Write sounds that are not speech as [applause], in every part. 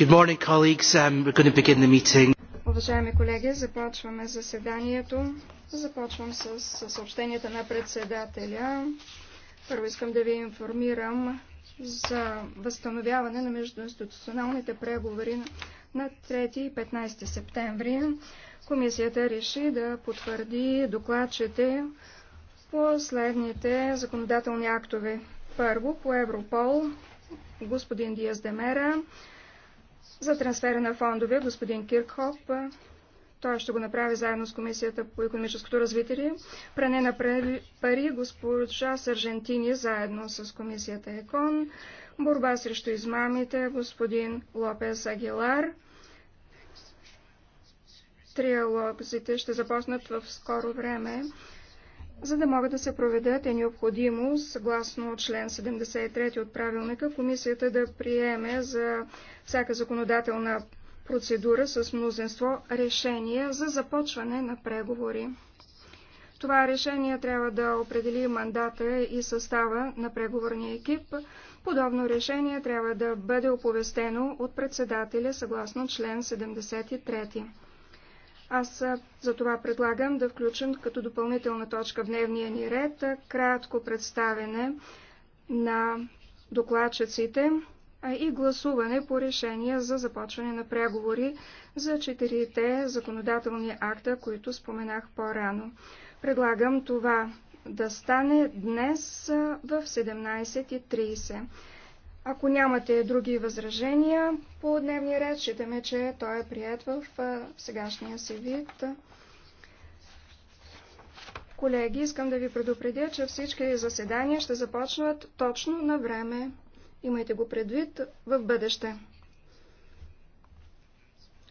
Um, Уважаеми колеги, започваме заседанието. Започвам с съобщенията на председателя. Първо искам да ви информирам за възстановяване на междуинституционалните преговори на 3 и 15 септември. Комисията реши да потвърди докладчите по следните законодателни актове. Първо по Европол господин Диас Демера за трансфера на фондове господин Киркхоп, той ще го направи заедно с Комисията по економическото развитие. Пране на пари госпожа Сържентини заедно с Комисията ЕКОН. Борба срещу измамите господин Лопес Агилар. Триалогзите ще започнат в скоро време за да могат да се проведат е необходимо, съгласно член 73 от правилника, комисията да приеме за всяка законодателна процедура с мнозинство решение за започване на преговори. Това решение трябва да определи мандата и състава на преговорния екип. Подобно решение трябва да бъде оповестено от председателя съгласно член 73. Аз за това предлагам да включим като допълнителна точка в дневния ни ред кратко представене на докладчиците и гласуване по решение за започване на преговори за четирите законодателни акта, които споменах по-рано. Предлагам това да стане днес в 17.30. Ако нямате други възражения по дневния ред, считаме, че той е прият в сегашния си вид. Колеги, искам да ви предупредя, че всички заседания ще започват точно на време. Имайте го предвид в бъдеще.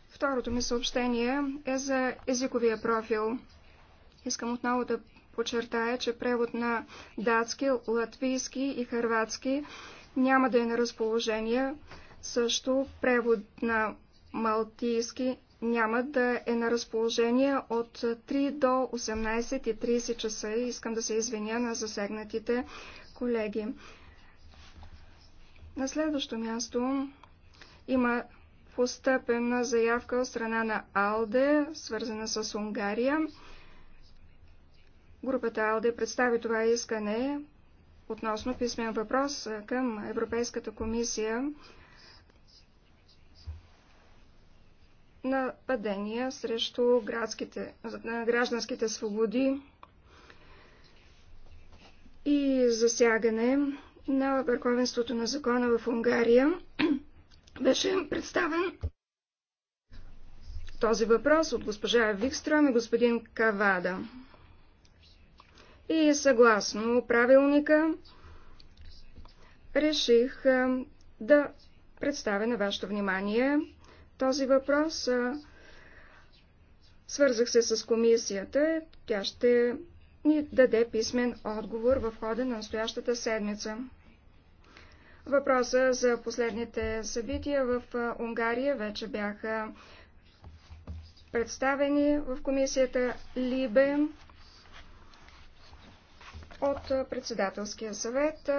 Второто ми съобщение е за езиковия профил. Искам отново да подчертая, че превод на датски, латвийски и хърватски няма да е на разположение. Също превод на малтийски няма да е на разположение от 3 до 18.30 часа. Искам да се извиня на засегнатите колеги. На следващо място има постъпена заявка от страна на АЛДЕ, свързана с Унгария. Групата АЛДЕ представи това искане относно писмен въпрос към Европейската комисия на падения срещу градските, на гражданските свободи и засягане на върховенството на закона в Унгария. [clears throat] Беше представен този въпрос от госпожа Викстрам и господин Кавада и съгласно правилника реших да представя на вашето внимание този въпрос. Свързах се с комисията. Тя ще ни даде писмен отговор в хода на настоящата седмица. Въпроса за последните събития в Унгария вече бяха представени в комисията Либе от председателския съвет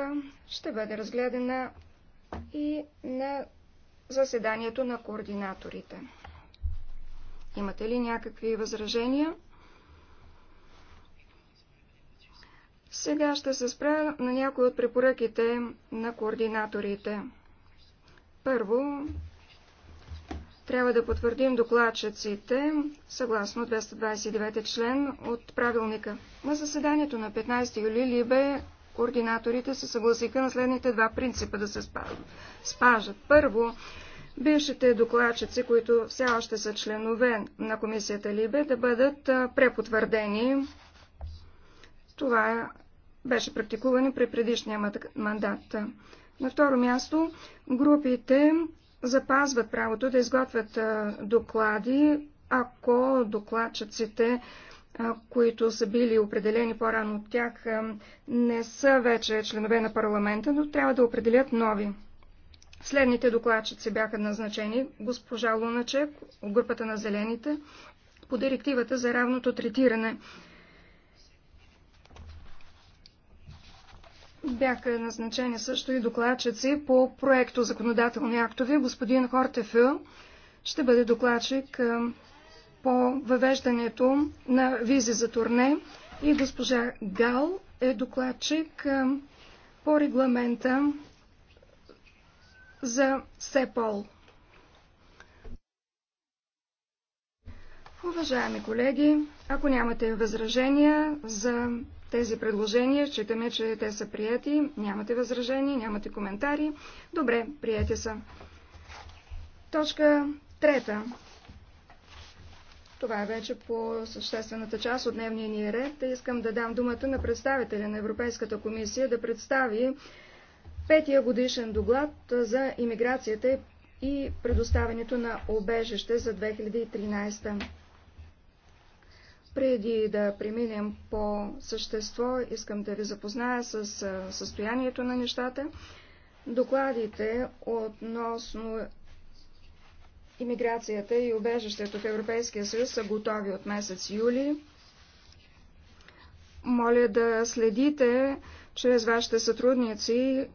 ще бъде разгледана и на заседанието на координаторите. Имате ли някакви възражения? Сега ще се спра на някои от препоръките на координаторите. Първо, трябва да потвърдим докладчиците, съгласно 229 член от правилника. На заседанието на 15 юли Либе координаторите се съгласиха на следните два принципа да се спажат. Първо, бившите докладчици, които все още са членове на комисията Либе, да бъдат препотвърдени. Това беше практикувано при предишния мандат. На второ място, групите запазват правото да изготвят доклади, ако докладчиците, които са били определени по-рано от тях, не са вече членове на парламента, но трябва да определят нови. Следните докладчици бяха назначени госпожа Луначек от групата на Зелените по директивата за равното третиране Бяха назначени също и докладчици по проекто законодателни актове. Господин Хортефил ще бъде докладчик по въвеждането на визи за турне и госпожа Гал е докладчик по регламента за СЕПОЛ. Уважаеми колеги, ако нямате възражения за тези предложения. Считаме, че те са прияти. Нямате възражения, нямате коментари. Добре, прияти са. Точка трета. Това е вече по съществената част от дневния ни ред. Искам да дам думата на представителя на Европейската комисия да представи петия годишен доклад за иммиграцията и предоставянето на обежище за 2013. Преди да преминем по същество, искам да ви запозная с състоянието на нещата. Докладите относно иммиграцията и убежището в Европейския съюз са готови от месец юли. Моля да следите чрез вашите сътрудници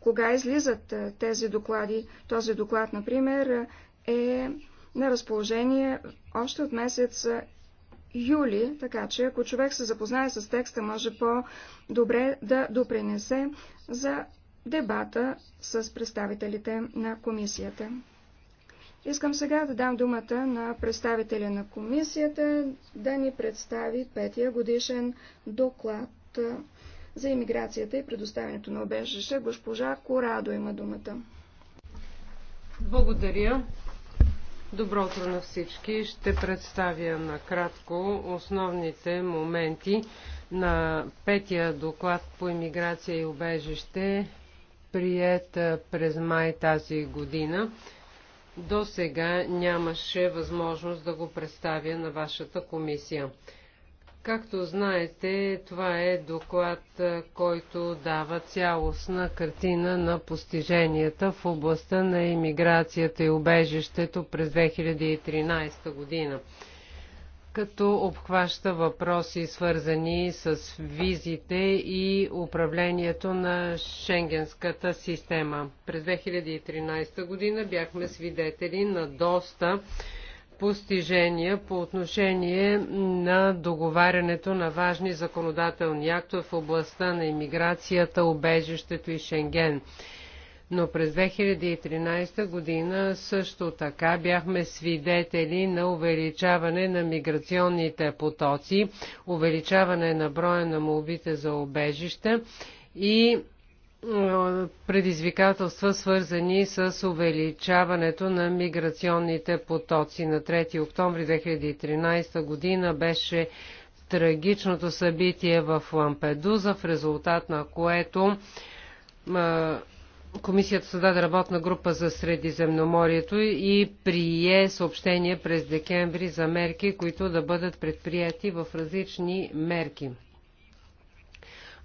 кога излизат тези доклади. Този доклад, например, е на разположение още от месец юли, така че ако човек се запознае с текста, може по-добре да допринесе за дебата с представителите на комисията. Искам сега да дам думата на представителя на комисията да ни представи петия годишен доклад за иммиграцията и предоставянето на обежище. Госпожа Корадо има думата. Благодаря. Добро утро на всички. Ще представя накратко основните моменти на петия доклад по иммиграция и убежище, прият през май тази година. До сега нямаше възможност да го представя на вашата комисия. Както знаете, това е доклад, който дава цялостна картина на постиженията в областта на иммиграцията и убежището през 2013 година, като обхваща въпроси свързани с визите и управлението на шенгенската система. През 2013 година бяхме свидетели на доста постижения по отношение на договарянето на важни законодателни актове в областта на иммиграцията, обежището и Шенген. Но през 2013 година също така бяхме свидетели на увеличаване на миграционните потоци, увеличаване на броя на молбите за обежище и предизвикателства, свързани с увеличаването на миграционните потоци. На 3 октомври 2013 година беше трагичното събитие в Лампедуза, в резултат на което Комисията създаде работна група за Средиземноморието и прие съобщение през декември за мерки, които да бъдат предприяти в различни мерки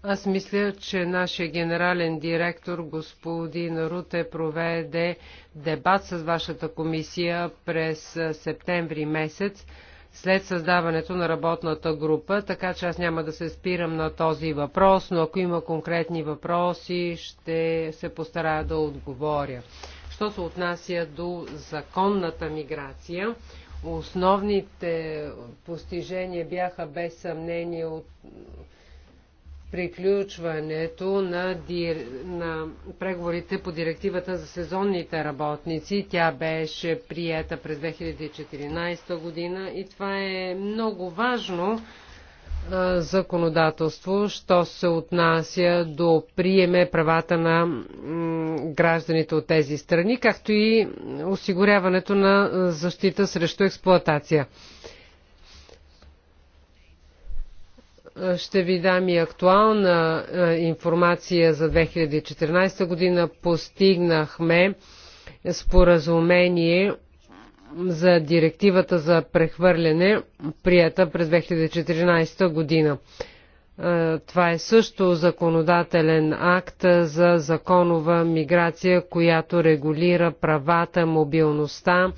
аз мисля, че нашия генерален директор господин Руте проведе дебат с вашата комисия през септември месец след създаването на работната група, така че аз няма да се спирам на този въпрос, но ако има конкретни въпроси, ще се постарая да отговоря. Що се отнася до законната миграция, основните постижения бяха без съмнение от приключването на, дир... на преговорите по директивата за сезонните работници. Тя беше приета през 2014 година и това е много важно законодателство, що се отнася до приеме правата на гражданите от тези страни, както и осигуряването на защита срещу експлоатация. ще ви дам и актуална информация за 2014 година. Постигнахме споразумение за директивата за прехвърляне, прията през 2014 година. Това е също законодателен акт за законова миграция, която регулира правата, мобилността,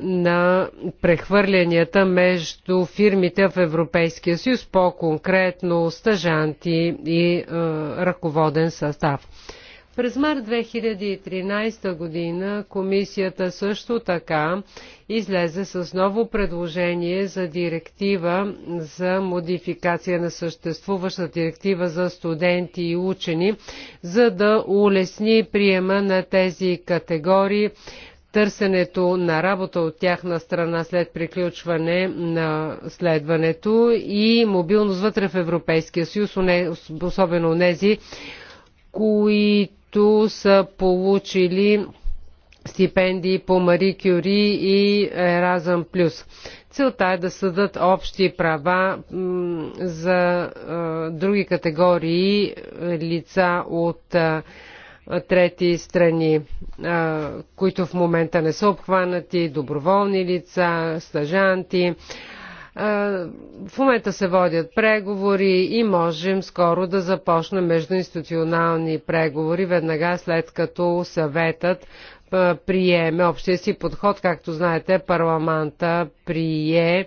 на прехвърлянията между фирмите в Европейския съюз, по-конкретно стъжанти и е, ръководен състав. През март 2013 година комисията също така излезе с ново предложение за директива за модификация на съществуваща директива за студенти и учени, за да улесни приема на тези категории търсенето на работа от тяхна страна след приключване на следването и мобилност вътре в Европейския съюз, особено нези, които са получили стипендии по Мари Кюри и Еразъм Плюс. Целта е да съдат общи права за други категории лица от трети страни, които в момента не са обхванати, доброволни лица, стажанти. В момента се водят преговори и можем скоро да започнем междуинституционални преговори, веднага след като съветът приеме общия си подход. Както знаете, парламента прие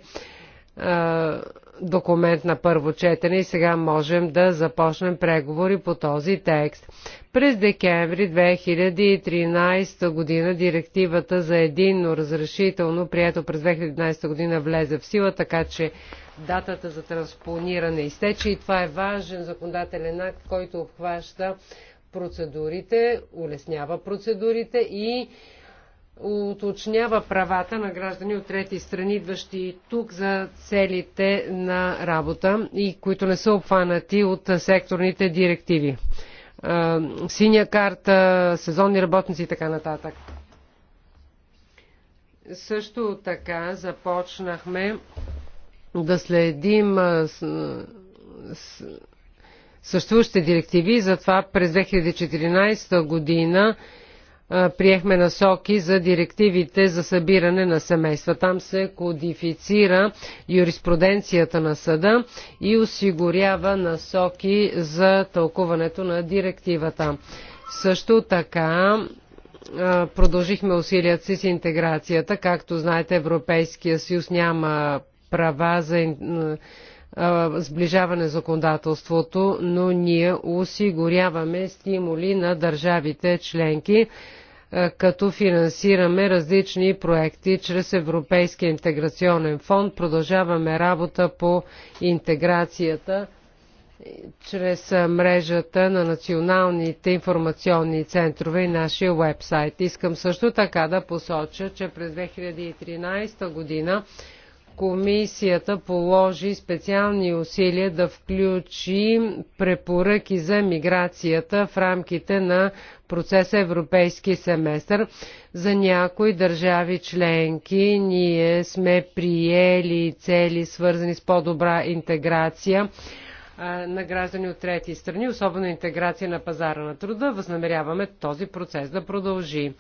документ на първо четене и сега можем да започнем преговори по този текст. През декември 2013 година директивата за единно разрешително, прието през 2011 година, влезе в сила, така че датата за транспониране изтече и това е важен законодателен акт, който обхваща процедурите, улеснява процедурите и уточнява правата на граждани от трети страни, идващи тук за целите на работа и които не са обхванати от секторните директиви. Синя карта, сезонни работници и така нататък. Също така започнахме да следим съществуващите директиви, затова през 2014 година приехме насоки за директивите за събиране на семейства. Там се кодифицира юриспруденцията на съда и осигурява насоки за тълкуването на директивата. Също така продължихме усилията си с интеграцията. Както знаете, Европейския съюз няма права за сближаване законодателството, но ние осигуряваме стимули на държавите членки, като финансираме различни проекти чрез Европейския интеграционен фонд. Продължаваме работа по интеграцията чрез мрежата на националните информационни центрове и нашия вебсайт. Искам също така да посоча, че през 2013 година Комисията положи специални усилия да включи препоръки за миграцията в рамките на процеса Европейски семестър. За някои държави членки ние сме приели цели, свързани с по-добра интеграция на граждани от трети страни, особено интеграция на пазара на труда. Възнамеряваме този процес да продължи.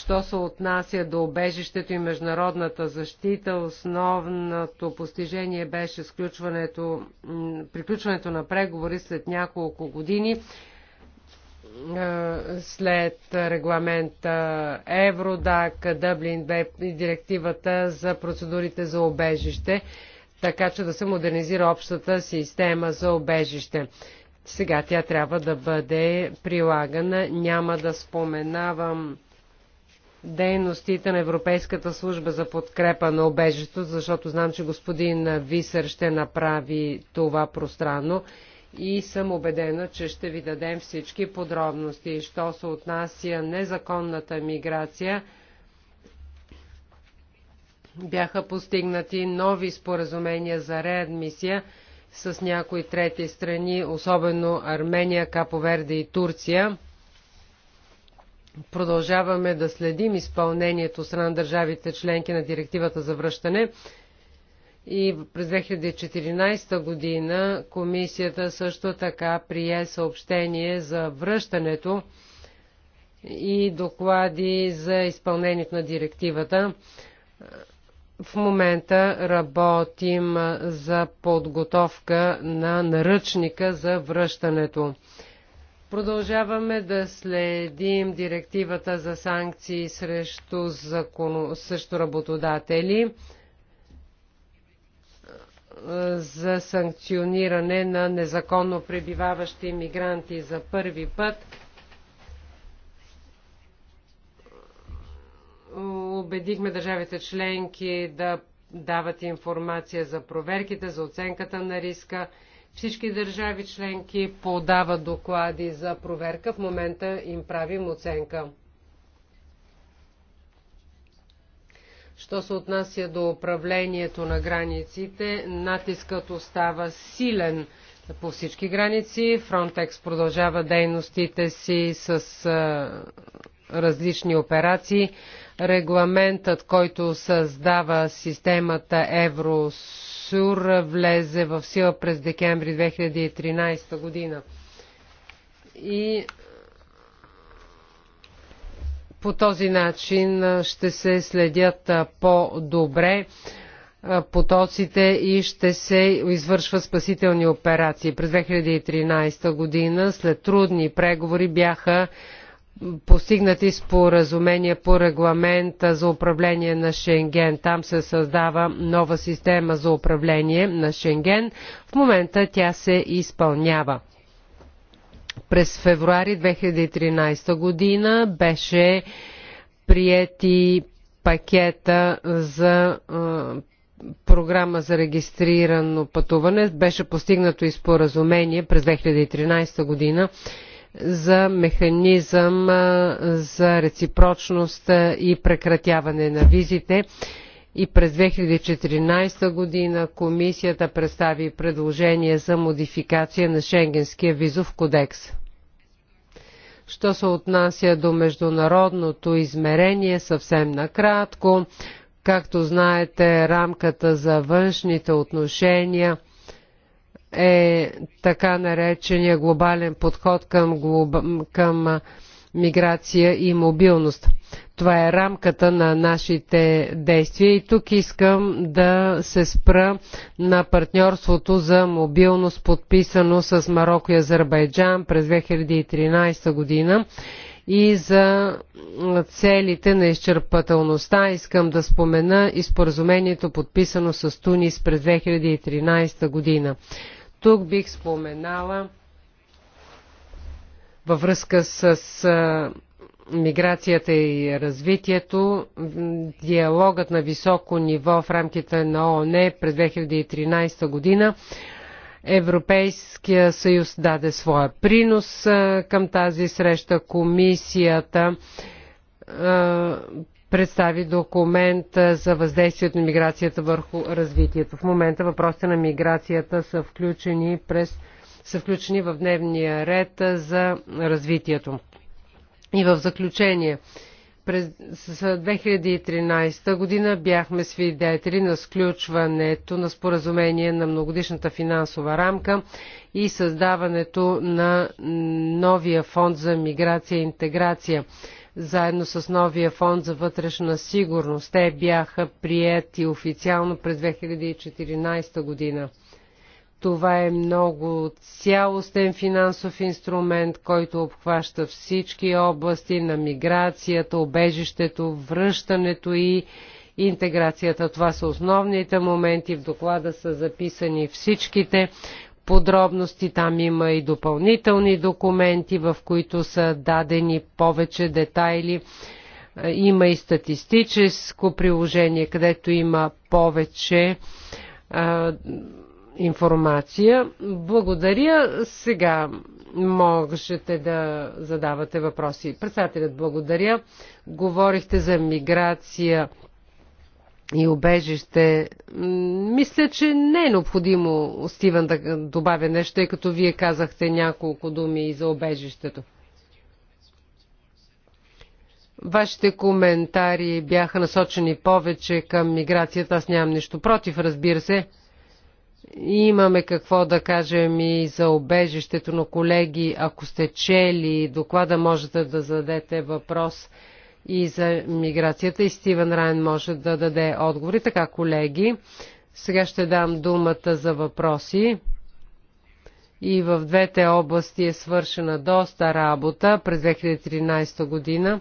Що се отнася до обежището и международната защита, основното постижение беше сключването, приключването на преговори след няколко години е, след регламента Евродак, Дъблин и директивата за процедурите за обежище, така че да се модернизира общата система за обежище. Сега тя трябва да бъде прилагана. Няма да споменавам дейностите на Европейската служба за подкрепа на обежището, защото знам, че господин Висър ще направи това пространно и съм убедена, че ще ви дадем всички подробности. Що се отнася незаконната миграция, бяха постигнати нови споразумения за реадмисия с някои трети страни, особено Армения, Каповерде и Турция Продължаваме да следим изпълнението страна на държавите членки на директивата за връщане. И през 2014 година комисията също така прие съобщение за връщането и доклади за изпълнението на директивата. В момента работим за подготовка на наръчника за връщането. Продължаваме да следим директивата за санкции срещу, закону, срещу работодатели за санкциониране на незаконно пребиваващи мигранти за първи път. Убедихме държавите членки да дават информация за проверките, за оценката на риска всички държави членки подават доклади за проверка. В момента им правим оценка. Що се отнася до управлението на границите, натискът остава силен по всички граници. Frontex продължава дейностите си с различни операции. Регламентът, който създава системата Евросоюз, Меркосур влезе в сила през декември 2013 година. И по този начин ще се следят по-добре потоците и ще се извършват спасителни операции. През 2013 година след трудни преговори бяха постигнати споразумения по регламента за управление на Шенген. Там се създава нова система за управление на Шенген. В момента тя се изпълнява. През февруари 2013 година беше приети пакета за програма за регистрирано пътуване. Беше постигнато и споразумение през 2013 година за механизъм за реципрочност и прекратяване на визите. И през 2014 година комисията представи предложение за модификация на Шенгенския визов кодекс. Що се отнася до международното измерение, съвсем накратко, както знаете, рамката за външните отношения – е така наречения глобален подход към, глоб... към миграция и мобилност. Това е рамката на нашите действия и тук искам да се спра на партньорството за мобилност, подписано с Марокко и Азербайджан през 2013 година и за целите на изчерпателността искам да спомена и споразумението подписано с Тунис през 2013 година. Тук бих споменала във връзка с миграцията и развитието, диалогът на високо ниво в рамките на ООН през 2013 година. Европейския съюз даде своя принос към тази среща. Комисията представи документ за въздействието на миграцията върху развитието. В момента въпросите на миграцията са включени, през, са включени в дневния ред за развитието. И в заключение, през 2013 година бяхме свидетели на сключването на споразумение на многодишната финансова рамка и създаването на новия фонд за миграция и интеграция заедно с новия фонд за вътрешна сигурност. Те бяха приети официално през 2014 година. Това е много цялостен финансов инструмент, който обхваща всички области на миграцията, обежището, връщането и интеграцията. Това са основните моменти. В доклада са записани всичките подробности. Там има и допълнителни документи, в които са дадени повече детайли. Е, има и статистическо приложение, където има повече а, е, информация. Благодаря. Сега можете да задавате въпроси. Председателят, благодаря. Говорихте за миграция и обежище. Мисля, че не е необходимо, Стивен, да добавя нещо, тъй като вие казахте няколко думи и за обежището. Вашите коментари бяха насочени повече към миграцията. Аз нямам нищо против, разбира се. Имаме какво да кажем и за обежището, но колеги, ако сте чели доклада, можете да зададете въпрос – и за миграцията и Стивен Райан може да даде отговори. Така, колеги, сега ще дам думата за въпроси. И в двете области е свършена доста работа през 2013 година.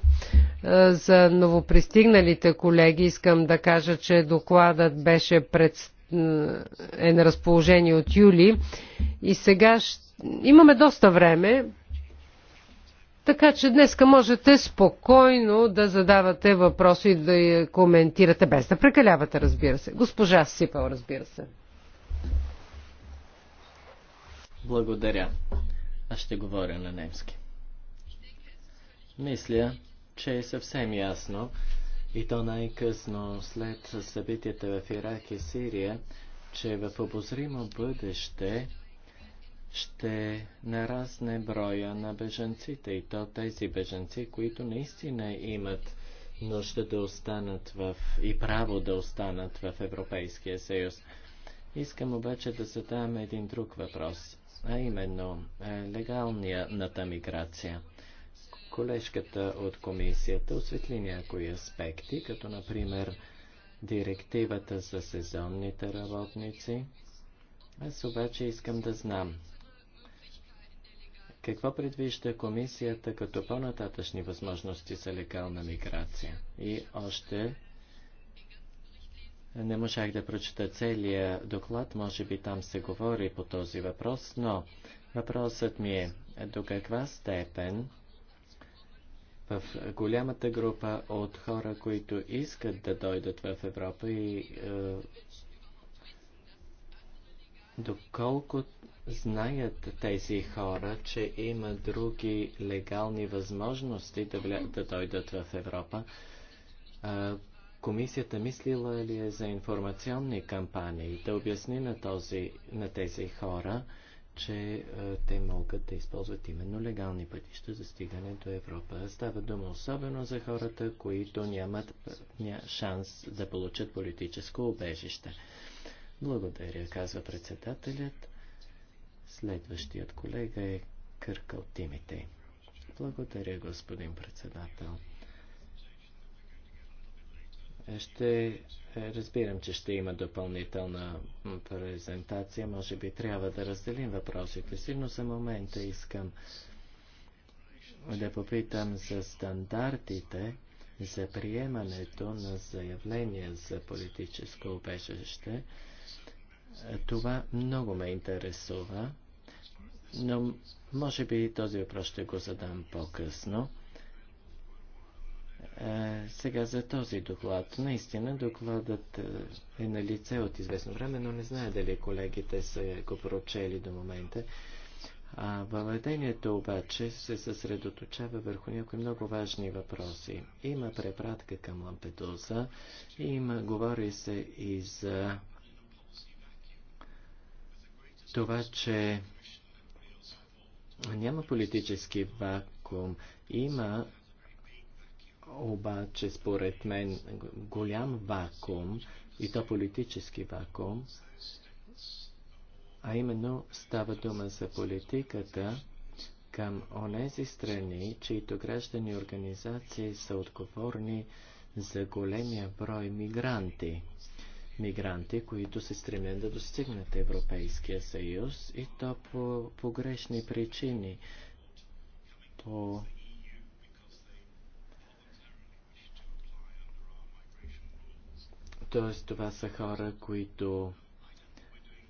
Е, за новопристигналите колеги искам да кажа, че докладът беше пред... е, е на разположение от юли и сега ще... имаме доста време, така че днеска можете спокойно да задавате въпроси и да я коментирате, без да прекалявате, разбира се. Госпожа Сипал, разбира се. Благодаря. Аз ще говоря на немски. Мисля, че е съвсем ясно, и то най-късно след събитията в Ирак и Сирия, че в обозримо бъдеще ще нарасне броя на бежанците и то тези бежанци, които наистина имат нужда да останат в и право да останат в Европейския съюз. Искам обаче да задам един друг въпрос, а именно е, легалната миграция. Колежката от комисията осветли някои аспекти, като например директивата за сезонните работници. Аз обаче искам да знам какво предвижда комисията като по-нататъчни възможности за легална миграция? И още не можах да прочета целия доклад, може би там се говори по този въпрос, но въпросът ми е до каква степен в голямата група от хора, които искат да дойдат в Европа и е, доколко знаят тези хора, че има други легални възможности да, вля... да дойдат в Европа. А, комисията мислила ли е за информационни кампании, да обясни на, този, на тези хора, че а, те могат да използват именно легални пътища за стигане до Европа. Става дума особено за хората, които нямат ня, шанс да получат политическо убежище. Благодаря, казва председателят. Следващият колега е Кърка от Тимите. Благодаря, господин председател. Ще е, разбирам, че ще има допълнителна презентация. Може би трябва да разделим въпросите си, но за момента искам да попитам за стандартите за приемането на заявления за политическо обежище това много ме интересува, но може би този въпрос ще го задам по-късно. Е, сега за този доклад. Наистина докладът е, е на лице от известно време, но не знае дали колегите са го прочели до момента. А въведението обаче се съсредоточава върху някои много важни въпроси. Има препратка към Лампедуза, има, говори се и за това, че няма политически вакуум. Има обаче, според мен, голям вакуум, и то политически вакуум, а именно става дума за политиката към онези страни, чието граждани и организации са отговорни за големия брой мигранти мигранти, които се стремят да достигнат Европейския съюз и то по погрешни причини, по Тоест, това са хора, които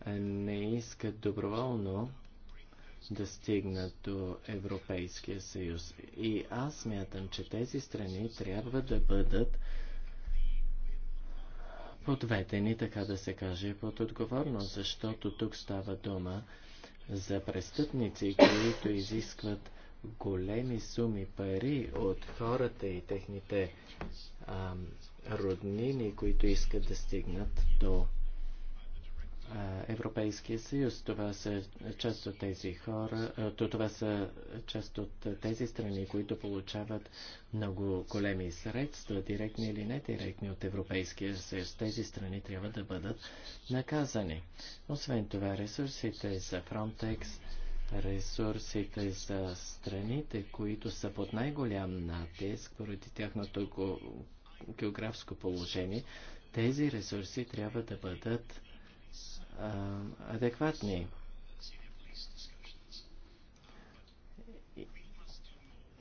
не искат доброволно да стигнат до Европейския съюз. И аз мятам, че тези страни трябва да бъдат подведени, така да се каже, под отговорност, защото тук става дума за престъпници, които изискват големи суми пари от хората и техните а, роднини, които искат да стигнат до е, Европейския съюз. Това са част от тези хора, е, това са част от тези страни, които получават много големи средства, директни или недиректни от Европейския съюз. Тези страни трябва да бъдат наказани. Освен това, ресурсите за Frontex, ресурсите за страните, които са под най-голям натиск поради тяхното географско положение, тези ресурси трябва да бъдат адекватни.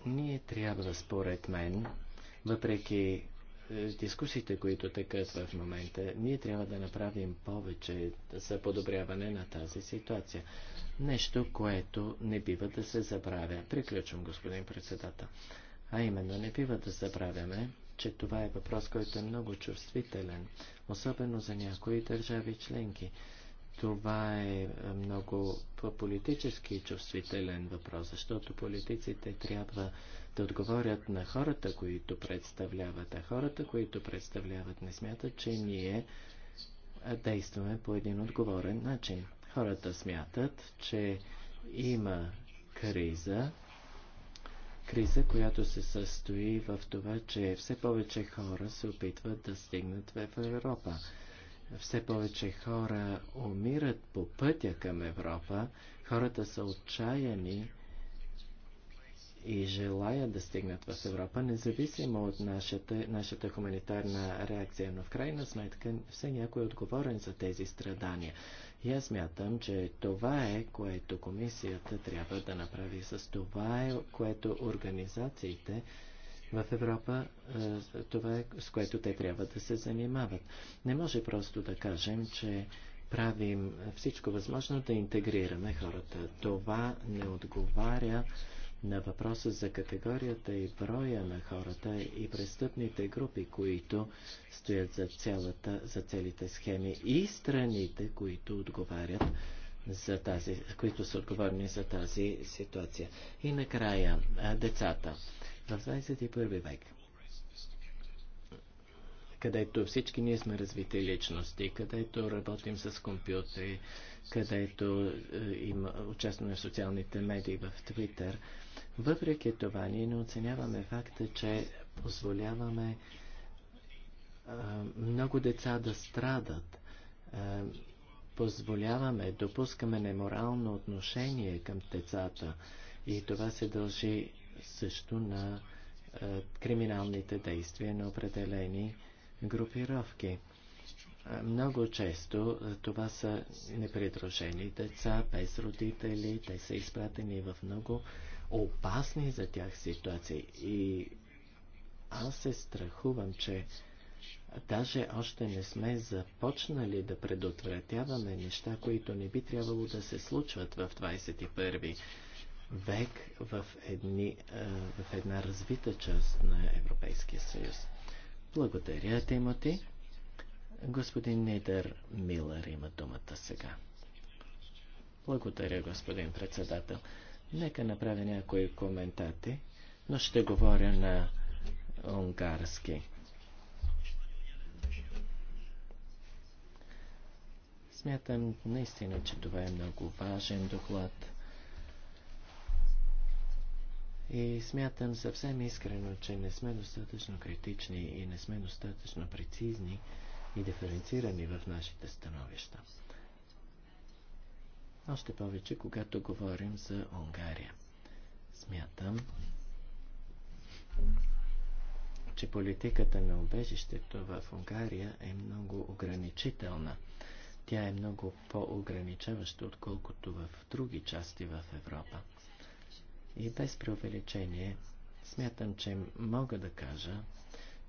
Ние трябва, според мен, въпреки е, дискусиите, които текат в момента, ние трябва да направим повече за подобряване на тази ситуация. Нещо, което не бива да се забравя. Приключвам, господин председател. А именно, не бива да забравяме, че това е въпрос, който е много чувствителен, особено за някои държави членки. Това е, е много политически чувствителен въпрос, защото политиците трябва да отговорят на хората, които представляват, а хората, които представляват, не смятат, че ние действаме по един отговорен начин. Хората смятат, че има криза, криза, която се състои в това, че все повече хора се опитват да стигнат в Европа. Все повече хора умират по пътя към Европа, хората са отчаяни и желаят да стигнат в Европа, независимо от нашата, нашата хуманитарна реакция. Но в крайна сметка все някой е отговорен за тези страдания. И аз мятам, че това е, което комисията трябва да направи. С това е, което организациите в Европа, е, това е с което те трябва да се занимават. Не може просто да кажем, че правим всичко възможно да интегрираме хората. Това не отговаря на въпроса за категорията и броя на хората и престъпните групи, които стоят за, цялата, за целите схеми и страните, които отговарят за тази, които са отговорни за тази ситуация. И накрая, децата в 21 век, където всички ние сме развити личности, където работим с компютри, където е, има, участваме в социалните медии, в Твитър, въпреки това ние не оценяваме факта, че позволяваме а, е, много деца да страдат. А, е, позволяваме, допускаме неморално отношение към децата. И това се дължи също на е, криминалните действия на определени групировки. Е, много често е, това са непридружени деца, без родители, те са изпратени в много опасни за тях ситуации. И аз се страхувам, че даже още не сме започнали да предотвратяваме неща, които не би трябвало да се случват в 21 век в, едни, в една развита част на Европейския съюз. Благодаря, Тимоти. Господин Нидер Милър има думата сега. Благодаря, господин председател. Нека направя някои коментати, но ще говоря на унгарски. Смятам наистина, че това е много важен доклад. И смятам съвсем искрено, че не сме достатъчно критични и не сме достатъчно прецизни и диференцирани в нашите становища. Още повече, когато говорим за Унгария. Смятам, че политиката на убежището в Унгария е много ограничителна. Тя е много по-ограничаваща, отколкото в други части в Европа. И без преувеличение смятам, че мога да кажа,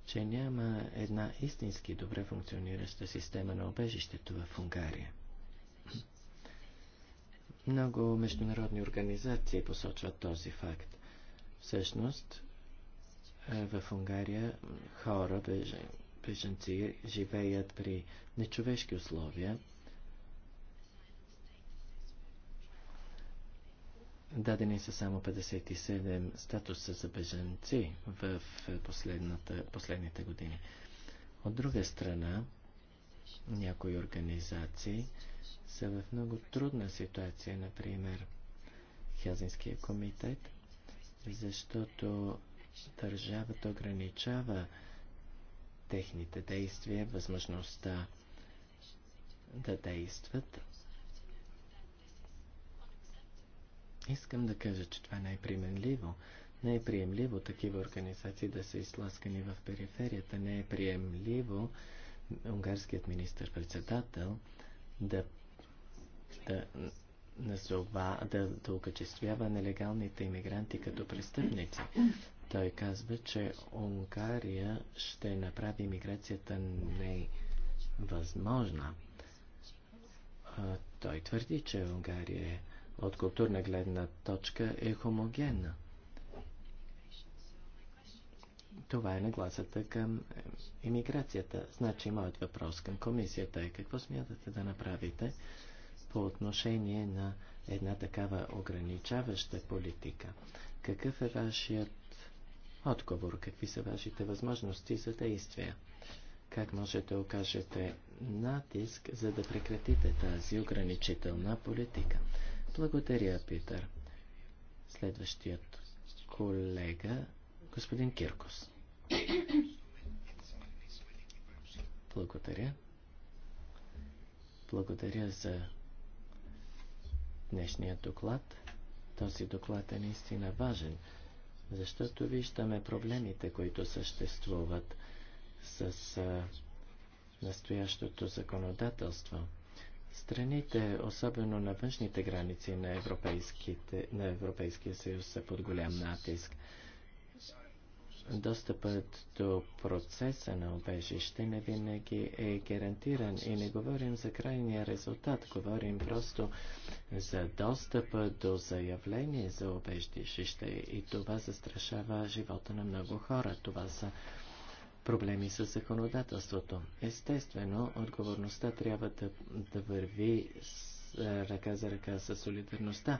че няма една истински добре функционираща система на обежището в Унгария. Много международни организации посочват този факт. Всъщност, е, в Унгария хора, беженци, живеят при нечовешки условия, Дадени са само 57 статуса за беженци в последните години. От друга страна, някои организации са в много трудна ситуация, например Хелзинския комитет, защото държавата ограничава техните действия, възможността да действат Искам да кажа, че това не е приемливо. Не е приемливо такива организации да са изтласкани в периферията. Не е приемливо унгарският министр-председател да, да, назова, да, да окачествява нелегалните иммигранти като престъпници. Той казва, че Унгария ще направи иммиграцията невъзможна. Той твърди, че Унгария е от културна гледна точка е хомогенна. Това е нагласата към иммиграцията. Значи, моят въпрос към комисията е какво смятате да направите по отношение на една такава ограничаваща политика? Какъв е вашият отговор? Какви са вашите възможности за действия? Как можете да окажете натиск, за да прекратите тази ограничителна политика? Благодаря, Питър. Следващият колега, господин Киркос. Благодаря. Благодаря за днешния доклад. Този доклад е наистина важен, защото виждаме проблемите, които съществуват с настоящото законодателство. Страните, особено на външните граници на, европейските, на Европейския съюз, са под голям натиск. Достъпът до процеса на обежище не винаги е гарантиран и не говорим за крайния резултат, говорим просто за достъпа до заявление за обежище и това застрашава живота на много хора. Това са проблеми с законодателството. Естествено, отговорността трябва да, да върви с, е, ръка за ръка с солидарността.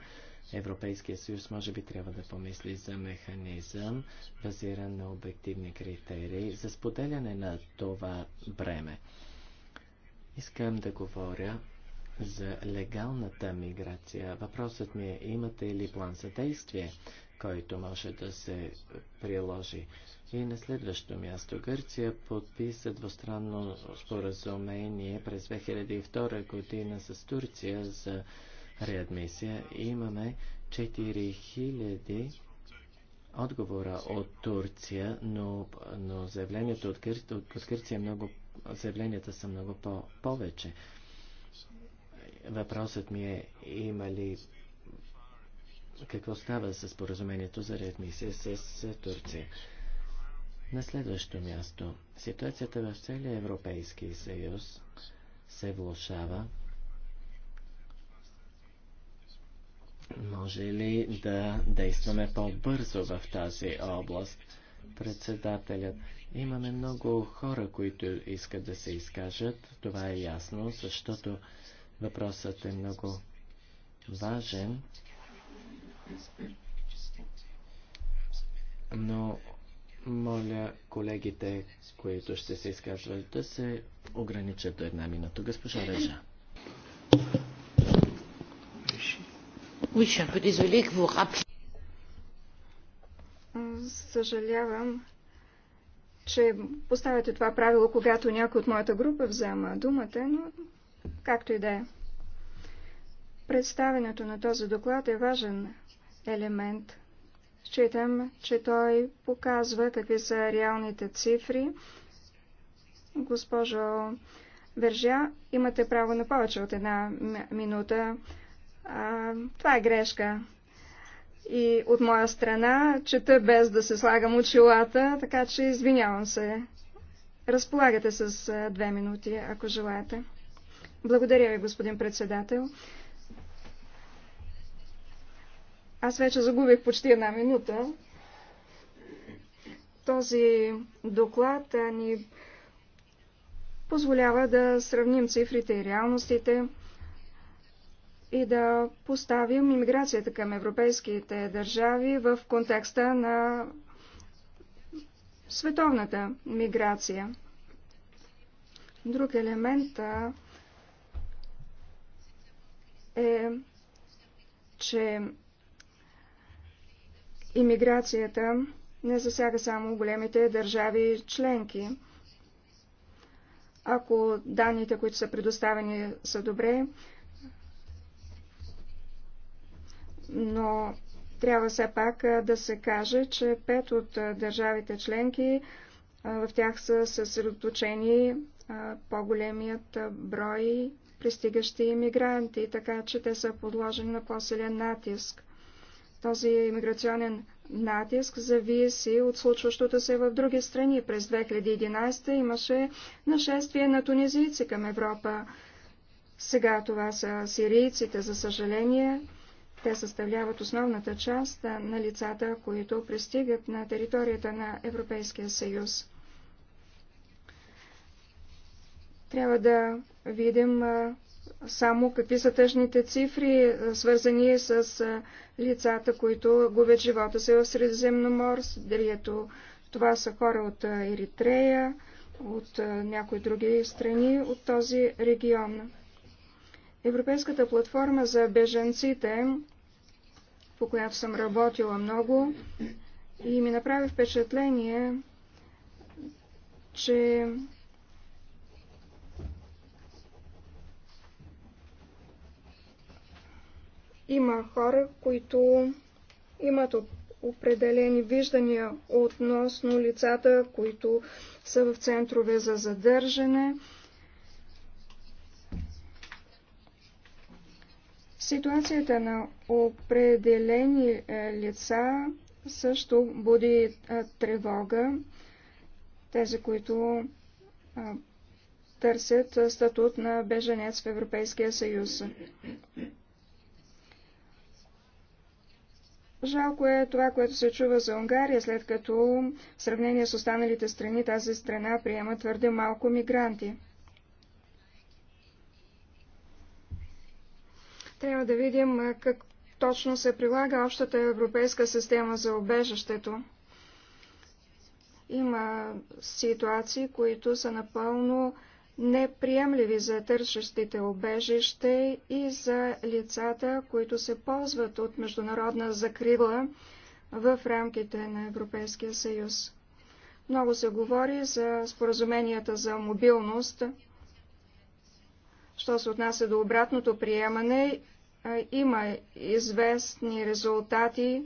Европейския съюз може би трябва да помисли за механизъм, базиран на обективни критерии, за споделяне на това бреме. Искам да говоря за легалната миграция. Въпросът ми е, имате ли план за действие, който може да се приложи? И на следващо място Гърция подписа двустранно споразумение през 2002 година с Турция за реадмисия. Имаме 4000 отговора от Турция, но, но заявлението от, Гър... от Гърция е много... заявленията са много по... повече. Въпросът ми е има ли какво става с споразумението за реадмисия с Турция. На следващо място, ситуацията в целия Европейски съюз се влушава. Може ли да действаме по-бързо в тази област? Председателят. Имаме много хора, които искат да се изкажат. Това е ясно, защото въпросът е много важен. Но моля колегите, които ще се изкажат, да се ограничат до една минута. Госпожа Режа. Съжалявам, че поставяте това правило, когато някой от моята група взема думата, но както и да е. Представенето на този доклад е важен елемент – Считам, че той показва какви са реалните цифри. Госпожо Вържа, имате право на повече от една минута. А, това е грешка. И от моя страна чета без да се слагам очилата, така че извинявам се. Разполагате с две минути, ако желаете. Благодаря ви, господин председател. Аз вече загубих почти една минута. Този доклад ни позволява да сравним цифрите и реалностите и да поставим иммиграцията към европейските държави в контекста на световната миграция. Друг елемент е, че Имиграцията не засяга само големите държави членки. Ако данните, които са предоставени, са добре, но трябва все пак да се каже, че пет от държавите членки в тях са съсредоточени по-големият брой пристигащи иммигранти, така че те са подложени на по-силен натиск. Този иммиграционен натиск зависи от случващото се в други страни. През 2011 имаше нашествие на тунизийци към Европа. Сега това са сирийците, за съжаление. Те съставляват основната част на лицата, които пристигат на територията на Европейския съюз. Трябва да видим само какви са тъжните цифри, свързани с лицата, които губят живота си в Средиземноморс, дали ето това са хора от Еритрея, от някои други страни от този регион. Европейската платформа за беженците, по която съм работила много, и ми направи впечатление, че Има хора, които имат определени виждания относно лицата, които са в центрове за задържане. Ситуацията на определени е, лица също буди е, тревога. Тези, които търсят статут на беженец в Европейския съюз. Жалко е това, което се чува за Унгария, след като в сравнение с останалите страни тази страна приема твърде малко мигранти. Трябва да видим как точно се прилага общата европейска система за обежището. Има ситуации, които са напълно неприемливи за търсещите обежище и за лицата, които се ползват от международна закрила в рамките на Европейския съюз. Много се говори за споразуменията за мобилност. Що се отнася до обратното приемане, има известни резултати,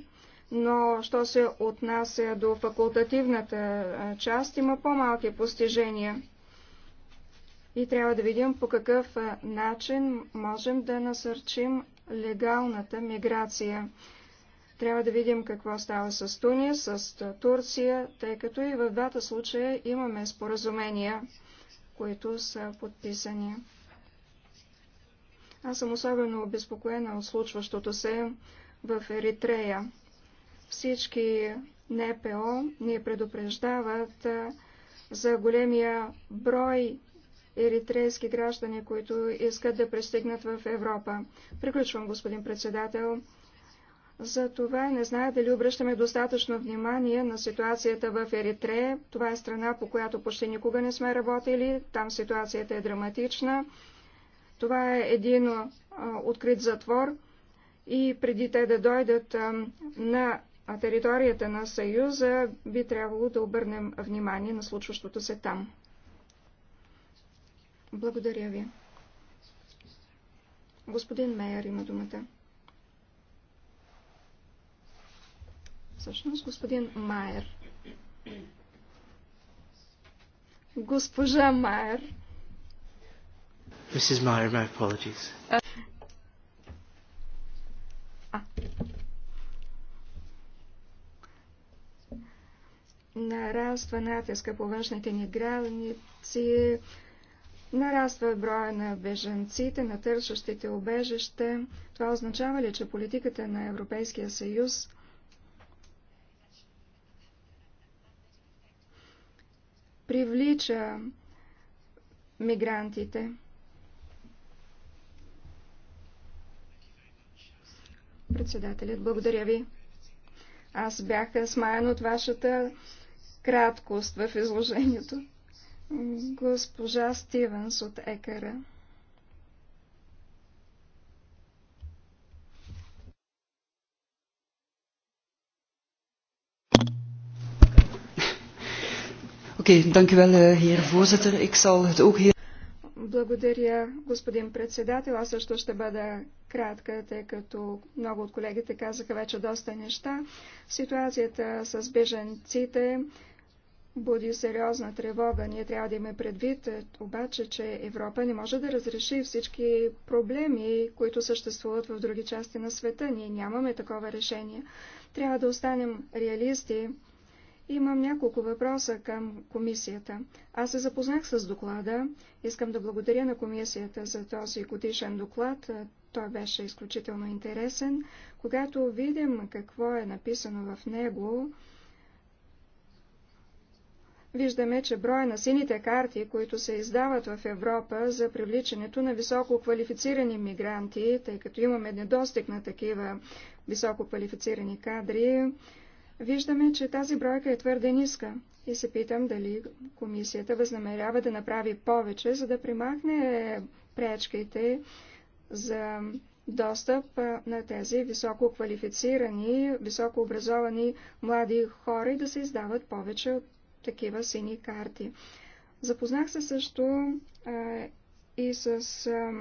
но що се отнася до факултативната част, има по-малки постижения и трябва да видим по какъв начин можем да насърчим легалната миграция. Трябва да видим какво става с Туния, с Турция, тъй като и в двата случая имаме споразумения, които са подписани. Аз съм особено обезпокоена от случващото се в Еритрея. Всички НПО ни предупреждават за големия брой еритрейски граждани, които искат да пристигнат в Европа. Приключвам, господин председател. За това не зная дали обръщаме достатъчно внимание на ситуацията в Еритрея. Това е страна, по която почти никога не сме работили. Там ситуацията е драматична. Това е един а, открит затвор. И преди те да дойдат а, на територията на Съюза, би трябвало да обърнем внимание на случващото се там. Благодаря ви. Господин Мейер има думата. Всъщност, господин Майер. Госпожа Майер. Мисис Майер, my apologies. А. Нараства натиска по външните ни граници, Нараства броя на бежанците, на търсещите обежище. Това означава ли, че политиката на Европейския съюз привлича мигрантите? Председателят, благодаря ви. Аз бях смаян от вашата краткост в изложението госпожа Стивенс от Екара. Oké, dank u wel, eh, heer voorzitter. Ik zal het ook heel... Благодаря, господин председател. Аз също ще бъда кратка, тъй като много от колегите казаха вече доста неща. Ситуацията с беженците буди сериозна тревога. Ние трябва да имаме предвид е, обаче, че Европа не може да разреши всички проблеми, които съществуват в други части на света. Ние нямаме такова решение. Трябва да останем реалисти. Имам няколко въпроса към комисията. Аз се запознах с доклада. Искам да благодаря на комисията за този годишен доклад. Е, той беше изключително интересен. Когато видим какво е написано в него, виждаме, че броя на сините карти, които се издават в Европа за привличането на високо квалифицирани мигранти, тъй като имаме недостиг на такива високо квалифицирани кадри, виждаме, че тази бройка е твърде ниска. И се питам дали комисията възнамерява да направи повече, за да примахне пречките за достъп на тези високо квалифицирани, високо образовани млади хора и да се издават повече от такива сини карти. Запознах се също а, и с а,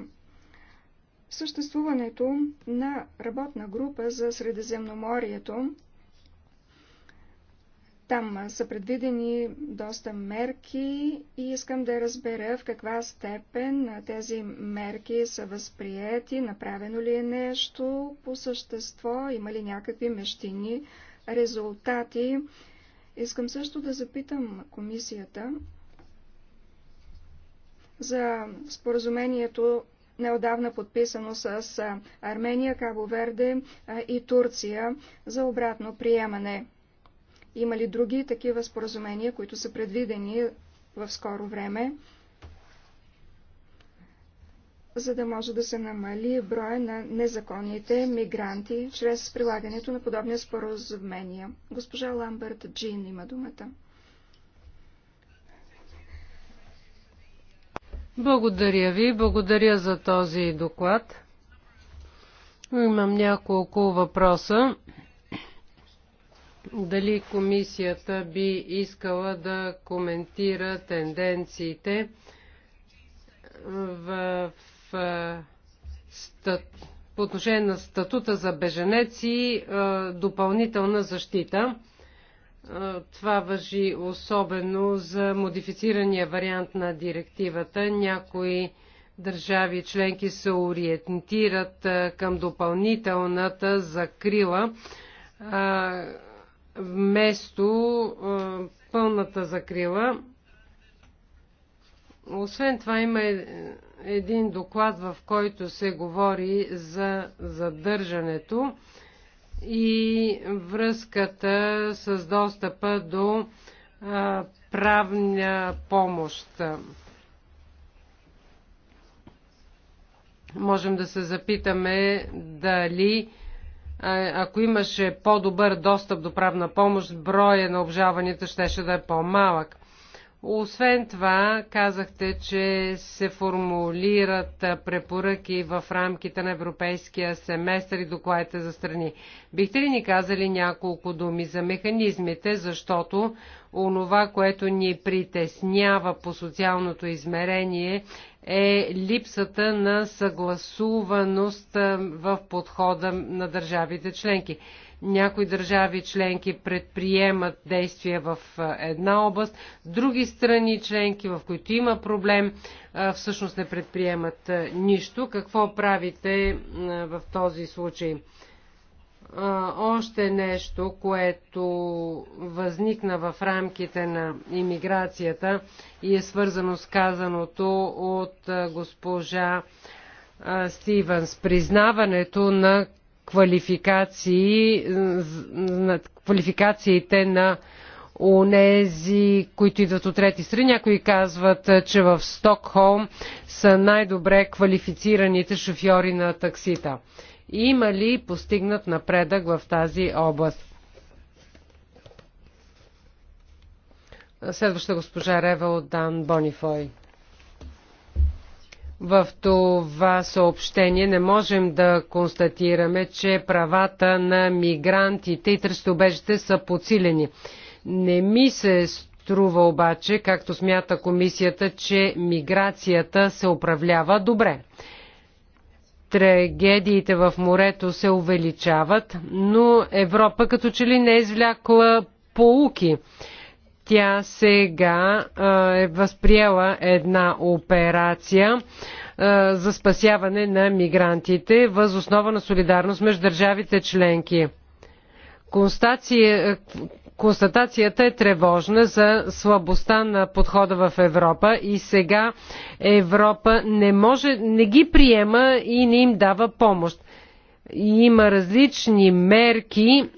съществуването на работна група за Средиземноморието. Там са предвидени доста мерки и искам да разбера в каква степен тези мерки са възприяти, направено ли е нещо по същество, има ли някакви мещини резултати Искам също да запитам комисията за споразумението неодавна подписано с Армения, Кабо Верде и Турция за обратно приемане. Има ли други такива споразумения, които са предвидени в скоро време? за да може да се намали броя на незаконните мигранти чрез прилагането на подобни споразумения. Госпожа Ламберт Джин има думата. Благодаря ви, благодаря за този доклад. Имам няколко въпроса. Дали комисията би искала да коментира тенденциите в е, стат, по отношение на статута за беженеци е, допълнителна защита. Е, това въжи особено за модифицирания вариант на директивата. Някои държави членки се ориентират към допълнителната закрила вместо пълната закрила. Освен това има един доклад, в който се говори за задържането и връзката с достъпа до правна помощ. Можем да се запитаме дали ако имаше по-добър достъп до правна помощ, броя на обжаванията щеше да е по-малък. Освен това, казахте, че се формулират препоръки в рамките на европейския семестър и докладите за страни. Бихте ли ни казали няколко думи за механизмите, защото онова, което ни притеснява по социалното измерение е липсата на съгласуваност в подхода на държавите членки. Някои държави членки предприемат действия в една област, други страни членки, в които има проблем, всъщност не предприемат нищо. Какво правите в този случай? Още нещо, което възникна в рамките на иммиграцията и е свързано с казаното от госпожа Стивенс. Признаването на квалификации, на квалификациите на онези, които идват от трети страни. Някои казват, че в Стокхолм са най-добре квалифицираните шофьори на таксита. Има ли постигнат напредък в тази област? Следваща госпожа Рева от Дан Бонифой. В това съобщение не можем да констатираме, че правата на мигрантите и тръстобежите са подсилени. Не ми се струва обаче, както смята комисията, че миграцията се управлява добре. Трагедиите в морето се увеличават, но Европа като че ли не е извлякла поуки. Тя сега е възприела една операция за спасяване на мигрантите въз основа на солидарност между държавите членки. Констация, констатацията е тревожна за слабостта на подхода в Европа и сега Европа не може, не ги приема и не им дава помощ. Има различни мерки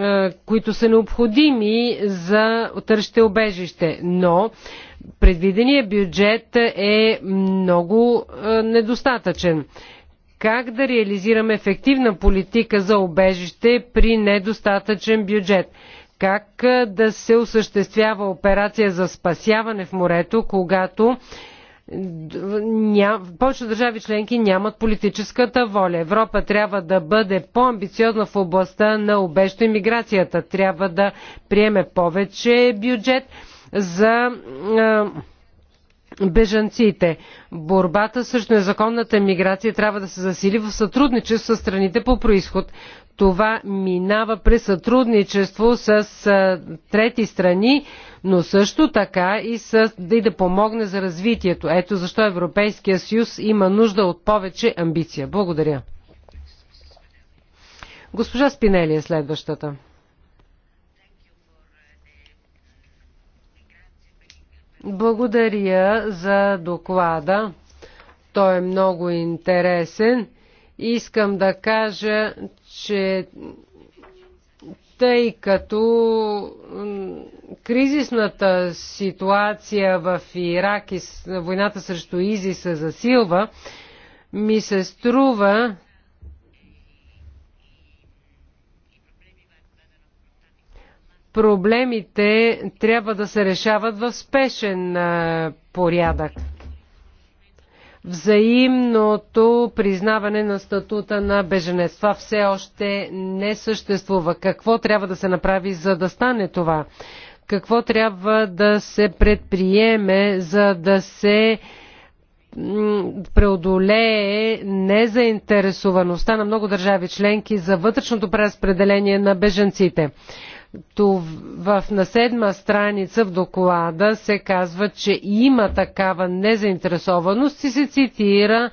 е, които са необходими за търще обежище. Но предвидения бюджет е много е, недостатъчен. Как да реализираме ефективна политика за обежище при недостатъчен бюджет? Как е, да се осъществява операция за спасяване в морето, когато Ня... повечето държави членки нямат политическата воля. Европа трябва да бъде по-амбициозна в областта на обещо и миграцията. Трябва да приеме повече бюджет за бежанците. Борбата срещу незаконната миграция трябва да се засили в сътрудничество с страните по происход. Това минава през сътрудничество с трети страни, но също така и, с, и да помогне за развитието. Ето защо Европейския съюз има нужда от повече амбиция. Благодаря. Госпожа Спинели е следващата. Благодаря за доклада. Той е много интересен. Искам да кажа, че тъй като кризисната ситуация в Ирак и войната срещу Изи се засилва, ми се струва, проблемите трябва да се решават в спешен порядък. Взаимното признаване на статута на беженец. Това все още не съществува. Какво трябва да се направи, за да стане това? какво трябва да се предприеме, за да се преодолее незаинтересоваността на много държави членки за вътрешното преразпределение на беженците. В на седма страница в доклада се казва, че има такава незаинтересованост и се цитира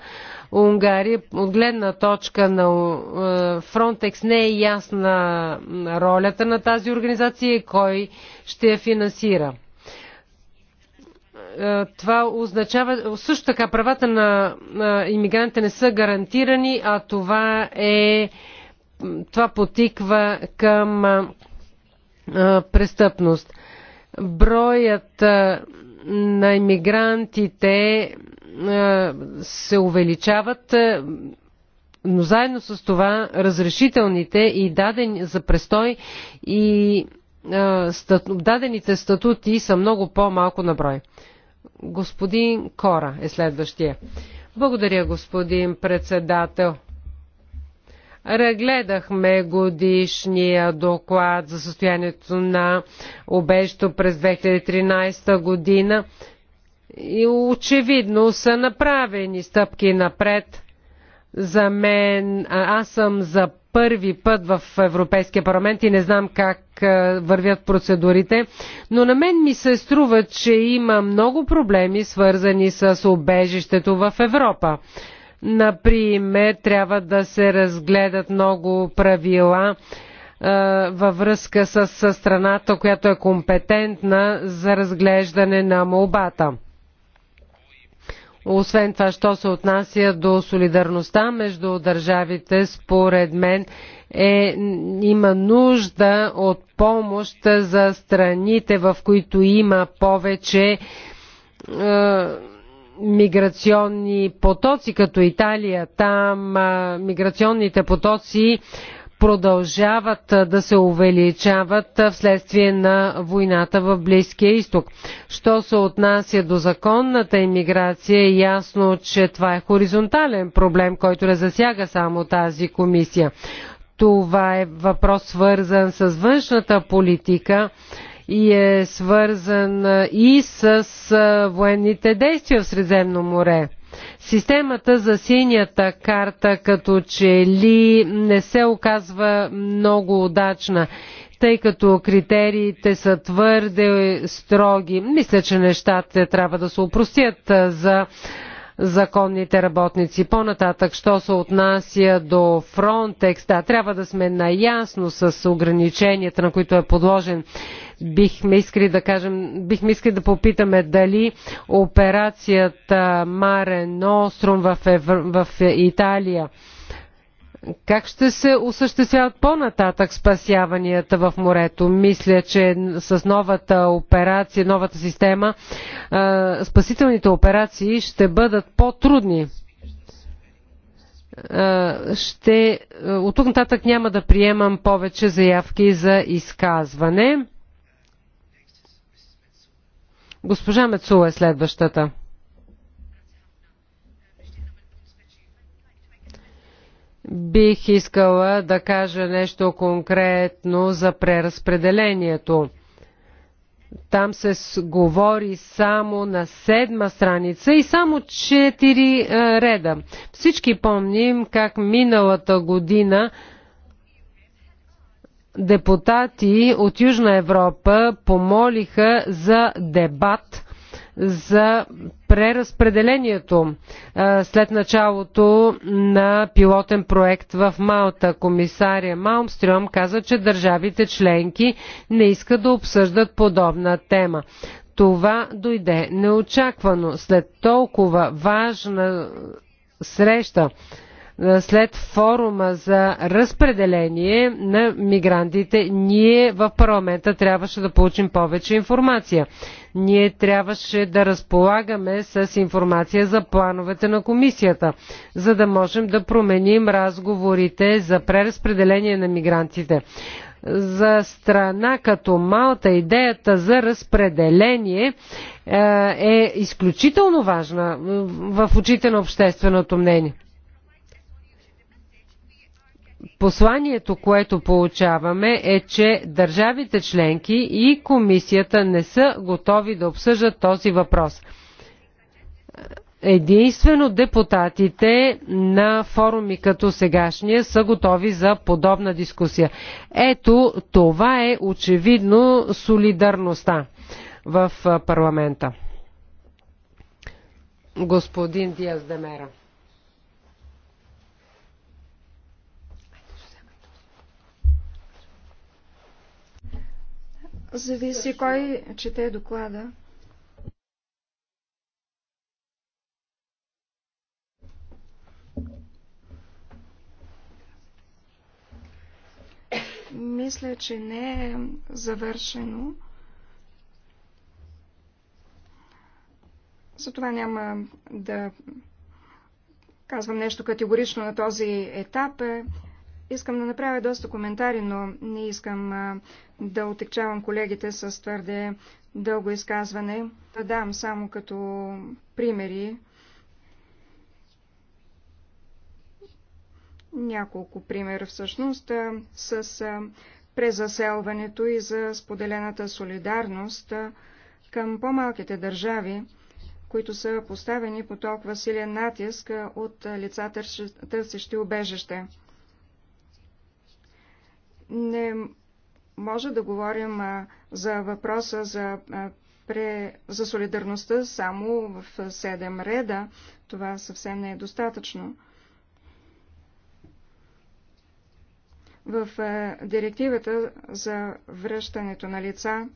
Унгария. От гледна точка на е, Фронтекс не е ясна ролята на тази организация и кой ще я финансира. Е, това означава също така правата на иммигрантите не са гарантирани, а това е това потиква към е, престъпност. Броят на иммигрантите е, се увеличават, е, но заедно с това разрешителните и даден за престой и е, дадените статути са много по-малко на брой. Господин Кора е следващия. Благодаря, господин председател. Регледахме годишния доклад за състоянието на обещо през 2013 година. И очевидно са направени стъпки напред. За мен, аз съм за първи път в Европейския парламент и не знам как вървят процедурите, но на мен ми се струва, че има много проблеми свързани с обежището в Европа. Например, трябва да се разгледат много правила във връзка с страната, която е компетентна за разглеждане на молбата. Освен това, що се отнася до солидарността между държавите, според мен е, има нужда от помощ за страните, в които има повече е, миграционни потоци, като Италия. Там е, миграционните потоци продължават да се увеличават вследствие на войната в Близкия изток. Що се отнася до законната иммиграция, е ясно, че това е хоризонтален проблем, който не засяга само тази комисия. Това е въпрос свързан с външната политика и е свързан и с военните действия в Средземно море. Системата за синята карта като че ли не се оказва много удачна, тъй като критериите са твърде строги. Мисля, че нещата трябва да се упростят за законните работници. По-нататък, що се отнася до Фронтекста, да, трябва да сме наясно с ограниченията, на които е подложен Бихме искали да кажем, бихме искали да попитаме дали операцията Маре Ностром в, Евро, в Италия как ще се осъществяват по-нататък спасяванията в морето? Мисля, че с новата операция, новата система, спасителните операции ще бъдат по-трудни. Ще, от тук нататък няма да приемам повече заявки за изказване. Госпожа Мецула е следващата. Бих искала да кажа нещо конкретно за преразпределението. Там се говори само на седма страница и само четири е, реда. Всички помним как миналата година депутати от Южна Европа помолиха за дебат за преразпределението след началото на пилотен проект в Малта. Комисария Малмстрюм каза, че държавите членки не искат да обсъждат подобна тема. Това дойде неочаквано след толкова важна среща е, след форума за разпределение на мигрантите, ние в парламента трябваше да получим повече информация. Ние трябваше да разполагаме с информация за плановете на комисията, за да можем да променим разговорите за преразпределение на мигрантите. За страна като Малта идеята за разпределение е, е изключително важна е, в очите на общественото мнение посланието, което получаваме е, че държавите членки и комисията не са готови да обсъждат този въпрос. Единствено депутатите на форуми като сегашния са готови за подобна дискусия. Ето това е очевидно солидарността в парламента. Господин Диас Демера. Зависи кой чете доклада. Мисля, че не е завършено. Затова няма да казвам нещо категорично на този етап. Искам да направя доста коментари, но не искам а, да отекчавам колегите с твърде дълго изказване. Да дам само като примери няколко примера всъщност а, с а, презаселването и за споделената солидарност а, към по-малките държави, които са поставени по толкова силен натиск от лица търсещи убежище не може да говорим за въпроса за, за солидарността само в седем реда. Това съвсем не е достатъчно. В директивата за връщането на лица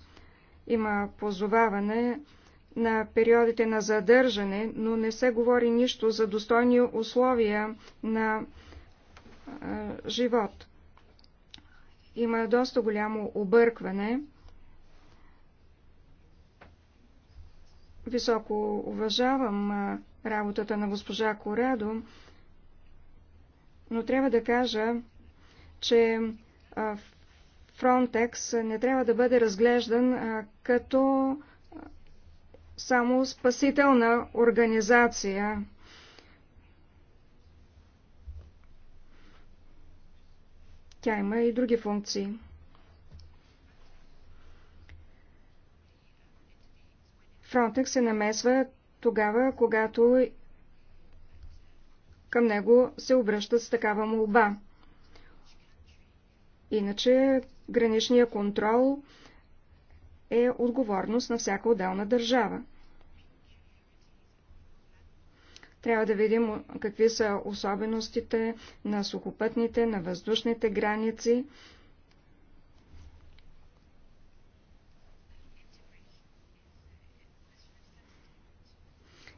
има позоваване на периодите на задържане, но не се говори нищо за достойни условия на живот. Има доста голямо объркване. Високо уважавам работата на госпожа Корадо, но трябва да кажа, че Frontex не трябва да бъде разглеждан като само спасителна организация. Тя има и други функции. Фронтък се намесва тогава, когато към него се обръщат с такава молба. Иначе граничния контрол е отговорност на всяка отделна държава. Трябва да видим какви са особеностите на сухопътните, на въздушните граници.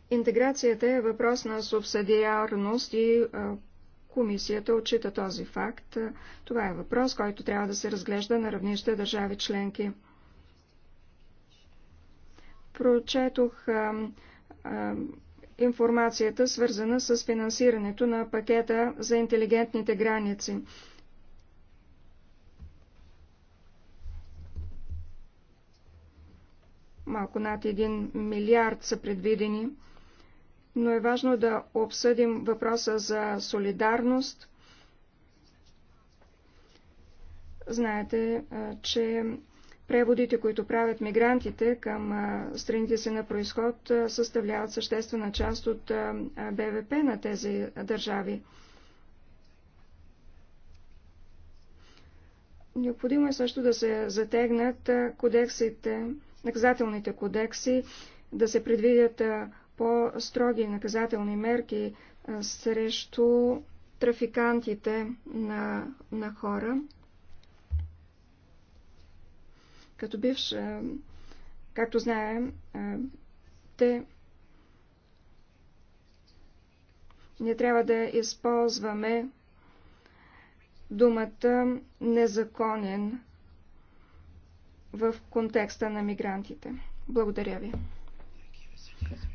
Интеграцията е въпрос на субсидиарност и комисията отчита този факт. Това е въпрос, който трябва да се разглежда на равнище държави членки. Прочетох информацията, свързана с финансирането на пакета за интелигентните граници. Малко над 1 милиард са предвидени, но е важно да обсъдим въпроса за солидарност. Знаете, че Преводите, които правят мигрантите към страните си на происход, съставляват съществена част от БВП на тези държави. Необходимо е също да се затегнат кодексите, наказателните кодекси, да се предвидят по-строги наказателни мерки срещу трафикантите на, на хора. Като бивш, както знаем, те не трябва да използваме думата незаконен в контекста на мигрантите. Благодаря ви.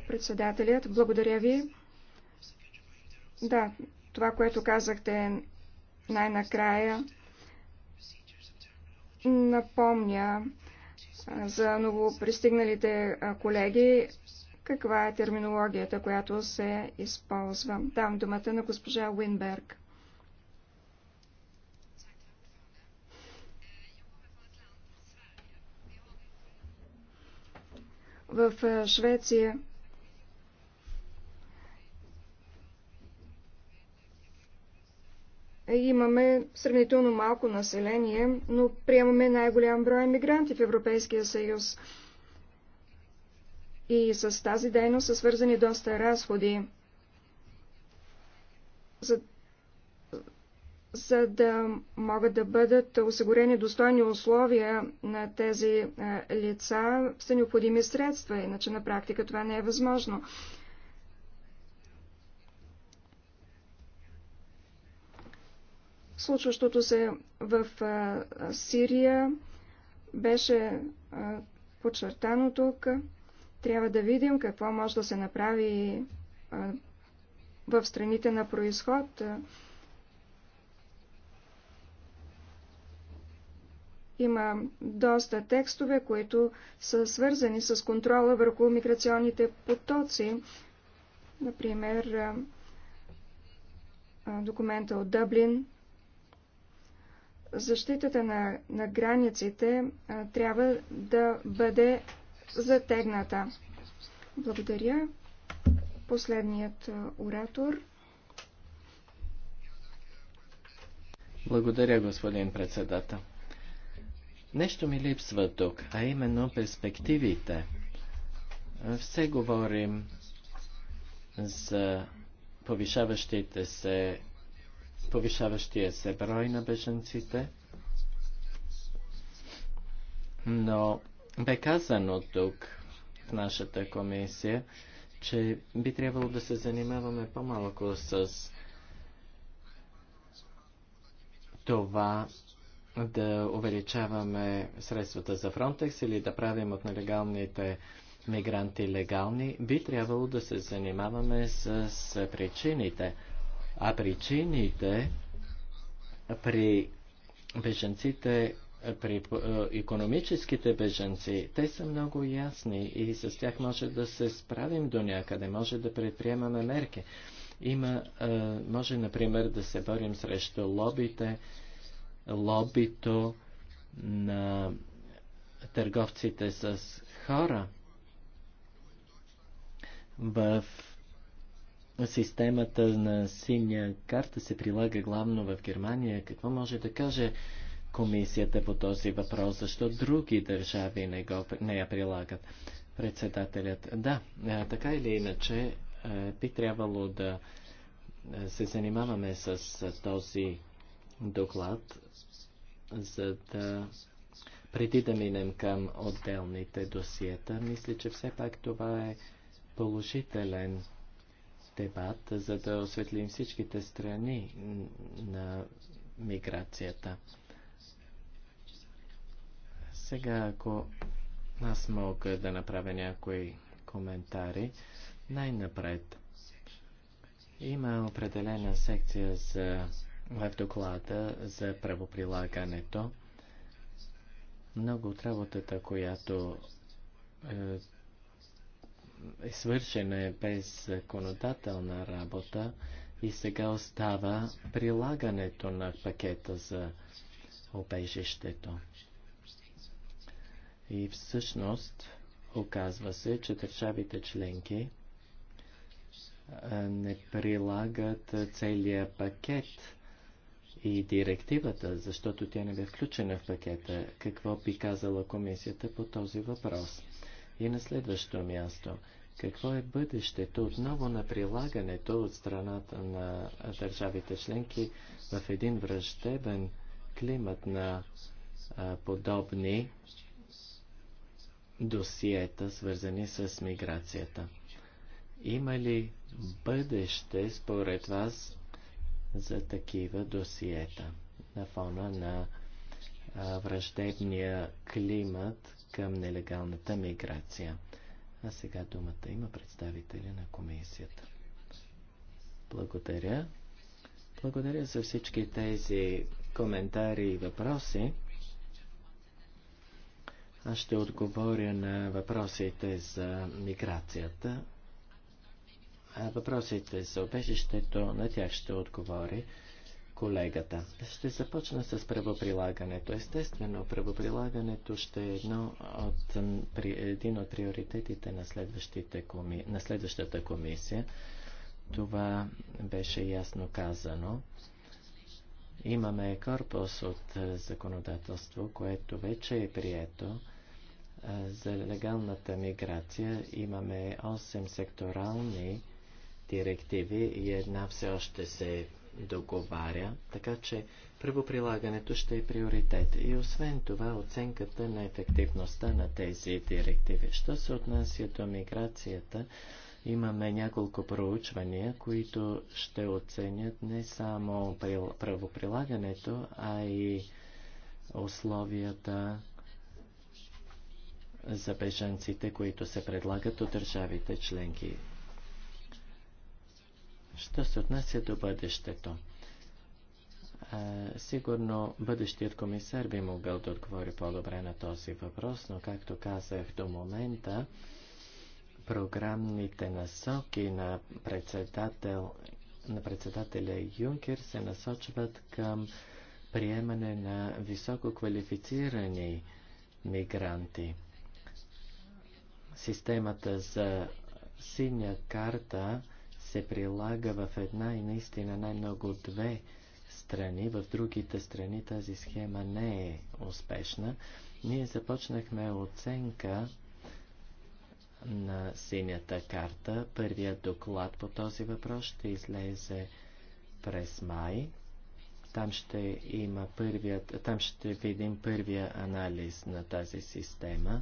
Председателят, благодаря ви. Да, това, което казахте най-накрая, напомня за новопристигналите колеги каква е терминологията, която се използва. Дам думата на госпожа Уинберг. В Швеция имаме сравнително малко население, но приемаме най-голям брой мигранти в Европейския съюз. И с тази дейност са свързани доста разходи. За, за да могат да бъдат осигурени достойни условия на тези е, лица, са необходими средства, иначе на практика това не е възможно. случващото се в Сирия беше подчертано тук. Трябва да видим какво може да се направи в страните на происход. Има доста текстове, които са свързани с контрола върху миграционните потоци. Например, документа от Дъблин, защитата на, на границите а, трябва да бъде затегната. Благодаря. Последният оратор. Благодаря, господин председател. Нещо ми липсва тук, а именно перспективите. Все говорим за повишаващите се повишаващия се брой на беженците. Но бе казано тук, в нашата комисия, че би трябвало да се занимаваме по-малко с това да увеличаваме средствата за Фронтекс или да правим от нелегалните мигранти легални, би трябвало да се занимаваме с причините – а причините при беженците, при економическите беженци, те са много ясни и с тях може да се справим до някъде, може да предприемаме мерки. Има, е, може, например, да се борим срещу лобите, лобито на търговците с хора. В Системата на синя карта се прилага главно в Германия. Какво може да каже комисията по този въпрос? Защо други държави не, го, не я прилагат? Председателят. Да, така или иначе би трябвало да се занимаваме с този доклад, за да преди да минем към отделните досиета, мисля, че все пак това е положителен дебат, за да осветлим всичките страни на миграцията. Сега, ако аз мога да направя някои коментари, най-напред има определена секция за, в доклада за правоприлагането. Много от работата, която е, е свършена е без законодателна работа и сега остава прилагането на пакета за обежището. И всъщност оказва се, че държавите членки не прилагат целия пакет и директивата, защото тя не бе включена в пакета. Какво би казала комисията по този въпрос? И на следващо място, какво е бъдещето отново на прилагането от страната на държавите членки в един враждебен климат на а, подобни досиета, свързани с миграцията? Има ли бъдеще според вас за такива досиета на фона на а, враждебния климат, към нелегалната миграция. А сега думата има представители на комисията. Благодаря. Благодаря за всички тези коментари и въпроси. Аз ще отговоря на въпросите за миграцията. А въпросите за обежището, на тях ще отговори колегата. Ще започна с правоприлагането. Естествено, правоприлагането ще е едно от, при, един от приоритетите на, коми, на следващата комисия. Това беше ясно казано. Имаме корпус от е, законодателство, което вече е прието. Е, за легалната миграция имаме 8 секторални директиви и една все още се договаря, така че правоприлагането ще е приоритет. И освен това, оценката на ефективността на тези директиви. Що се отнася до миграцията, имаме няколко проучвания, които ще оценят не само правоприлагането, а и условията за бежанците, които се предлагат от държавите членки. Що се отнася до бъдещето? сигурно бъдещият комисар би могъл да отговори по-добре на този въпрос, но както казах до момента, програмните насоки на, председател, на председателя Юнкер се насочват към приемане на високо квалифицирани мигранти. Системата за синя карта се прилага в една и наистина най-много две страни. В другите страни тази схема не е успешна. Ние започнахме оценка на синята карта. Първият доклад по този въпрос ще излезе през май. Там ще, има първият, там ще видим първия анализ на тази система.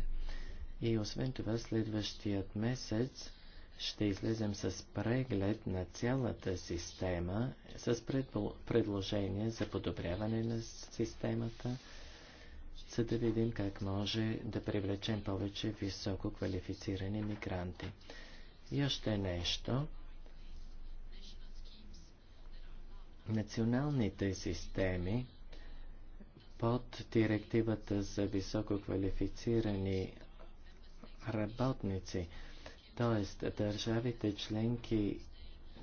И освен това, следващият месец ще излезем с преглед на цялата система, с предложение за подобряване на системата, за да видим как може да привлечем повече високо квалифицирани мигранти. И още нещо. Националните системи под директивата за високо квалифицирани работници – Тоест, държавите членки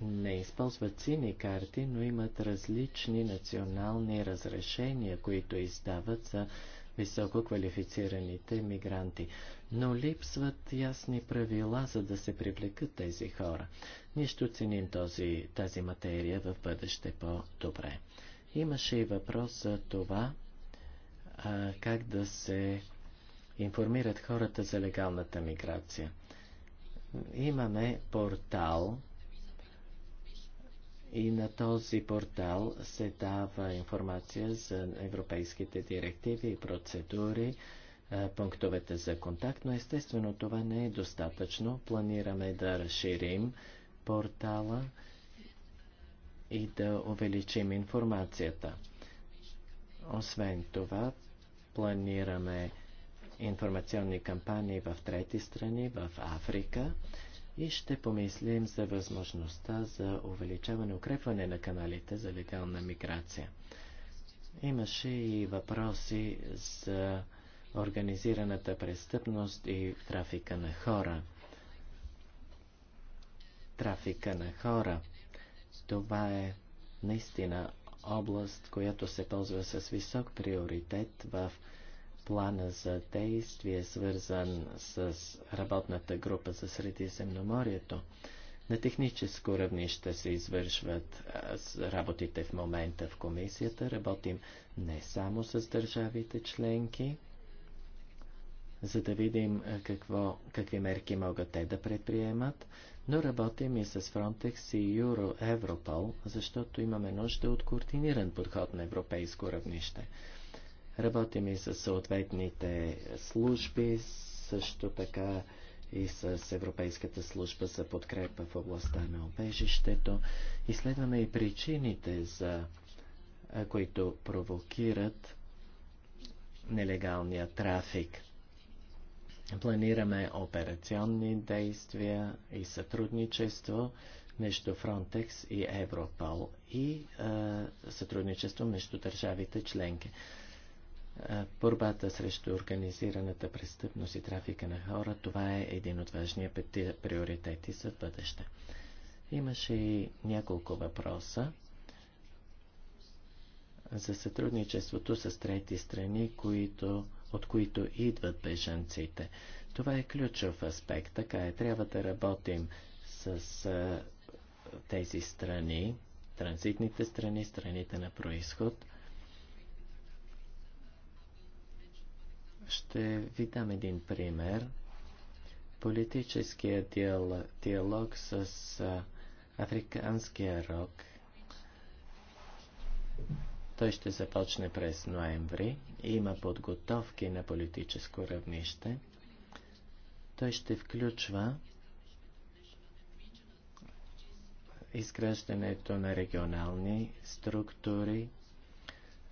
не използват сини карти, но имат различни национални разрешения, които издават за високо квалифицираните мигранти. Но липсват ясни правила, за да се привлекат тези хора. Ние ще оценим този, тази материя в бъдеще по-добре. Имаше и въпрос за това, а, как да се информират хората за легалната миграция. Имаме портал и на този портал се дава информация за европейските директиви и процедури, е, пунктовете за контакт, но естествено това не е достатъчно. Планираме да разширим портала и да увеличим информацията. Освен това, планираме информационни кампании в трети страни, в Африка и ще помислим за възможността за увеличаване, укрепване на каналите за легална миграция. Имаше и въпроси за организираната престъпност и трафика на хора. Трафика на хора. Това е наистина област, която се ползва с висок приоритет в плана за действие, свързан с работната група за Средиземноморието. На техническо равнище се извършват работите в момента в комисията. Работим не само с държавите членки, за да видим какво, какви мерки могат те да предприемат, но работим и с Frontex и Euro, Европол, защото имаме нужда от координиран подход на европейско равнище. Работим и с съответните служби, също така и с Европейската служба за подкрепа в областта на обежището. Изследваме и причините, за, които провокират нелегалния трафик. Планираме операционни действия и сътрудничество между Frontex и Европол и е, сътрудничество между държавите членки. Борбата срещу организираната престъпност и трафика на хора, това е един от важния приоритети за бъдеще. Имаше и няколко въпроса за сътрудничеството с трети страни, които, от които идват бежанците. Това е ключов аспект, така е. Трябва да работим с а, тези страни, транзитните страни, страните на происход. Ще ви дам един пример. Политическия диалог, диалог с африканския рок. Той ще започне през ноември. Има подготовки на политическо равнище. Той ще включва изграждането на регионални структури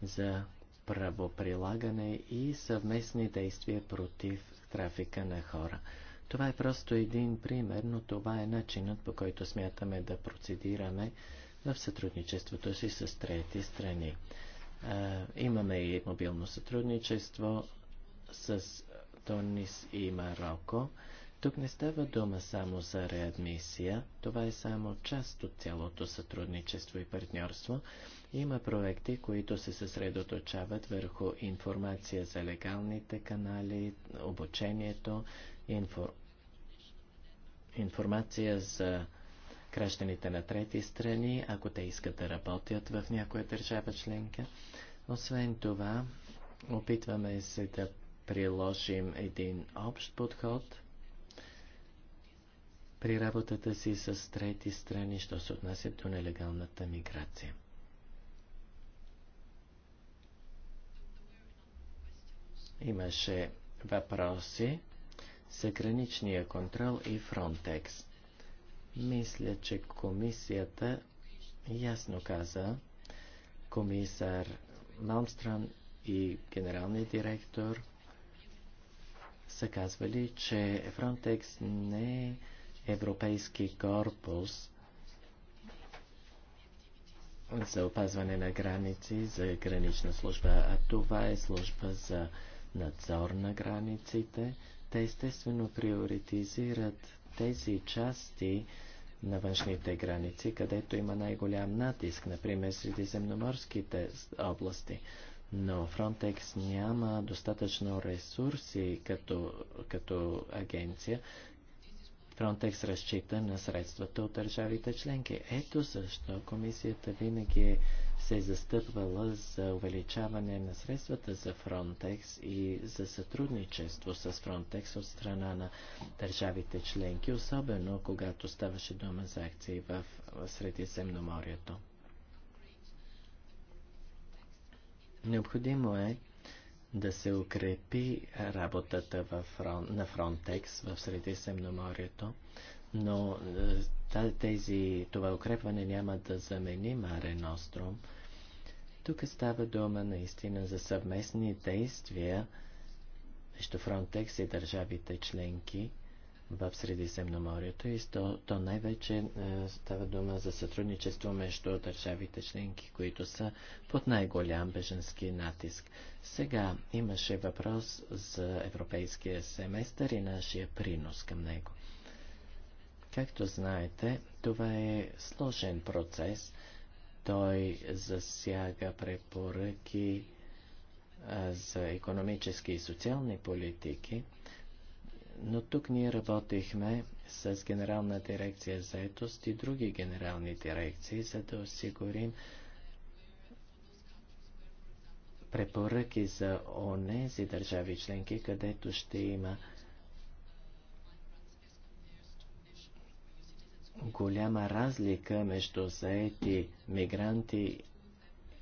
за правоприлагане и съвместни действия против трафика на хора. Това е просто един пример, но това е начинът по който смятаме да процедираме в сътрудничеството си с трети страни. Имаме и мобилно сътрудничество с Тунис и Марокко. Тук не става дума само за реадмисия, това е само част от цялото сътрудничество и партньорство. Има проекти, които се съсредоточават върху информация за легалните канали, обучението, инфо... информация за кращените на трети страни, ако те искат да работят в някоя държава членка. Освен това, опитваме се да приложим един общ подход – при работата си с трети страни, що се отнася до нелегалната миграция. Имаше въпроси за граничния контрол и Фронтекс. Мисля, че комисията ясно каза, комисар Малмстран и генералният директор са казвали, че Фронтекс не е европейски корпус за опазване на граници, за гранична служба, а това е служба за надзор на границите. Те естествено приоритизират тези части на външните граници, където има най-голям натиск, например средиземноморските области. Но Frontex няма достатъчно ресурси като, като агенция, Фронтекс разчита на средствата от държавите членки. Ето защо комисията винаги е се е застъпвала за увеличаване на средствата за Фронтекс и за сътрудничество с Фронтекс от страна на държавите членки, особено когато ставаше дума за акции в Средиземноморието. Необходимо е да се укрепи работата в фрон, на Фронтекс в Средиземноморието, но е, тези, това укрепване няма да замени Маре Ностром. Тук става дума наистина за съвместни действия между Фронтекс и държавите членки в Средиземноморието и то, то най-вече е, става дума за сътрудничество между държавите членки, които са под най-голям беженски натиск. Сега имаше въпрос за европейския семестър и нашия принос към него. Както знаете, това е сложен процес. Той засяга препоръки за економически и социални политики – но тук ние работихме с Генерална дирекция за етост и други генерални дирекции, за да осигурим препоръки за онези държави членки, където ще има голяма разлика между заети мигранти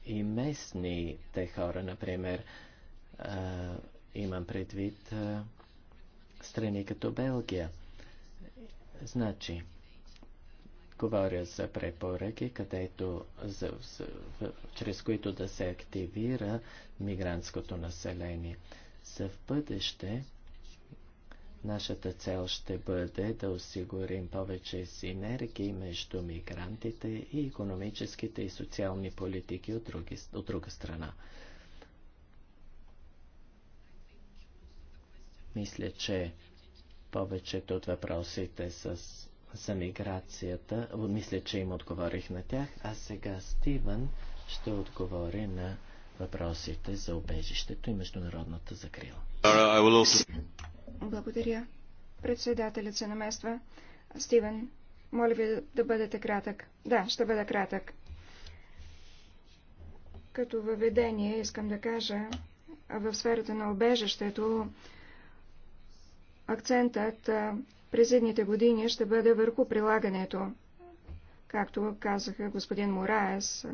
и местните хора, например. А, имам предвид а, страни като Белгия. Значи, говоря за препоръки, където, за, за, чрез които да се активира мигрантското население. За в бъдеще нашата цел ще бъде да осигурим повече синергии между мигрантите и економическите и социални политики от, други, от друга страна. Мисля, че повечето от въпросите с, за миграцията, мисля, че им отговорих на тях, а сега Стивън ще отговори на въпросите за обежището и международната закрила. Благодаря. Председателят се намества. Стивен, моля ви да бъдете кратък. Да, ще бъда кратък. Като въведение искам да кажа, в сферата на обежището акцентът през едните години ще бъде върху прилагането, както казаха господин Мораес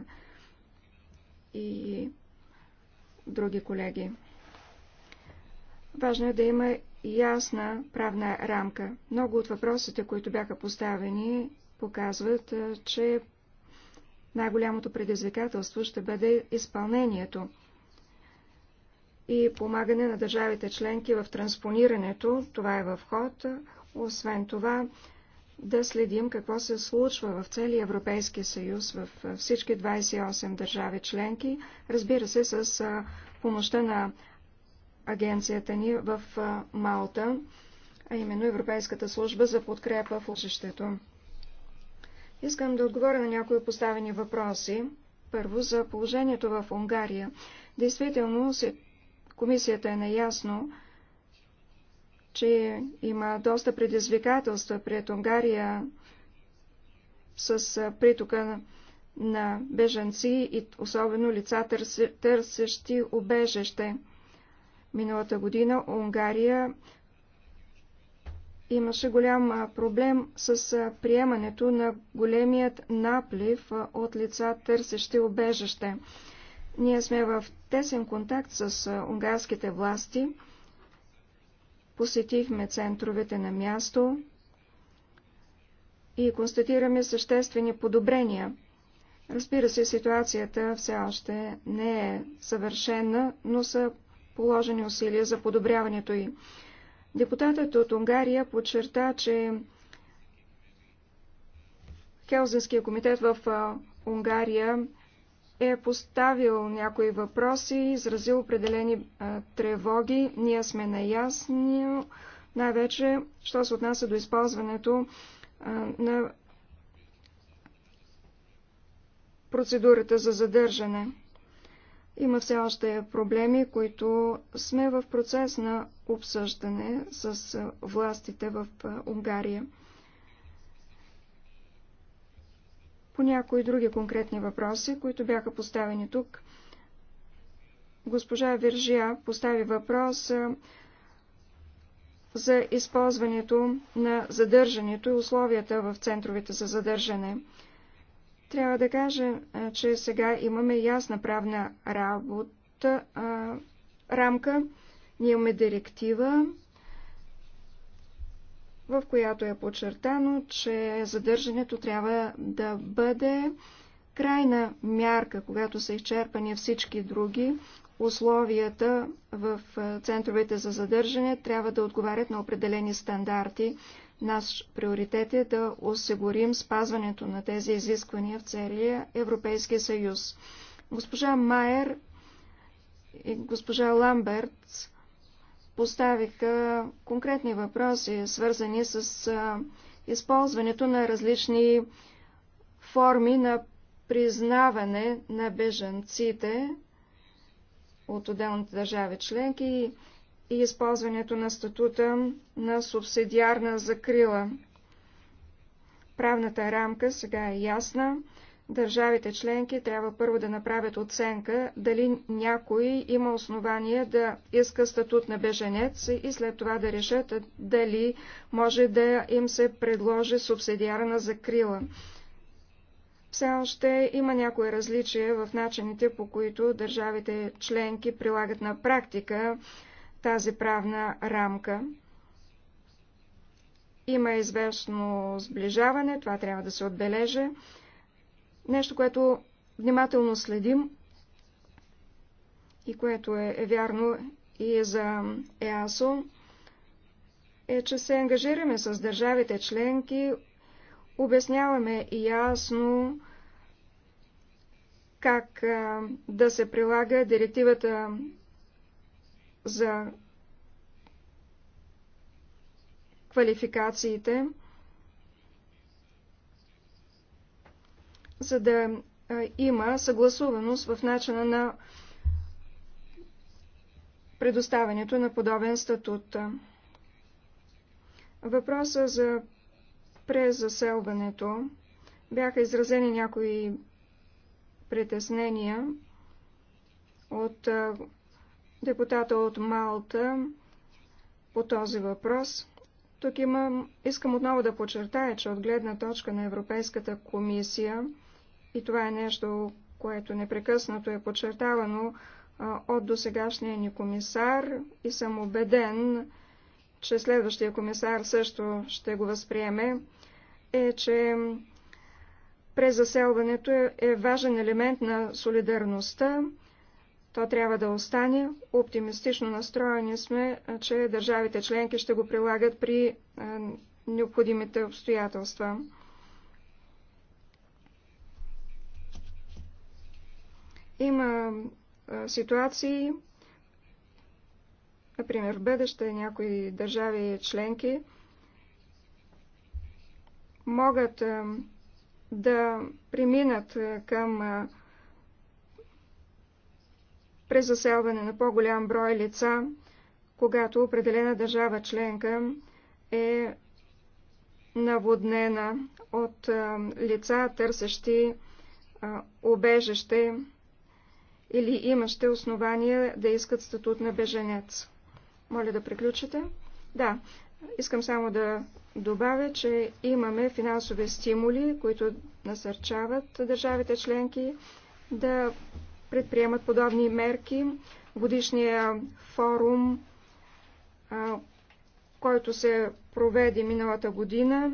и други колеги. Важно е да има ясна правна рамка. Много от въпросите, които бяха поставени, показват, че най-голямото предизвикателство ще бъде изпълнението – и помагане на държавите членки в транспонирането. Това е в ход. Освен това, да следим какво се случва в целия Европейски съюз, в всички 28 държави членки, разбира се, с помощта на агенцията ни в Малта, а именно Европейската служба за подкрепа в учещето. Искам да отговоря на някои поставени въпроси. Първо за положението в Унгария. Действително, Комисията е наясно, че има доста предизвикателства пред Унгария с притока на бежанци и особено лица търсещи убежище. Миналата година Унгария имаше голям проблем с приемането на големият наплив от лица търсещи убежище. Ние сме в тесен контакт с унгарските власти. Посетихме центровете на място и констатираме съществени подобрения. Разбира се, ситуацията все още не е съвършена, но са положени усилия за подобряването й. Депутатът от Унгария подчерта, че Хелзинския комитет в Унгария е поставил някои въпроси, изразил определени а, тревоги. Ние сме наясни, най-вече, що се отнася до използването а, на процедурата за задържане. Има все още проблеми, които сме в процес на обсъждане с властите в Унгария. по някои други конкретни въпроси, които бяха поставени тук. Госпожа Вержия постави въпрос за използването на задържането и условията в центровете за задържане. Трябва да кажа, че сега имаме ясна правна работа, а, рамка. Ние имаме директива, в която е подчертано, че задържането трябва да бъде крайна мярка, когато са изчерпани всички други условията в центровете за задържане трябва да отговарят на определени стандарти. Наш приоритет е да осигурим спазването на тези изисквания в целия Европейския съюз. Госпожа Майер и госпожа Ламберт поставиха конкретни въпроси, свързани с използването на различни форми на признаване на бежанците от отделните държави членки и използването на статута на субсидиарна закрила. Правната рамка сега е ясна. Държавите членки трябва първо да направят оценка дали някой има основание да иска статут на беженец и след това да решат дали може да им се предложи субсидиарна закрила. Все още има някои различия в начините, по които държавите членки прилагат на практика тази правна рамка. Има известно сближаване, това трябва да се отбележи нещо, което внимателно следим и което е, е вярно и е за ЕАСО, е, че се ангажираме с държавите членки, обясняваме ясно как а, да се прилага директивата за квалификациите. за да има съгласуваност в начина на предоставянето на подобен статут. Въпроса за презаселването бяха изразени някои притеснения от депутата от Малта по този въпрос. Тук имам, искам отново да подчертая, че от гледна точка на Европейската комисия и това е нещо, което непрекъснато е подчертавано от досегашния ни комисар и съм убеден, че следващия комисар също ще го възприеме, е, че презаселването е, е важен елемент на солидарността. То трябва да остане. Оптимистично настроени сме, че държавите членки ще го прилагат при необходимите обстоятелства. Има ситуации, например в бъдеще някои държави членки могат да преминат към презаселване на по-голям брой лица, когато определена държава членка е наводнена от лица, търсещи убежище или имащи основания да искат статут на беженец. Моля да приключите. Да, искам само да добавя, че имаме финансови стимули, които насърчават държавите членки да предприемат подобни мерки. Годишния форум, който се проведе миналата година,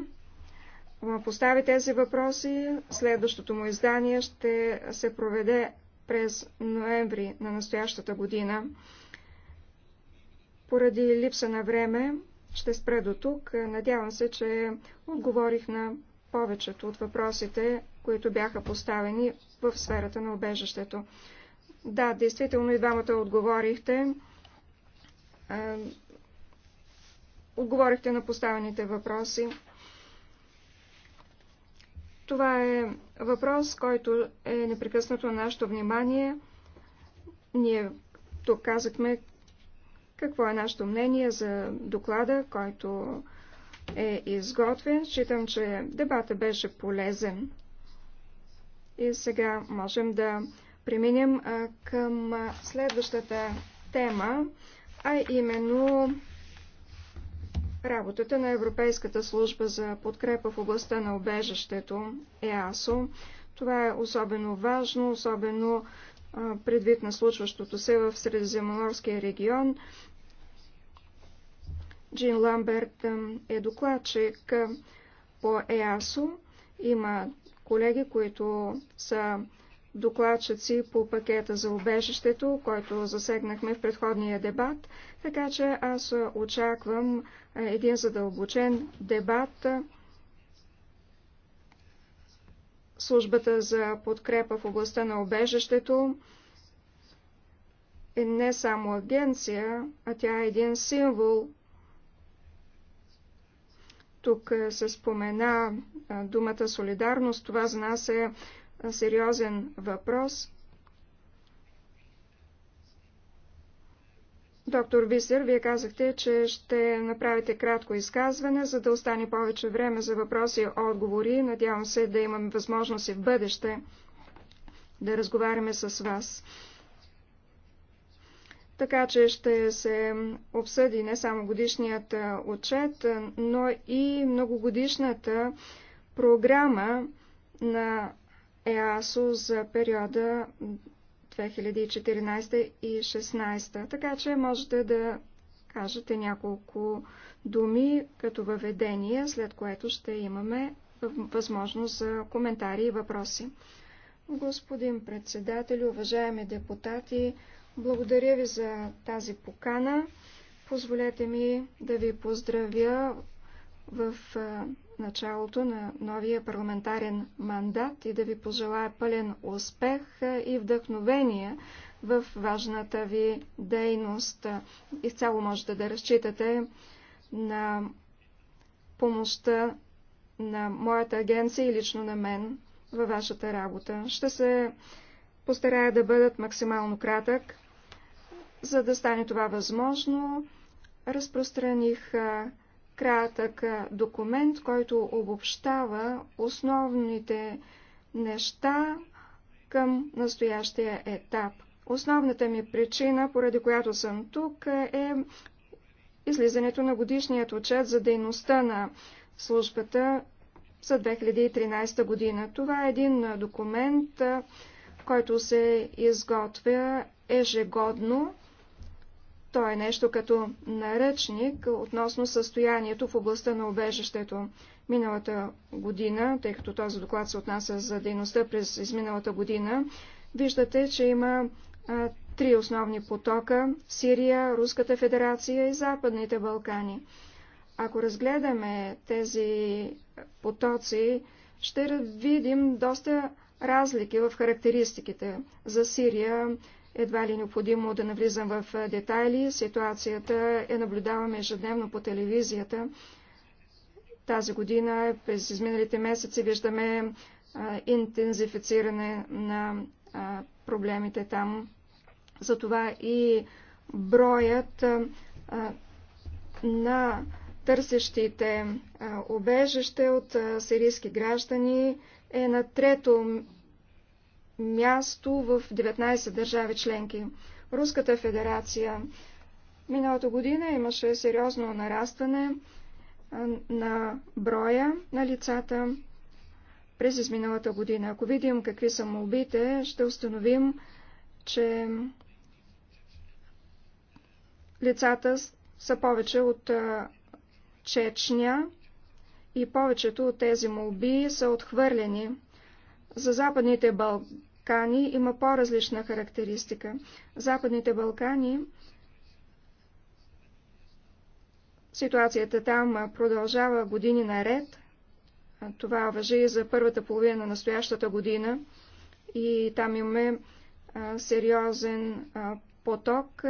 постави тези въпроси. Следващото му издание ще се проведе през ноември на настоящата година. Поради липса на време ще спра до тук. Надявам се, че отговорих на повечето от въпросите, които бяха поставени в сферата на обежището. Да, действително и двамата отговорихте. Е, отговорихте на поставените въпроси. Това е въпрос, който е непрекъснато на нашето внимание. Ние тук казахме какво е нашето мнение за доклада, който е изготвен. Считам, че дебата беше полезен. И сега можем да преминем към следващата тема, а именно Работата на Европейската служба за подкрепа в областта на обежището ЕАСО. Това е особено важно, особено предвид на случващото се в Средиземноморския регион. Джин Ламберт е докладчик по ЕАСО. Има колеги, които са докладчици по пакета за убежището, който засегнахме в предходния дебат, така че аз очаквам един задълбочен дебат. Службата за подкрепа в областта на убежището е не само агенция, а тя е един символ. Тук се спомена думата солидарност. Това за нас е сериозен въпрос. Доктор Висер, вие казахте, че ще направите кратко изказване, за да остане повече време за въпроси и отговори. Надявам се да имаме възможност и в бъдеще да разговаряме с вас. Така че ще се обсъди не само годишният отчет, но и многогодишната програма на ЕАСО за периода 2014 и 2016. Така че можете да кажете няколко думи като въведение, след което ще имаме възможност за коментари и въпроси. Господин председател, уважаеми депутати, благодаря ви за тази покана. Позволете ми да ви поздравя в началото на новия парламентарен мандат и да ви пожелая пълен успех и вдъхновение в важната ви дейност. Изцяло можете да разчитате на помощта на моята агенция и лично на мен във вашата работа. Ще се постарая да бъдат максимално кратък. За да стане това възможно, разпространих кратък документ, който обобщава основните неща към настоящия етап. Основната ми причина, поради която съм тук, е излизането на годишният отчет за дейността на службата за 2013 година. Това е един документ, който се изготвя ежегодно той е нещо като наръчник относно състоянието в областта на убежището. Миналата година, тъй като този доклад се отнася за дейността през изминалата година, виждате, че има а, три основни потока – Сирия, Руската федерация и Западните Балкани. Ако разгледаме тези потоци, ще видим доста разлики в характеристиките. За Сирия едва ли е необходимо да навлизам в детайли. Ситуацията е наблюдаваме ежедневно по телевизията. Тази година, през изминалите месеци, виждаме а, интензифициране на а, проблемите там. Затова и броят а, на търсещите обежище от сирийски граждани е на трето място в 19 държави членки. Руската федерация. Миналата година имаше сериозно нарастване на броя на лицата през изминалата година. Ако видим какви са молбите, ще установим, че лицата са повече от Чечня и повечето от тези молби са отхвърлени. За Западните Балкани Балкани има по-различна характеристика. Западните Балкани, ситуацията там продължава години наред. Това въжи и за първата половина на настоящата година. И там имаме сериозен поток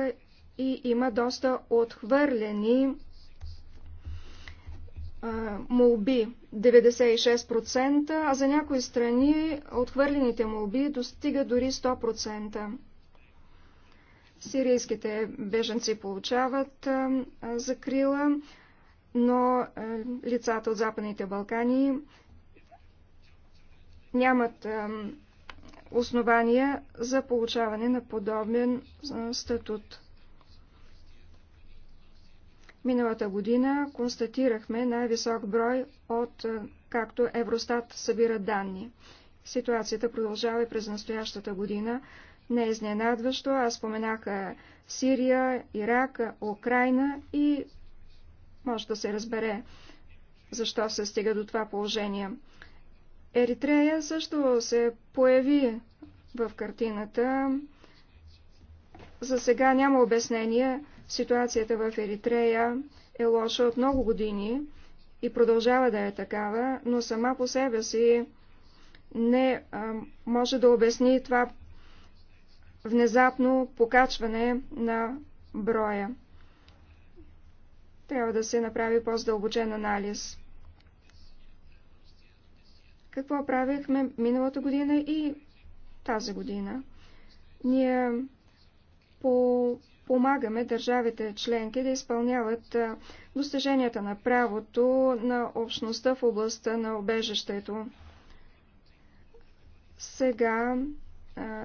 и има доста отхвърлени молби 96%, а за някои страни отхвърлените молби достига дори 100%. Сирийските беженци получават закрила, но лицата от Западните Балкани нямат основания за получаване на подобен статут. Миналата година констатирахме най-висок брой от е, както Евростат събира данни. Ситуацията продължава и през настоящата година. Не е изненадващо, аз споменаха Сирия, Ирак, Украина и може да се разбере защо се стига до това положение. Еритрея също се появи в картината. За сега няма обяснение Ситуацията в Еритрея е лоша от много години и продължава да е такава, но сама по себе си не а, може да обясни това внезапно покачване на броя. Трябва да се направи по-здълбочен анализ. Какво правихме миналата година и тази година? Ние по помагаме държавите членки да изпълняват достиженията на правото на общността в областта на обежището. Сега а,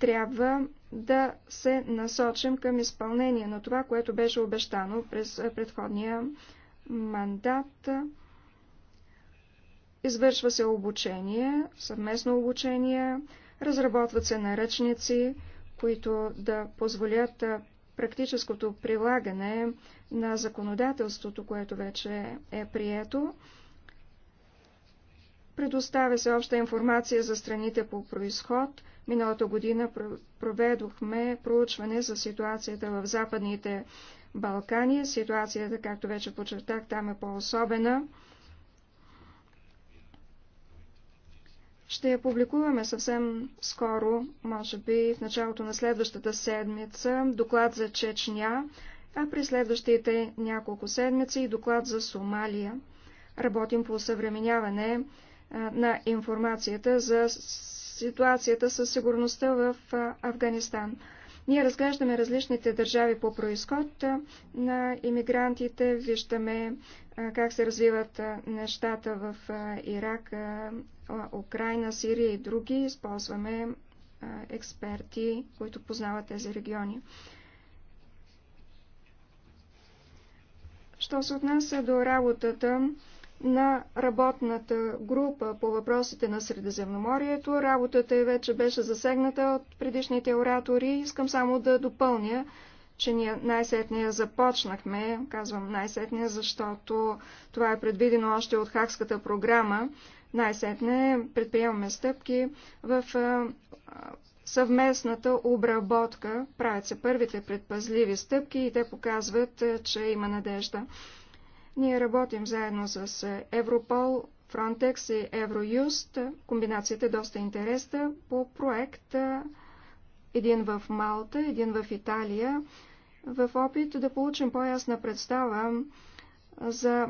трябва да се насочим към изпълнение на това, което беше обещано през предходния мандат. Извършва се обучение, съвместно обучение, разработват се наръчници, които да позволят практическото прилагане на законодателството, което вече е прието. Предоставя се обща информация за страните по происход. Миналата година проведохме проучване за ситуацията в Западните Балкани. Ситуацията, както вече подчертах, там е по-особена. Ще я публикуваме съвсем скоро, може би в началото на следващата седмица, доклад за Чечня, а при следващите няколко седмици и доклад за Сомалия. Работим по съвременяване на информацията за ситуацията със сигурността в Афганистан. Ние разглеждаме различните държави по происход на иммигрантите, виждаме как се развиват нещата в Ирак Украина, Сирия и други. Използваме експерти, които познават тези региони. Що се отнася до работата на работната група по въпросите на Средиземноморието, работата е вече беше засегната от предишните оратори. Искам само да допълня, че ние най-сетния започнахме, казвам най-сетния, защото това е предвидено още от Хакската програма. Най-сетне предприемаме стъпки в съвместната обработка. Правят се първите предпазливи стъпки и те показват, че има надежда. Ние работим заедно с Европол, Frontex и Евроюст. Комбинацията е доста интересна по проект. Един в Малта, един в Италия. В опит да получим по-ясна представа за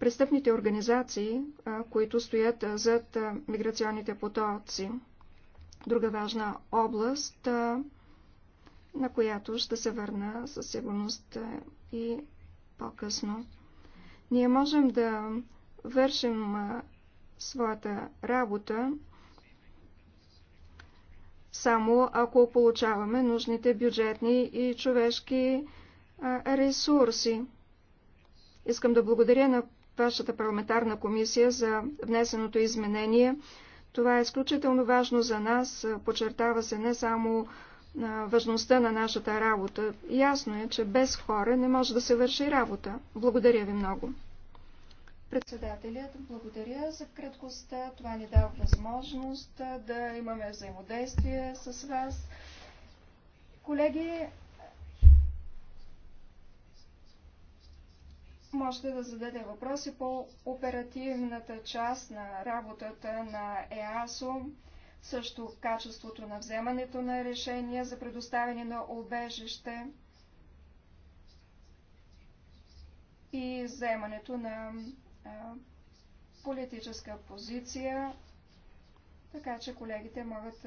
престъпните организации, които стоят зад миграционните потоци. Друга важна област, на която ще се върна със сигурност и по-късно. Ние можем да вършим своята работа само ако получаваме нужните бюджетни и човешки ресурси. Искам да благодаря на вашата парламентарна комисия за внесеното изменение. Това е изключително важно за нас. Подчертава се не само важността на нашата работа. Ясно е, че без хора не може да се върши работа. Благодаря ви много. Председателят, благодаря за краткостта. Това ни дава възможност да имаме взаимодействие с вас. Колеги, можете да зададе въпроси по оперативната част на работата на ЕАСО, също качеството на вземането на решения за предоставяне на обежище и вземането на политическа позиция, така че колегите могат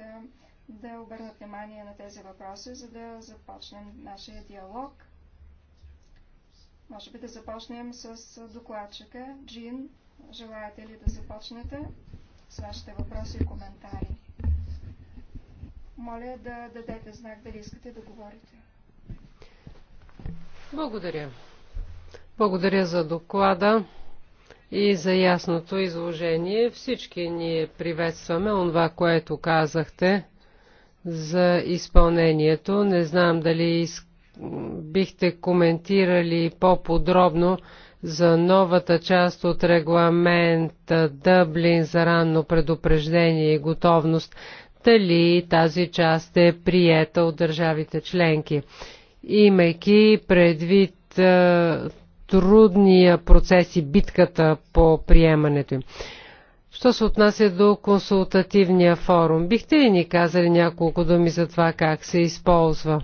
да обърнат внимание на тези въпроси, за да започнем нашия диалог. Може би да започнем с докладчика. Джин, желаете ли да започнете с вашите въпроси и коментари? Моля да дадете знак дали искате да говорите. Благодаря. Благодаря за доклада и за ясното изложение. Всички ние приветстваме това, което казахте за изпълнението. Не знам дали искате бихте коментирали по-подробно за новата част от регламента Дъблин за ранно предупреждение и готовност, дали тази част е приета от държавите членки. Имайки предвид е, трудния процес и битката по приемането им. Що се отнася до консултативния форум, бихте ли ни казали няколко думи за това как се използва?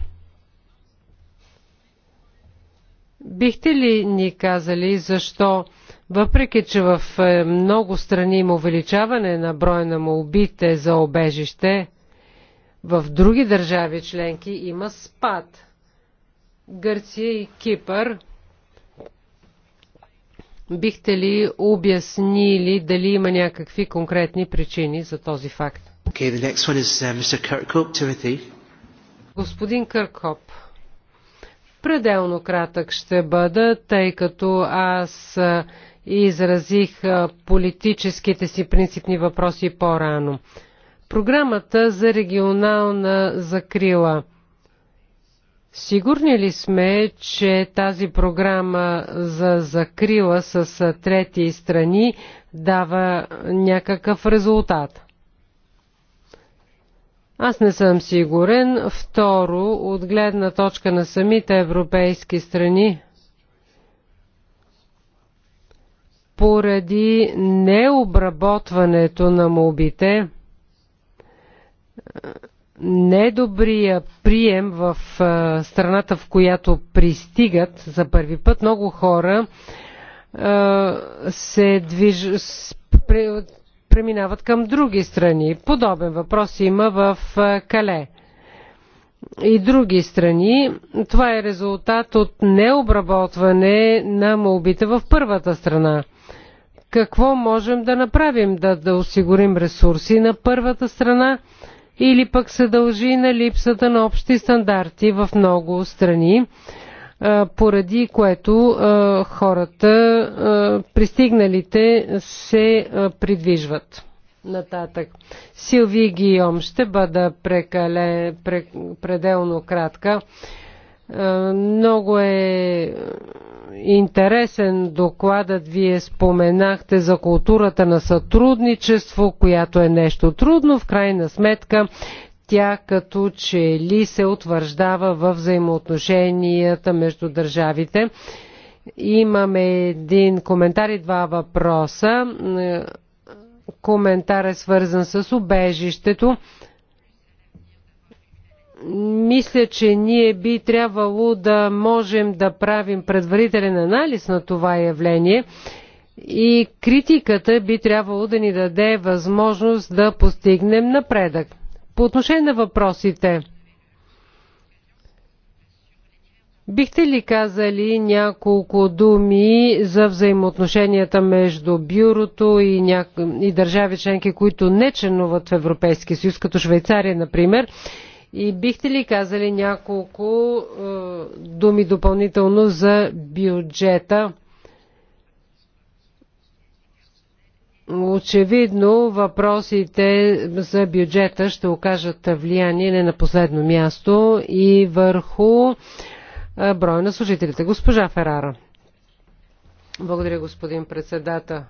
Бихте ли ни казали защо, въпреки че в е, много страни има увеличаване на броя на молбите за обежище, в други държави членки има спад? Гърция и Кипър. Бихте ли обяснили дали има някакви конкретни причини за този факт? Okay, is, uh, Kirkhope, Господин Къркоп. Пределно кратък ще бъда, тъй като аз изразих политическите си принципни въпроси по-рано. Програмата за регионална закрила. Сигурни ли сме, че тази програма за закрила с трети страни дава някакъв резултат? Аз не съм сигурен. Второ, от гледна точка на самите европейски страни, поради необработването на мобите недобрия прием в страната, в която пристигат за първи път, много хора се движат преминават към други страни. Подобен въпрос има в е, Кале и други страни. Това е резултат от необработване на молбите в първата страна. Какво можем да направим? Да, да осигурим ресурси на първата страна или пък се дължи на липсата на общи стандарти в много страни поради което хората, пристигналите, се придвижват нататък. Силви Гийом ще бъда прекале, пределно кратка. Много е интересен докладът. Вие споменахте за културата на сътрудничество, която е нещо трудно. В крайна сметка тя като че ли се утвърждава в взаимоотношенията между държавите. Имаме един коментар и два въпроса. Коментар е свързан с убежището. Мисля, че ние би трябвало да можем да правим предварителен анализ на това явление и критиката би трябвало да ни даде възможност да постигнем напредък. По отношение на въпросите, бихте ли казали няколко думи за взаимоотношенията между бюрото и, ня... и държави членки, които не членуват в Европейския съюз, като Швейцария, например? И бихте ли казали няколко е, думи допълнително за бюджета? Очевидно въпросите за бюджета ще окажат влияние не на последно място и върху броя на служителите. Госпожа Ферара. Благодаря, господин председател.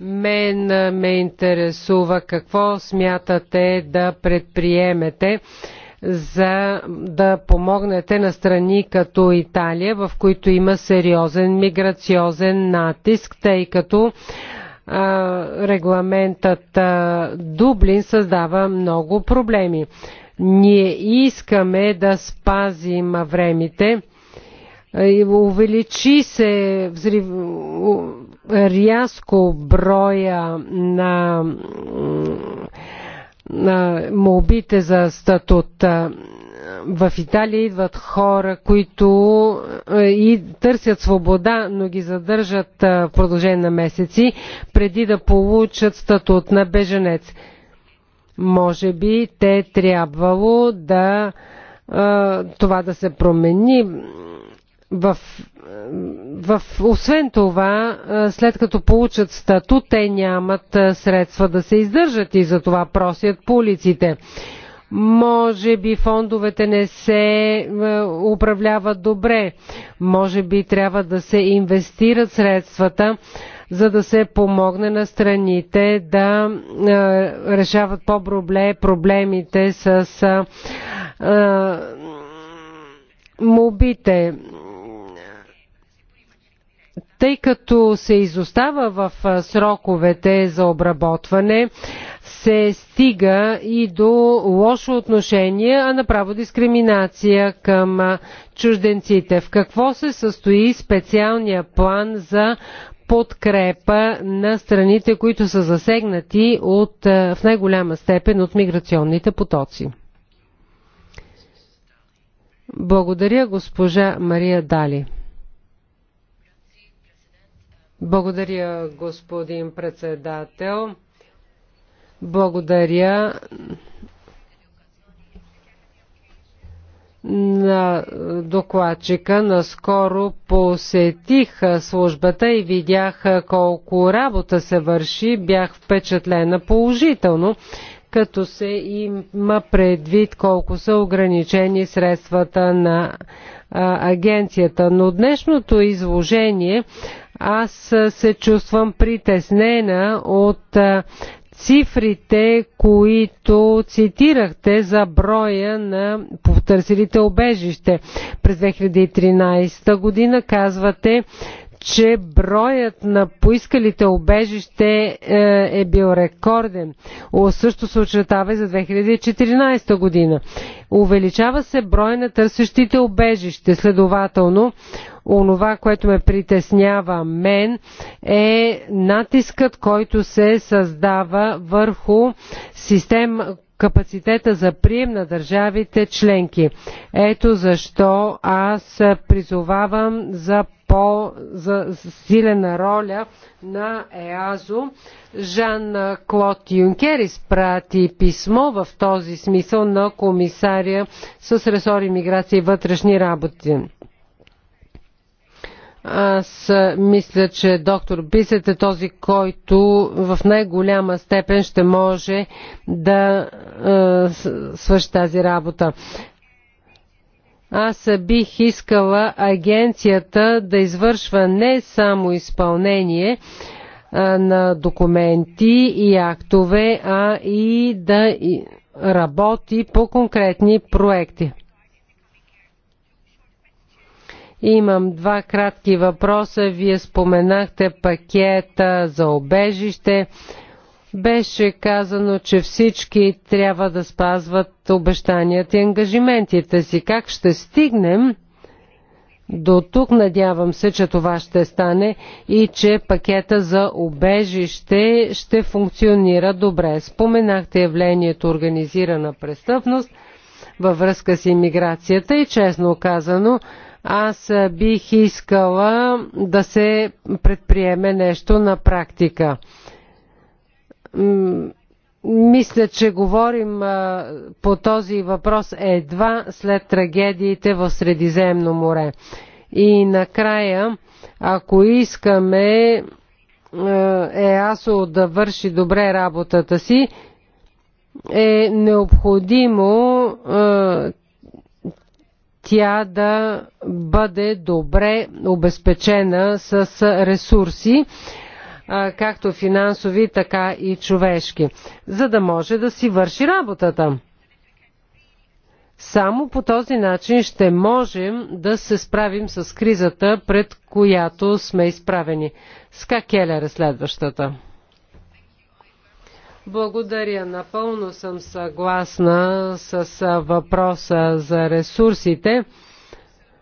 Мен ме интересува какво смятате да предприемете за да помогнете на страни като Италия, в които има сериозен миграциозен натиск, тъй като регламентът Дублин създава много проблеми. Ние искаме да спазим времите. Увеличи се взрив... рязко броя на на молбите за статут в Италия идват хора, които е, и търсят свобода, но ги задържат е, в продължение на месеци, преди да получат статут на беженец. Може би те трябвало да е, това да се промени. В, в, освен това, след като получат статут, те нямат средства да се издържат и затова просят по улиците. Може би фондовете не се е, управляват добре. Може би трябва да се инвестират средствата, за да се помогне на страните да е, решават по бробле проблемите с е, мобите тъй като се изостава в сроковете за обработване, се стига и до лошо отношение, а направо дискриминация към чужденците. В какво се състои специалния план за подкрепа на страните, които са засегнати от, в най-голяма степен от миграционните потоци? Благодаря, госпожа Мария Дали. Благодаря, господин председател. Благодаря на докладчика. Наскоро посетих службата и видях колко работа се върши. Бях впечатлена положително, като се има предвид колко са ограничени средствата на агенцията. Но днешното изложение аз се чувствам притеснена от Цифрите, които цитирахте за броя на потърсилите обежище през 2013 година, казвате, че броят на поискалите обежище е, е бил рекорден. Също се очертава и за 2014 година. Увеличава се брой на търсещите обежище. Следователно, Онова, което ме притеснява мен е натискът, който се създава върху систем, капацитета за прием на държавите членки. Ето защо аз призовавам за по-силена роля на ЕАЗО. Жан Клод Юнкер изпрати писмо в този смисъл на комисаря с ресори миграция и вътрешни работи. Аз мисля, че доктор Бисет е този, който в най-голяма степен ще може да свърши тази работа. Аз бих искала агенцията да извършва не само изпълнение на документи и актове, а и да работи по конкретни проекти. Имам два кратки въпроса. Вие споменахте пакета за обежище. Беше казано, че всички трябва да спазват обещанията и ангажиментите си. Как ще стигнем до тук? Надявам се, че това ще стане и че пакета за обежище ще функционира добре. Споменахте явлението организирана престъпност във връзка с иммиграцията и честно казано, аз бих искала да се предприеме нещо на практика. Мисля, че говорим по този въпрос едва след трагедиите в Средиземно море. И накрая, ако искаме ЕАСО да върши добре работата си, е необходимо тя да бъде добре обезпечена с ресурси, както финансови, така и човешки, за да може да си върши работата. Само по този начин ще можем да се справим с кризата, пред която сме изправени. Ска Келер е следващата. Благодаря. Напълно съм съгласна с въпроса за ресурсите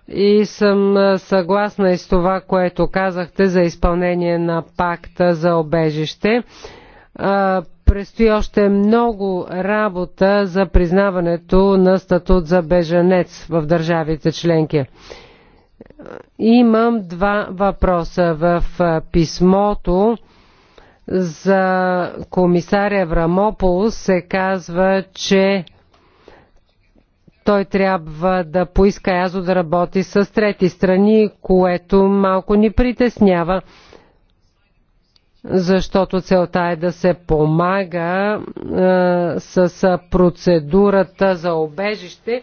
и съм съгласна и с това, което казахте за изпълнение на пакта за обежище. Престои още много работа за признаването на статут за беженец в държавите членки. Имам два въпроса в писмото за комисаря Еврамопол се казва, че той трябва да поиска Язо да работи с трети страни, което малко ни притеснява, защото целта е да се помага а, с процедурата за обежище.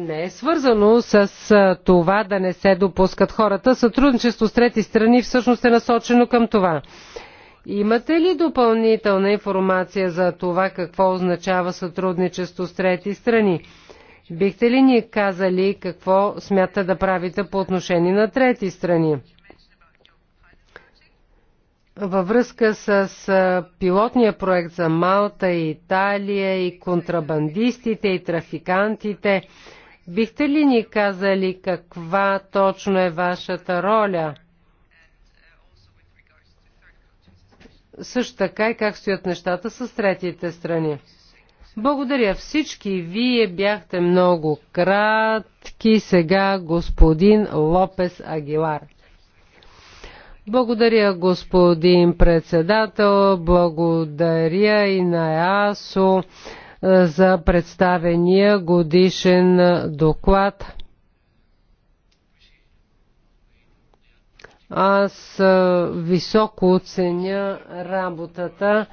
Не е свързано с това да не се допускат хората. Сътрудничество с трети страни всъщност е насочено към това. Имате ли допълнителна информация за това какво означава сътрудничество с трети страни? Бихте ли ни казали какво смята да правите по отношение на трети страни? Във връзка с пилотния проект за Малта и Италия и контрабандистите и трафикантите, бихте ли ни казали каква точно е вашата роля? също така и как стоят нещата с третите страни. Благодаря всички. Вие бяхте много кратки. Сега господин Лопес Агилар. Благодаря, господин председател. Благодаря и на ЕАСО за представения годишен доклад. Аз високо оценя работата,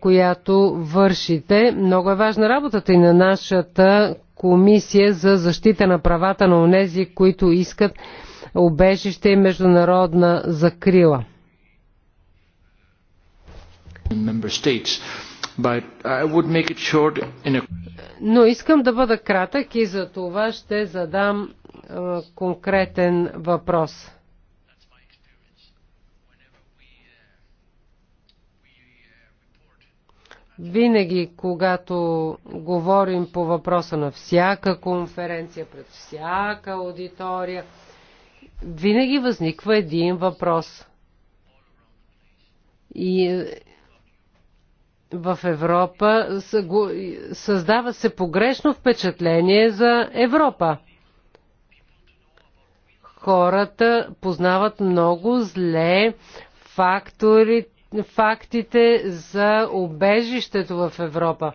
която вършите. Много е важна работата и на нашата комисия за защита на правата на онези, които искат обежище и международна закрила. Но искам да бъда кратък и за това ще задам конкретен въпрос. Винаги, когато говорим по въпроса на всяка конференция, пред всяка аудитория, винаги възниква един въпрос. И е, в Европа създава се погрешно впечатление за Европа. Хората познават много зле факторите, фактите за обежището в Европа.